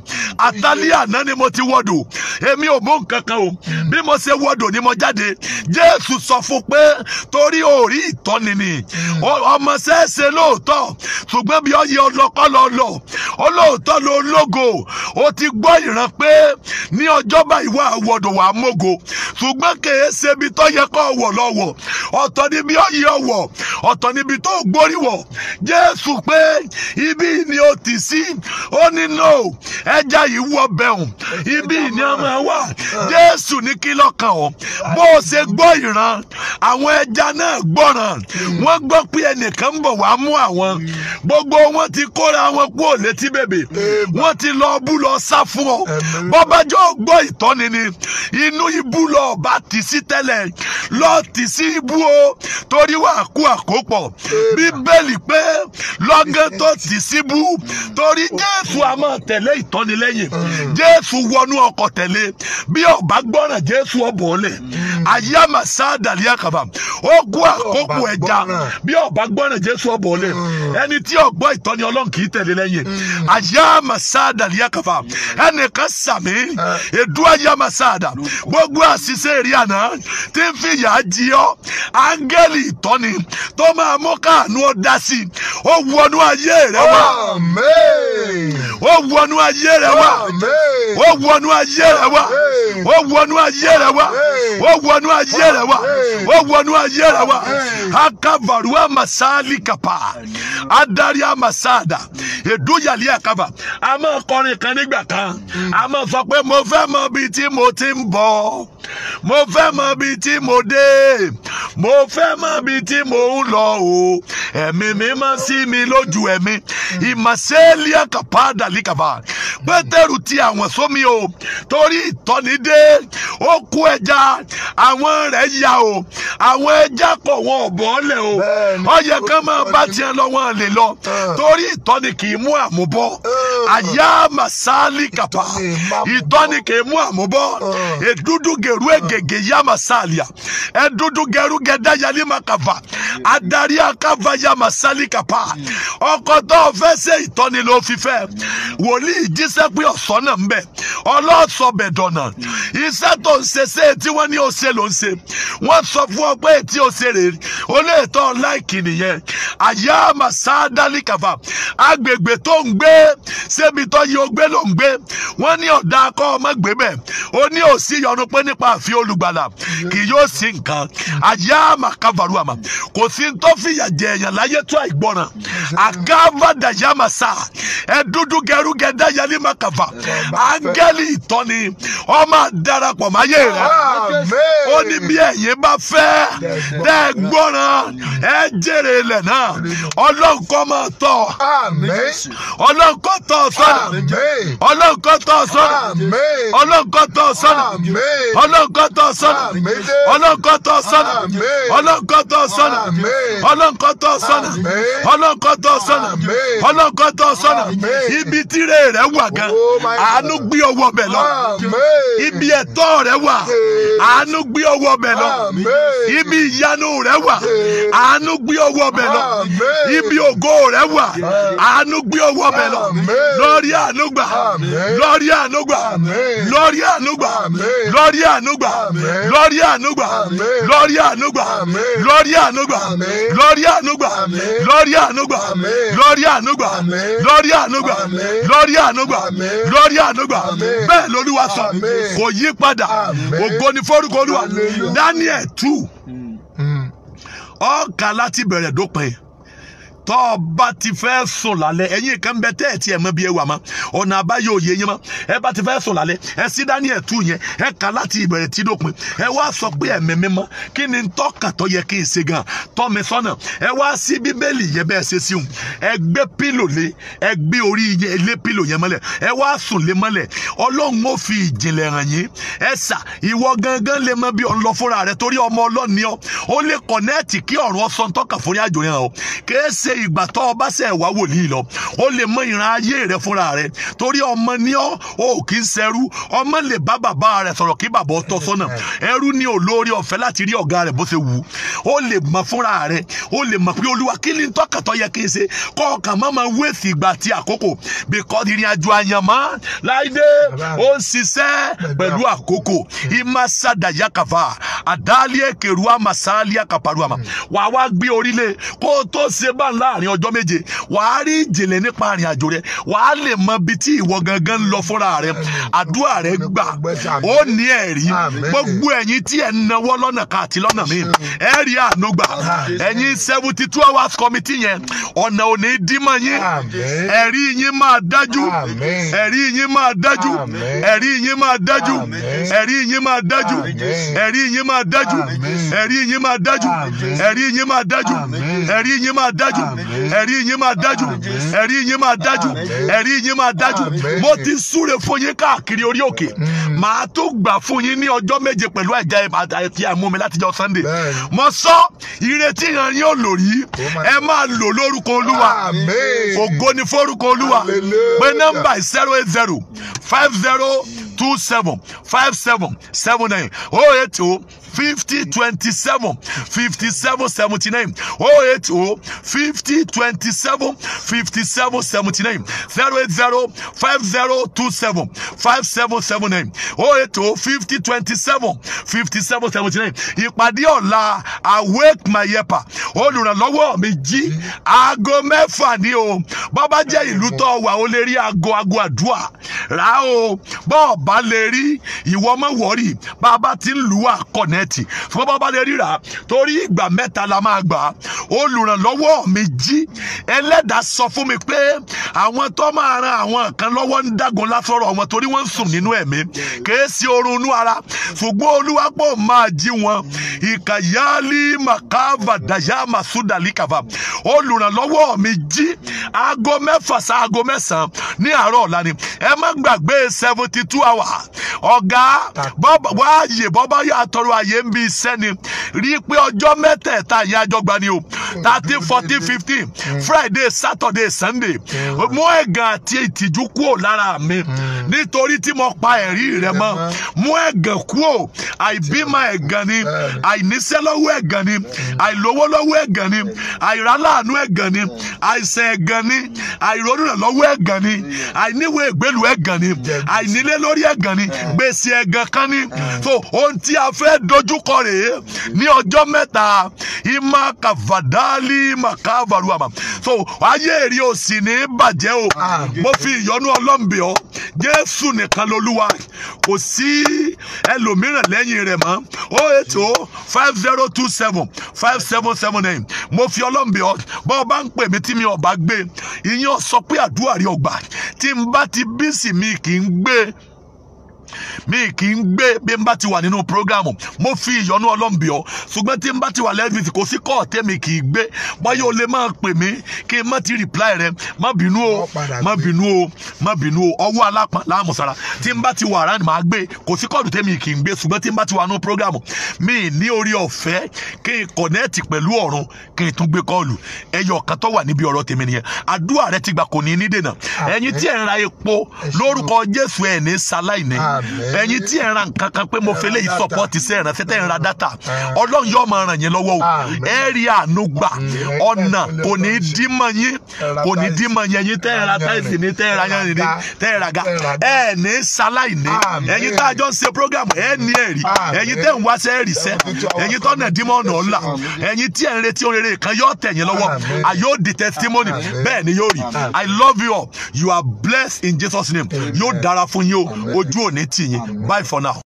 àtàlẹ́ àná ni mo ti wọ́dọ̀ èmi ò mú nǹkan kan o hmm. bí mo ṣe wọ́dọ̀ ni mo jáde Jésù sọ fún pé torí orí ìtọ́ni ni hmm. ọmọ ṣẹ́ṣe lóòótọ́ ṣùgbọ́n bí ọyẹ ọlọ́kọ́ lọ lọ olóòótọ́ ló lógo o ti gbọ́ ìran pé ní ọjọ́ báyìí wà wọ́dọ̀ wà mógo ṣùgbọ́n kèé ṣe ibi tó yẹ kó wọ̀ lọ́wọ́ ọ̀tọ̀ níbi ọyẹ ọwọ̀ ọ̀tọ̀ níbi tó gbóríwọ̀ Jésù. Jésù pé ibi ni o ti sí ó ní no ẹja yìí wọ bẹ̀rùn ibi ni a máa wà Jésù ní kí lọ́kàn o bó o ṣe gbọ́ ìran àwọn ẹja náà gbọ́ràn wọ́n gbọ́ pé ẹnìkan ń bọ̀ wá mú àwọn gbogbo wọn ti kóra wọn kú ò létí bèbè wọ́n ti lọ bú lọ sá fún ọ bọ́bájọ́ gbọ́ ìtọ́ni ni inú ibú lọ bá tì sí tẹ́lẹ̀ lọ tì sí ibú o torí wàá kú àkópọ̀ bíbélì pé lọ́gán tó tì síbú torí jésù a máa tẹ̀lé ìtọ́nilẹ́yìn mm. jésù wọnú ọkọ̀ tẹ̀lé bí ọba gbọ́ràn jésù ọ̀bọ̀ọ́lẹ̀ ayamasa dalia kabam ogun àkókò ẹja bí ọba gbọ́nà jésù ọbọ̀ olè mm. ẹni tí ọgbọ́ ìtọ́ni ọlọ́run kì í tẹ̀lé lẹ́yìn mm. ayamasa dalia kabam mm. ẹnìkan sàmì edu eh. ayamasa dà gbogbo àṣìṣe èrè àná tí ń fi yà á jí ọ áńgẹ́lì ìtọ́ni tó máa mú káànú ó dá sí i ó wọnú ayé rẹ wá ó wọnú ayé rẹ wá ó wọnú ayé rẹ wá ó wọnú ayé rẹ wá ó wọ wọnú ayé rẹ wá ó wọnú ayé rẹ wá akabaru amasali kapa adari amasada eduyali akaba a máa kọrin kan nígbà kan a máa sọ pé mo fẹ́ mọ ibi tí mo ti ń bọ̀ mo fẹ́ mọ ibi tí mo dé mo fẹ́ mọ ibi tí mo ń lọ o ẹ̀mí mi máa sí mi lójú ẹ̀mí ìmọ̀sẹ́lì akapa adali kapa pétérù ti àwọn sómi o torí ìtọ́ni dé ó kú ẹja àwọn rẹ̀ yà o àwọn ẹja kọ̀ wọn ò lẹ̀ o ọyẹ kan máa bá tiẹ̀ lọ wọn lè lọ torí ìtọ́ni kì í mú àmúbọ́ àyà màsáálì kàpá ìtọ́ni kì í mú àmúbọ́ èdúdú gèrú ègègè yà màsáálì à ẹdúdú gẹrú gẹdá yàlí màkàfà adarí akáfà yà màsáálì kàpá ọkọ tó o fẹ́ ṣe ìtọ́ni ló fi fẹ́ wòlíì jíṣẹ́ pé ọ̀sán náà ń bẹ̀ ọlọ́sọ̀bẹ̀dọ̀nà iṣẹ́ tó ń ṣe ṣe ló ń ṣe wọ́n sọ fún ọ pé tí o ṣe rèé o lè tọ́ láìkì nìyẹn àyà màsádálìkàfà agbègbè tó ń gbé ṣébi tó yẹ o gbé ló ń gbé wọ́n ní ọ̀dà akọ́ ọmọ gbé bẹ̀ o ní òsì yọnu pé nípa àfi olùgbàlà kì yóò sí nǹkan àyà màkàfàrú àmà kò sí tó fìyà jẹ èèyàn láyé tó àìgbọràn àkàvàdàyàmàsà ẹdúdú gẹrúgẹdá yẹlí màkàfà áńgẹ́lì ìtọ́ni ọmọ darapọ̀ máyé rẹ ó ní bí ẹ̀yin bá fẹ́ dẹ́ ẹ jèrè ilẹ̀ náà ọlọ́nkọ́ máa tọ̀ ọlọ́nkọ́ tọ̀ sọ́nà ọlọ́nkọ́ tọ̀ sọ́nà ọlọ́nkọ́ tọ̀ sọ́nà ọlọ́nkọ́ tọ̀ sọ́nà ọlọ́nkọ́ tọ̀ sọ́nà ọlọ́nkọ́ tọ̀ sọ́nà ọlọ́nkọ́ tọ̀ sọ́nà ọlọ́nkọ́ tọ̀ sọ́nà ọlọ́nkọ́ tọ̀ sọ́nà ibi tíre rẹ̀ wà gan àánú gbé ọwọ́ bẹ̀ lọ ibi ẹ̀tọ́ rẹ̀ wà àánú g gbé ọwọ́ bẹ̀ lọ ibi ìyanu rẹ wà àánú gbé ọwọ́ bẹ̀ lọ ibi ògo rẹ wà àánú gbé ọwọ́ bẹ̀ lọ lórí ànúgbà lórí ànúgbà lórí ànúgbà lórí ànúgbà lórí ànúgbà lórí ànúgbà lórí ànúgbà lórí ànúgbà lórí ànúgbà lórí ànúgbà lórí ànúgbà lórí ànúgbà lórí ànúgbà bẹ́ẹ̀ lolúwa sọ kò yí padà ògo ni fórúkọ olú daniel two hmm. ọ̀ọ́ka láti bẹ̀rẹ̀ dópin tọ́ ọ bá ti fẹ́ sùn lálẹ́ ẹ̀yin kan bẹ tẹ́ ẹ̀ tiẹ̀ mọ́ bí ẹ wà mọ́ ọ̀nà àbáyọ òye yín mọ́ ẹ bá ti fẹ́ sùn lálẹ́ ẹ sí dání ẹ̀ tú yẹn ẹ kà láti ìbẹ̀rẹ̀ tí dópin ẹ wá sọ pé ẹ̀mí mímọ́ kí ni tọ́kà tó yẹ kí n ṣe gan tọ́ mi sọ́nà ẹ wá sí bíbélì yẹn bẹ́ẹ̀ ṣe sí un ẹ gbé pílò lé ẹ gbé orí ilé pílò yẹn mọ́lẹ̀ ẹ wá sùn lé mọ́lẹ̀ ọlọ́run ó fi ìjìnlẹ̀ gangan lè mọ bí ọ̀nlọ fúnra rẹ torí ọmọ ọlọ́ni ọ ó lè kọ̀nẹ́ẹ̀tì kí ọ̀run ọ̀sán ìgbà tó o bá ṣe wá wòlíì lọ o lè mọ ìran ayé rẹ fúnra rẹ torí ọmọ ni ọ o kì í ṣẹrú ọmọ lè bá bàbá rẹ sọ̀rọ̀ kí bàbá tọ́ sọ́nà ẹrú ni olórí ọ̀fẹ́ láti rí ọ̀gá rẹ bó ṣe wù ó lè mọ fúnra rẹ ó lè mọ pé olúwa kí ni tọkàtọ̀ yẹ kí n ṣe kọ́ ọkàn mọ́ máa wéèsì ìgbà àti àkókò because ìrìn àjò àyànmọ́ láìdé ó ń ṣiṣẹ́ pẹ̀lú àkókò ìmásádàyàkàfà àdáálẹ̀ kèrú àmàsáálẹ̀ àkàpàrọ̀ àmà wàá wá gbé orílẹ̀ kó o tó ṣe bá ń láàrin ọjọ́ méje wàá rí ìjìnlẹ̀ nípa àrìn àjò rẹ wàá lè mọ ibi tí ìwọ gangan ń lọ fúnra rẹ àdúrà rẹ gbà ó ní ẹ̀rí gbogbo ẹ̀yin tí ẹ̀ ń náwó lọ́nà ká àti lọ́nà mi ẹ̀rí àánú gbà ẹ̀yin seventy two hours committee yẹn ọ̀nà ò ní dímọ̀ yín ẹ̀rí yín máa dájú ẹ̀rí yín máa dájú ẹ̀rí yín máa dájú ẹ̀rí yín máa dájú ẹ̀rí yín máa dájú ẹ̀rí yín máa dájú ẹ̀rí yín máa dájú ẹ̀rí yín máa dájú ẹ̀rí yín máa dájú ẹ̀rí yín máa dájú ẹ̀rí yín máa dájú mo ti súre fún yín káàkiri orí òkè mm. màá tún gbà fún yín ní ọjọ́ méje pẹ̀lú ẹ̀já àti àmú mi láti jọ Sunday mo sọ ìrètí yẹn yóò lò rí ẹ máa lò lórúkọ Olúwa ògo ni fórúkọ Olúwa pé nọ́mbà zero eight zero five zero two seven five seven seven nine oh eight oh fifty twenty seven fifty seven seventy nine oh eight oh fifty fifty twenty seven fifty seven seventy nine zero eight zero five zero two seven five seven seven nine oh eight oh fifty twenty seven fifty seven seventy nine ìpàdé ọ̀la awake my yepa olùrànlọ́wọ́ mi jí aago mẹ́fà ni o bàbá jẹ́ ìlú tó wà ó lè rí aago aago àdúrà rà o bọ́ọ̀ bá lè rí ìwọ mọ̀ wọ́ọ̀rì bàbá ti ń lù wá kọ̀nẹ́ẹ̀tì fún bàbá lè rí rà torí ìgbà mẹ́ta la máa gbà olùrànlọ́wọ́ mi jí ẹlẹ́dàá sọ fún mi pé àwọn tó máa ran àwọn kan lọ́wọ́ ń dàgùn láfọ̀rọ̀ wọn torí wọ́n ń sùn nínú ẹ̀mí kìí ṣe oorun inú ara ṣùgbọ́n olúwa pọ̀ máa jí wọn ìkàyálì màkàvà dàyà màsúdàlíkàvà olùrànlọ́wọ́ mi jí aago mẹ́fà sí aago mẹ́sàn-án ní àárọ̀ ọ̀la ni ẹ má gbàgbé seventy two hour ọ̀gá wá ààyè bọ́bá yà tọrọ ààyè ń bi iṣẹ́ ni rí i pé ọjọ́ mẹ́tẹ̀ẹ̀ta ìyá àjọgbani o thirty forty fifty fifteen mm. friday saturday sunday mm. mú ẹ̀gàn àti ìtìjú kúò lára mi mm. nítorí tí mo pa ẹ̀rí rẹ mọ́ mú ẹ̀gàn kúò àìbímọ ẹ̀gàn ni àìníṣẹ́ lọ́wọ́ ẹ̀gàn ni àìlówó lọ́wọ́ ẹ̀gàn ni àìráláàánú ẹ̀gàn ni àìsàn ẹ̀gàn ni àìrónúnà lọ́wọ́ ẹ̀gàn ni àìníwò ìgbélú ẹ̀gàn ni àìnílé lórí ẹ̀gàn ni gbèsè ẹ̀gàn kan ni so ohun tí a fẹ́ dojúkọ rèé ní ọjọ́ mẹ́ta ìmàkàvàdálì màkàv gbàdúrà so ayé rí o sì ní bàjẹ́ o mo fi ìyọ́nú ọlọ́m̀bì ọ́ jésù nìkan lolúwa kò sí ẹlòmíràn lẹ́yìn rẹ̀ mọ́ o oh eight o oh five zero two seven five seven seven nine mo fi ọlọ́m̀bì ọ́ bọ́ ọ bá ń pè mí tí mi ò gbé ìyẹn sọ pé àdúrà rí ọgbà tí n bá ti bísí mi kì í gbé. mi kì í gbé bí n bá ti wà nínú programu mo fi ìyọnú ọlọ́run bì ọ́ ṣùgbọ́n tí n bá ti wà lẹ́ẹ̀fìsì kò sí kọ́ọ̀ mi kì í gbé báyọ̀ lè máa pè mí kí n má ti reply rẹ má bínú o má bínú o má bínú o ọwọ́ tí n bá ti wà rán ni màá gbé kò sí kọ́ọ̀dù mi kì í gbé ṣùgbọ́n ti wà nínú programu mi ní orí ọ̀fẹ́ kí n connect pẹ̀lú ọ̀run kí n tún gbé kọ́ọ̀lù ẹyọ kan tó wà níbi ọ̀rọ̀ ti gbà kò ní tí ẹ̀yin tí ẹ ra nǹkan pé mo fẹ́ léyìí sọ́pọ́ọ̀tì sí ẹ̀ránṣẹ́ tẹ̀ ń ra dátà ọlọ́run yóò máa ràn yín lọ́wọ́ o ẹ rí ọ̀nà kò ní dí mọ́ yín kò ní dí mọ́ yín ẹ̀yin tẹ́ ẹ ra táìsì ní tẹ́ ẹ ra yẹn ní tẹ́ ẹ ra ga ẹ ní ṣaláìní ẹ̀yin tá a jọ ń ṣe program ẹ ní ẹ̀rí ẹ̀yin tẹ́ ń wáṣẹ́ ẹ̀rí sẹ́ ẹ̀yin tọ́ nà dímọ̀ ọ̀nà ọ̀la ẹ̀yin tí ẹ̀ ń retí oríire kan yóò tẹ̀ yín lọ́wọ́ i yóò di testimony bẹ́ẹ̀ ni yóò rí i love you all you are blessed in jesus name yóò dára fún yín o ojú òní tinye bye for now.